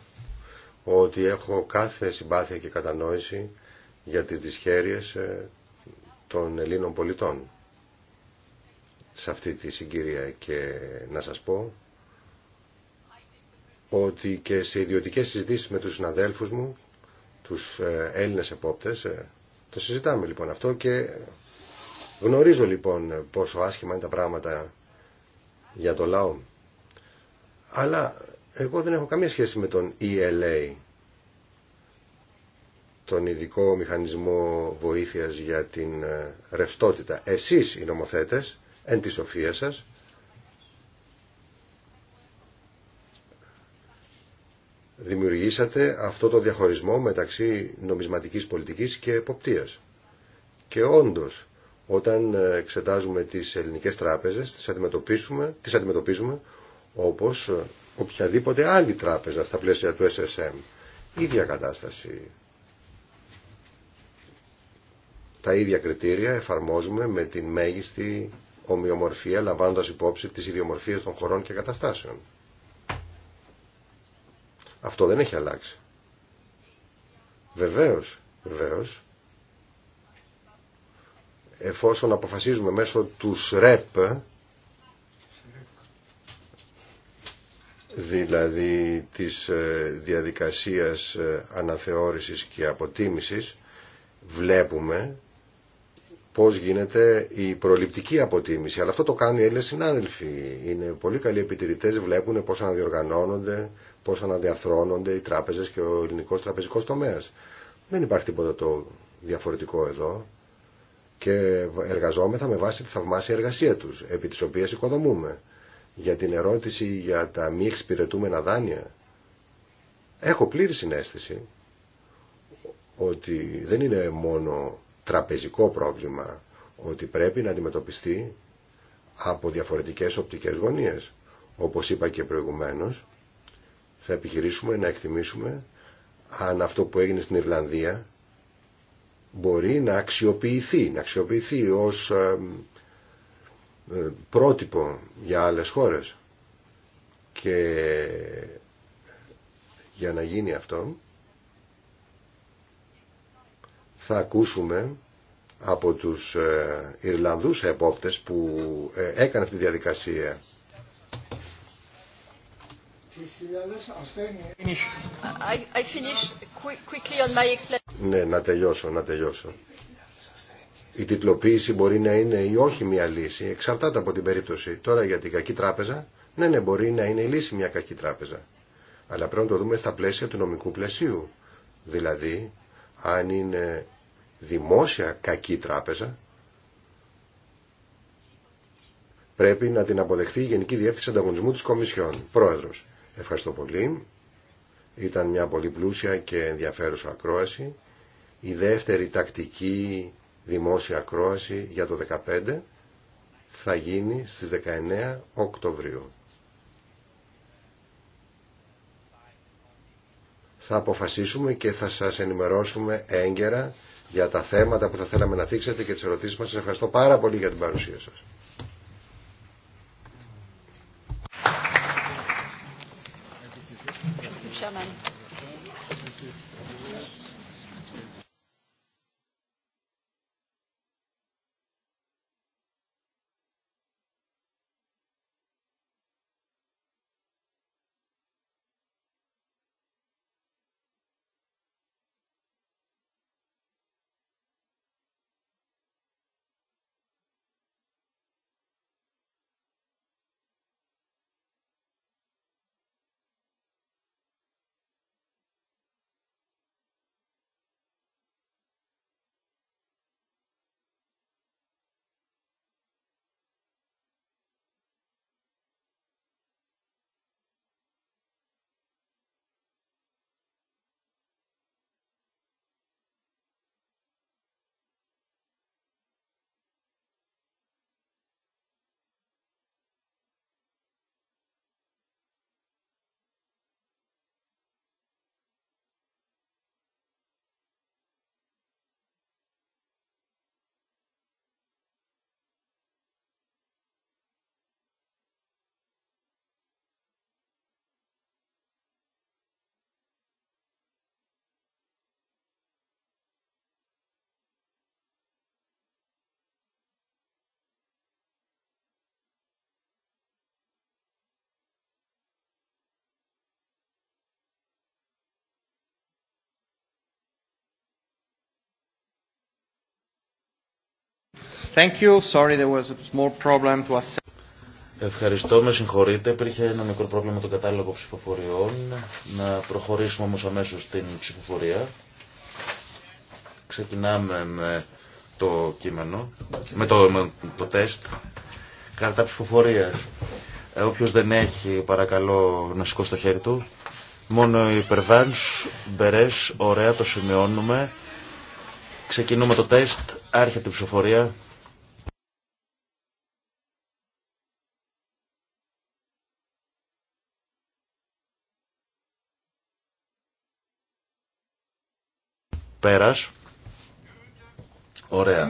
ότι έχω κάθε συμπάθεια και κατανόηση για τις δυσχέρειες ε, των Ελλήνων πολιτών σε αυτή τη συγκυρία και να σας πω ότι και σε ιδιωτικές συζητήσεις με τους συναδέλφους μου, τους ε, Έλληνες επόπτες, ε, το συζητάμε λοιπόν αυτό και γνωρίζω λοιπόν πόσο άσχημα είναι τα πράγματα για το λαό. Αλλά εγώ δεν έχω καμία σχέση με τον ELA, τον ειδικό μηχανισμό βοήθειας για την ε, ρευστότητα. Εσείς οι νομοθέτες, εν τη σοφία σας, δημιουργήσατε αυτό το διαχωρισμό μεταξύ νομισματικής πολιτικής και εποπτείας. Και όντως, όταν ε, εξετάζουμε τις ελληνικές τράπεζες, τις αντιμετωπίζουμε, τις αντιμετωπίζουμε όπως ε, οποιαδήποτε άλλη τράπεζα στα πλαίσια του SSM. Ίδια κατάσταση. Τα ίδια κριτήρια εφαρμόζουμε με την μέγιστη ομοιομορφία λαμβάνοντας υπόψη τις ιδιομορφίες των χωρών και καταστάσεων. Αυτό δεν έχει αλλάξει. Βεβαίως, βεβαίως, εφόσον αποφασίζουμε μέσω του ΣΡΕΠ δηλαδή της ε, διαδικασίας ε, αναθεώρησης και αποτίμησης βλέπουμε πώς γίνεται η προληπτική αποτίμηση. Αλλά αυτό το κάνουν οι Έλληνες συνάδελφοι. Είναι πολύ καλοί επιτηρητές, βλέπουν πώς αναδιοργανώνονται, πώς αναδιαρθρώνονται οι τράπεζες και ο ελληνικός τραπεζικός τομέας. Δεν υπάρχει τίποτα το διαφορετικό εδώ και εργαζόμεθα με βάση τη θαυμάσια εργασία τους, επί της οποίας οικοδομούμε για την ερώτηση για τα μη εξυπηρετούμενα δάνεια, έχω πλήρη συνέστηση ότι δεν είναι μόνο τραπεζικό πρόβλημα, ότι πρέπει να αντιμετωπιστεί από διαφορετικές οπτικές γωνίες. Όπως είπα και προηγουμένως, θα επιχειρήσουμε να εκτιμήσουμε αν αυτό που έγινε στην Ιρλανδία μπορεί να αξιοποιηθεί, να αξιοποιηθεί ως ε, πρότυπο για άλλες χώρες και για να γίνει αυτό θα ακούσουμε από τους ε, Ιρλανδούς επόπτες που ε, έκανε αυτή τη διαδικασία ναι, να τελειώσω, να τελειώσω η τιτλοποίηση μπορεί να είναι ή όχι μια λύση, εξαρτάται από την περίπτωση. Τώρα για την κακή τράπεζα, ναι, ναι, μπορεί να είναι η λύση μια κακή τράπεζα. Αλλά πρέπει να το δούμε στα πλαίσια του νομικού πλαισίου. Δηλαδή, αν είναι δημόσια κακή τράπεζα, πρέπει να την αποδεχθεί η Γενική Διεύθυνση Ανταγωνισμού της Κομισιόν. Πρόεδρος, ευχαριστώ πολύ. Ήταν μια πολύ πλούσια και ενδιαφέρουσα ακρόαση. Η δεύτερη τακτική δημόσια ακρόαση για το 2015 θα γίνει στις 19 Οκτωβρίου. Θα αποφασίσουμε και θα σας ενημερώσουμε έγκαιρα για τα θέματα που θα θέλαμε να δείξετε και τις ερωτήσεις μας. Σας ευχαριστώ πάρα πολύ για την παρουσία σας. Thank you. Sorry, there was a small problem to us. Ευχαριστώ, με συγχωρείτε. Υπήρχε ένα μικρό πρόβλημα με τον κατάλογο ψηφοφοριών. Να προχωρήσουμε όμως αμέσως στην ψηφοφορία. Ξεκινάμε με το κείμενο, με το, το τεστ. Κάρτα ψηφοφορίας. Ε, όποιος δεν έχει, παρακαλώ να σηκώσει το χέρι του. Μόνο η υπερβάνς, μπερές, ωραία, το σημειώνουμε. Ξεκινούμε το τεστ, άρχεται η ψηφοφορία. Πέρας. Ωραία.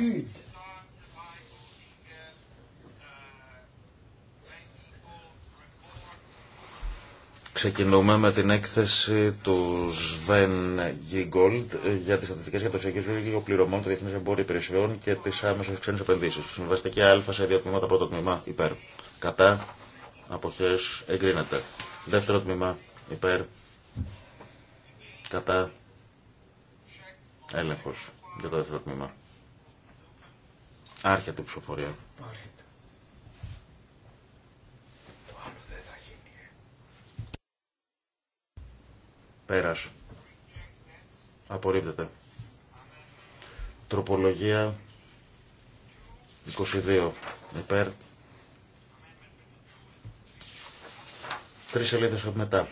Ξεκινούμε με την έκθεση του Sven Giegold για τις στατιστικές για το συγκεκριμένο πληρωμών των Διεθνής εμπόρων Υπηρεσιών και τις άμεσες ξένες επενδύσεις. Συμβαστική Α σε δύο τμήματα. Πρώτο τμήμα υπέρ. Κατά. Αποχές εγκρίνεται. Δεύτερο τμήμα υπέρ. Κατά. Έλεγχος για το δεύτερο τμήμα. Άρχεται του ψηφοφορία. Ε. Πέρας. Απορρίπτεται. Τροπολογία 22. Υπέρ. Τρεις σελίδες από μετά.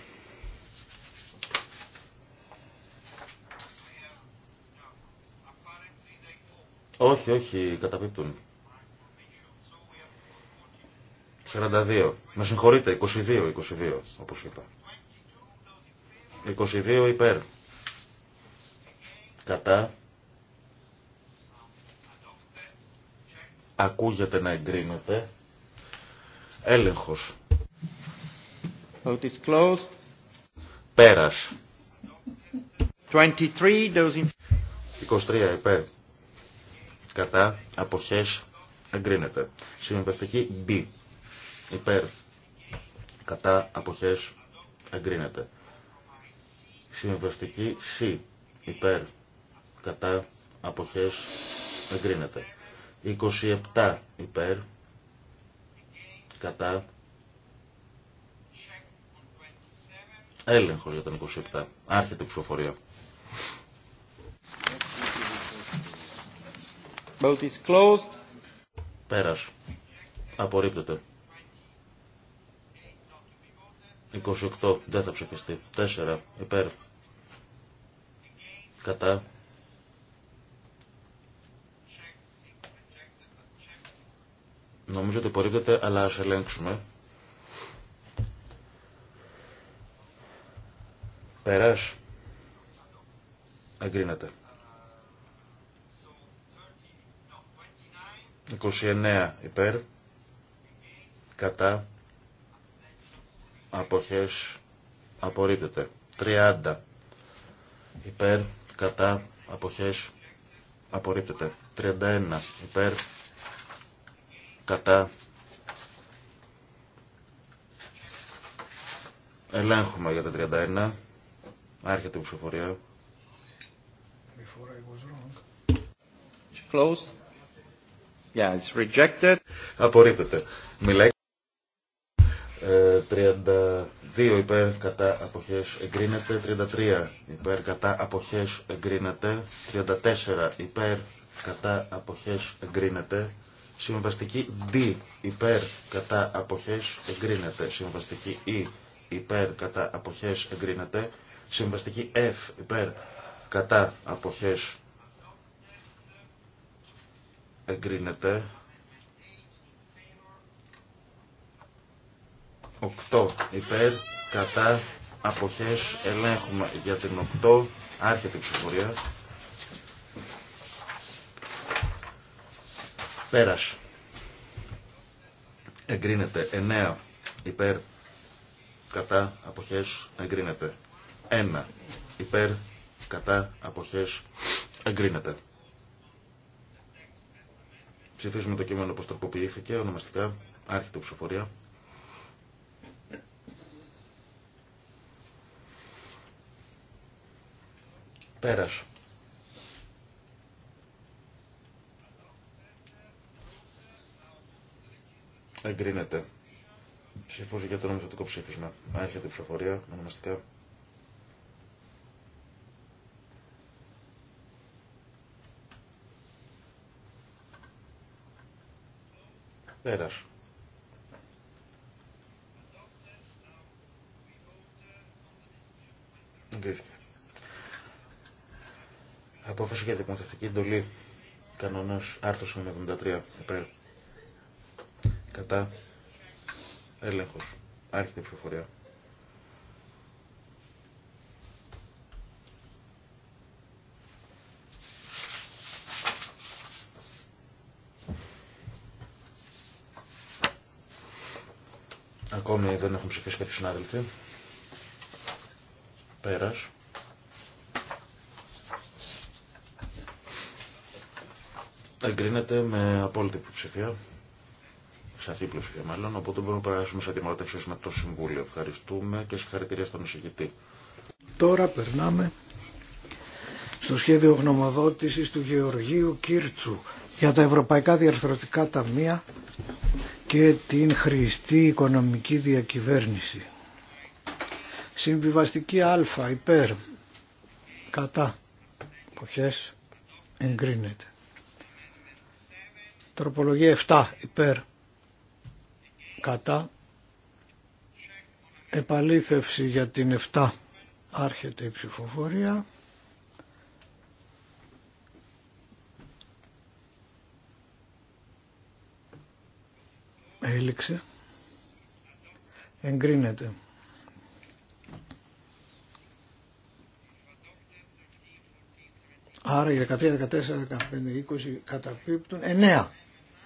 Όχι, όχι, καταπίπτουν. 42. Με συγχωρείτε, 22, 22, όπως είπα. 22 υπέρ. Κατά. Ακούγεται να εγκρίνεται. Έλεγχος. Πέρας. 23, 23 υπέρ κατά αποχές εγκρίνεται. Συμβαστική B υπέρ κατά αποχές εγκρίνεται. Συμβαστική C υπέρ κατά αποχές εγκρίνεται. 27 υπέρ κατά έλεγχο για τον 27. Άρχεται η ψηφοφορία. Vote is closed. Πέρας. Απορρίπτεται. 28. Δεν θα ψηφιστεί. 4. Υπέρ. Κατά. Νομίζω ότι απορρίπτεται, αλλά ας ελέγξουμε. Περάς. Αγκρίνεται. 29 υπέρ, κατά, αποχές, απορρίπτεται. 30 υπέρ, κατά, αποχές, απορρίπτεται. 31 υπέρ, κατά, ελέγχουμε για τα 31, άρχεται η ψηφοφορία. Closed. Yeah, Απορρίπτεται. Μιλάει. 32 ε, υπέρ κατά αποχές εγκρίνεται, 33 υπέρ κατά αποχές εγκρίνεται, 34 υπέρ κατά αποχές εγκρίνεται, συμβαστική D υπέρ κατά αποχές εγκρίνεται, συμβαστική E υπέρ κατά αποχές εγκρίνεται, συμβαστική F υπέρ κατά αποχές εγκρίνεται 8 υπέρ κατά αποχές ελέγχουμε για την 8 άρχεται η ψηφορία πέρας εγκρίνεται 9 υπέρ κατά αποχές εγκρίνεται 1 υπέρ κατά αποχές εγκρίνεται Ψηφίζουμε το κείμενο όπως τροποποιήθηκε, ονομαστικά, του ψηφοφορία. Πέρας. Εγκρίνεται. Ψηφίζω για το νομοθετικό ψήφισμα. Άρχεται ψηφοφορία, ονομαστικά. Πέρας. Εγκρίθηκε. Απόφαση για δημοκρατική εντολή. Κανονός άρθρος 73. Υπέρ. Κατά. Έλεγχος. Άρχεται η ψηφοφορία. ψηφίσει κάποιοι συνάδελφοι. Πέρας. Εγκρίνεται με απόλυτη πλειοψηφία. Σαφή πλειοψηφία μάλλον. Οπότε μπορούμε να περάσουμε σε διαμαρτυρίε με το Συμβούλιο. Ευχαριστούμε και συγχαρητήρια στον εισηγητή. Τώρα περνάμε στο σχέδιο γνωμοδότησης του Γεωργίου Κίρτσου για τα Ευρωπαϊκά Διαρθρωτικά Ταμεία και την χρηστή οικονομική διακυβέρνηση. Συμβιβαστική α υπέρ κατά εποχές εγκρίνεται. Τροπολογία 7 υπέρ κατά επαλήθευση για την 7 άρχεται η ψηφοφορία. έληξε. Εγκρίνεται. Άρα οι 13, 14, 15, 20 καταπίπτουν. 9.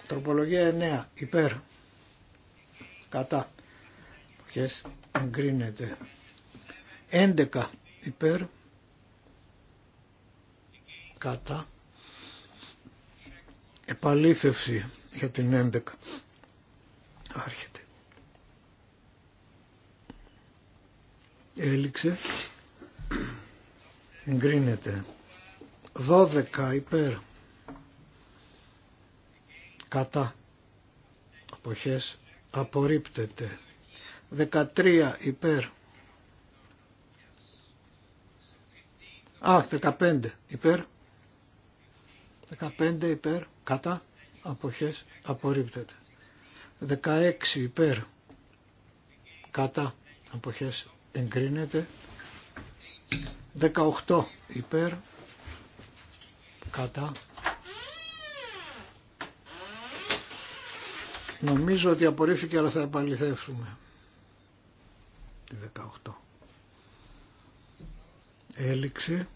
Τροπολογία 9. Υπέρ. Κατά. Ποιες εγκρίνεται. 11. Υπέρ. Κατά. Επαλήθευση για την 11. Άρχεται. Έληξε. Εγκρίνεται. 12 υπέρ. Κατά. Αποχές. Απορρίπτεται. 13 υπέρ. Α, 15 υπέρ. 15 υπέρ. Κατά. Αποχές. Απορρίπτεται. 16 υπέρ κατά αποχές εγκρίνεται 18 υπέρ κατά νομίζω ότι απορρίφθηκε αλλά θα επαληθεύσουμε τη 18 έληξε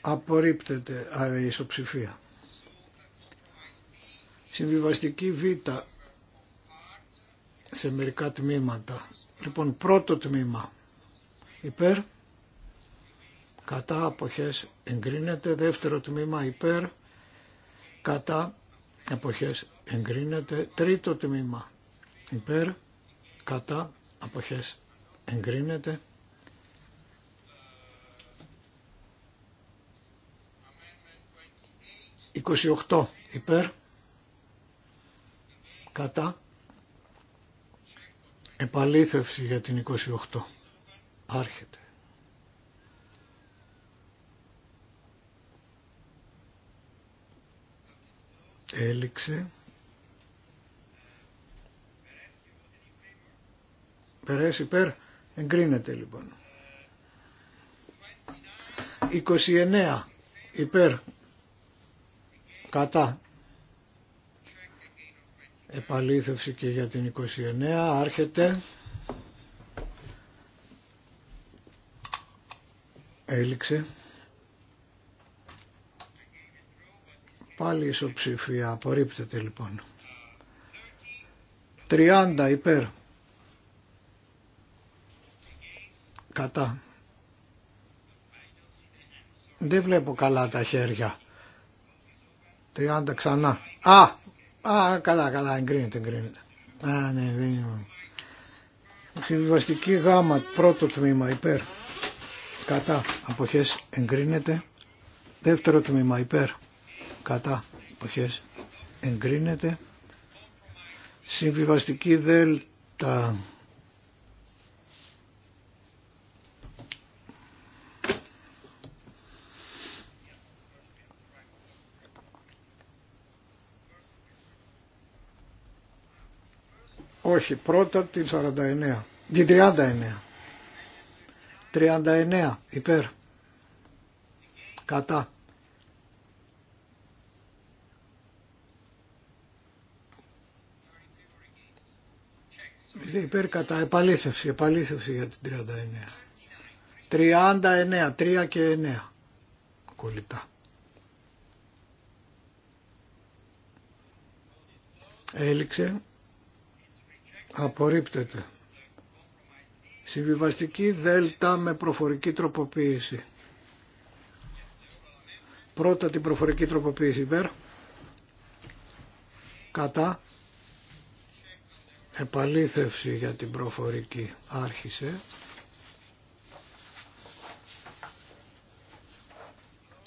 απορρίπτεται α, η ισοψηφία Συμβιβαστική Β σε μερικά τμήματα. Λοιπόν, πρώτο τμήμα υπέρ, κατά αποχές εγκρίνεται. Δεύτερο τμήμα υπέρ, κατά αποχές εγκρίνεται. Τρίτο τμήμα υπέρ, κατά αποχές εγκρίνεται. 28 υπέρ Κατά. Επαλήθευση για την 28. Άρχεται. Έληξε. Περέσει υπέρ. Εγκρίνεται λοιπόν. 29 υπέρ. Κατά επαλήθευση και για την 29 άρχεται έληξε πάλι ισοψηφία απορρίπτεται λοιπόν 30 υπέρ κατά δεν βλέπω καλά τα χέρια 30 ξανά α Α, καλά, καλά, εγκρίνεται, εγκρίνεται. Α, ναι, δεν είναι. Συμβιβαστική γάμα, πρώτο τμήμα, υπέρ. Κατά, αποχές, εγκρίνεται. Δεύτερο τμήμα, υπέρ. Κατά, αποχές, εγκρίνεται. Συμβιβαστική δέλτα, Όχι, πρώτα την 49. Την 39. 39 υπέρ. Κατά. Υπέρ κατά επαλήθευση, επαλήθευση για την 39. 39, 3 και 9. Κολλητά. Έληξε. Απορρίπτεται. Συμβιβαστική δέλτα με προφορική τροποποίηση. Πρώτα την προφορική τροποποίηση υπέρ. Κατά. Επαλήθευση για την προφορική άρχισε.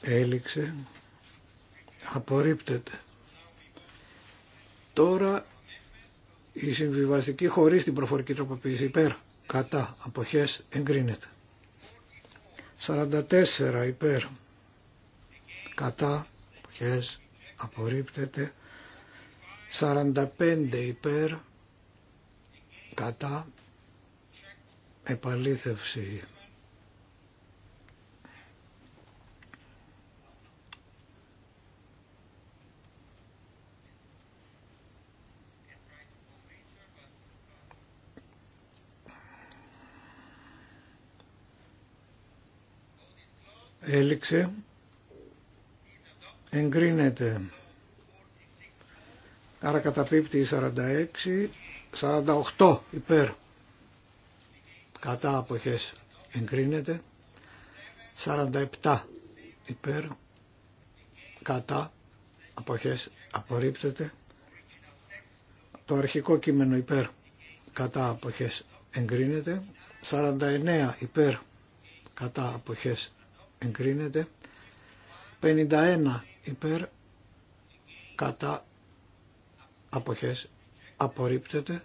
Έληξε. Απορρίπτεται. Τώρα η συμβιβαστική χωρίς την προφορική τροποποίηση υπέρ κατά αποχές εγκρίνεται. 44 υπέρ κατά αποχές απορρίπτεται. 45 υπέρ κατά επαλήθευση Έληξε. Εγκρίνεται. Άρα καταπίπτει 46, 48 υπέρ. Κατά αποχές εγκρίνεται. 47 υπέρ. Κατά αποχές απορρίπτεται. Το αρχικό κείμενο υπέρ. Κατά αποχές εγκρίνεται. 49 υπέρ. Κατά αποχές εγκρίνεται 51 υπέρ κατά αποχές απορρίπτεται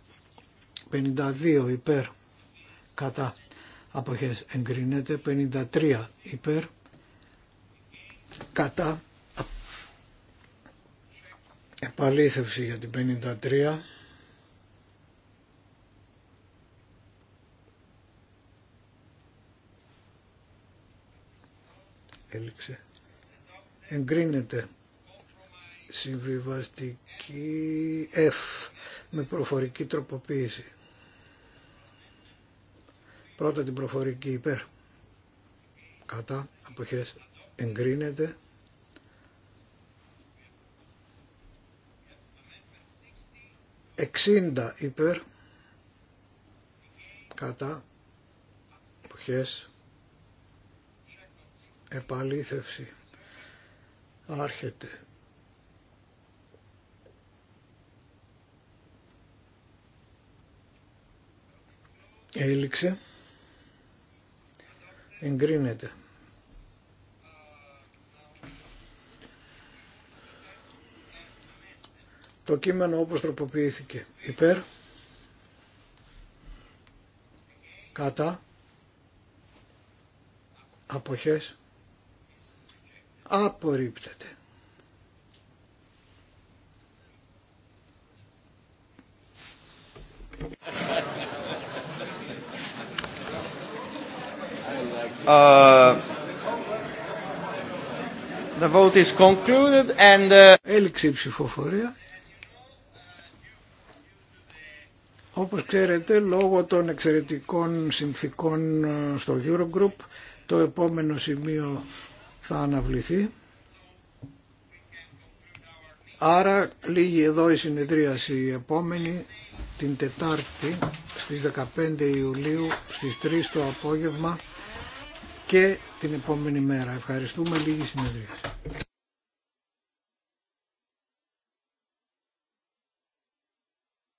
52 υπέρ κατά αποχές εγκρίνεται 53 υπέρ κατά επαλήθευση για την 53 Εγκρίνεται. Συμβιβαστική F με προφορική τροποποίηση. Πρώτα την προφορική υπέρ. Κατά αποχές εγκρίνεται. Εξήντα υπέρ. Κατά αποχές επαλήθευση άρχεται. Έληξε. Εγκρίνεται. Το κείμενο όπως τροποποιήθηκε. Υπέρ. Κατά. Αποχές απορρίπτεται. Uh, the vote is concluded and uh... Έληξε η ψηφοφορία. Όπως ξέρετε, λόγω των εξαιρετικών συνθήκων ε, στο Eurogroup, το επόμενο σημείο θα αναβληθεί. Άρα λίγη εδώ η συνεδρίαση η επόμενη την Τετάρτη στις 15 Ιουλίου στις 3 το απόγευμα και την επόμενη μέρα. Ευχαριστούμε λίγη συνεδρίαση.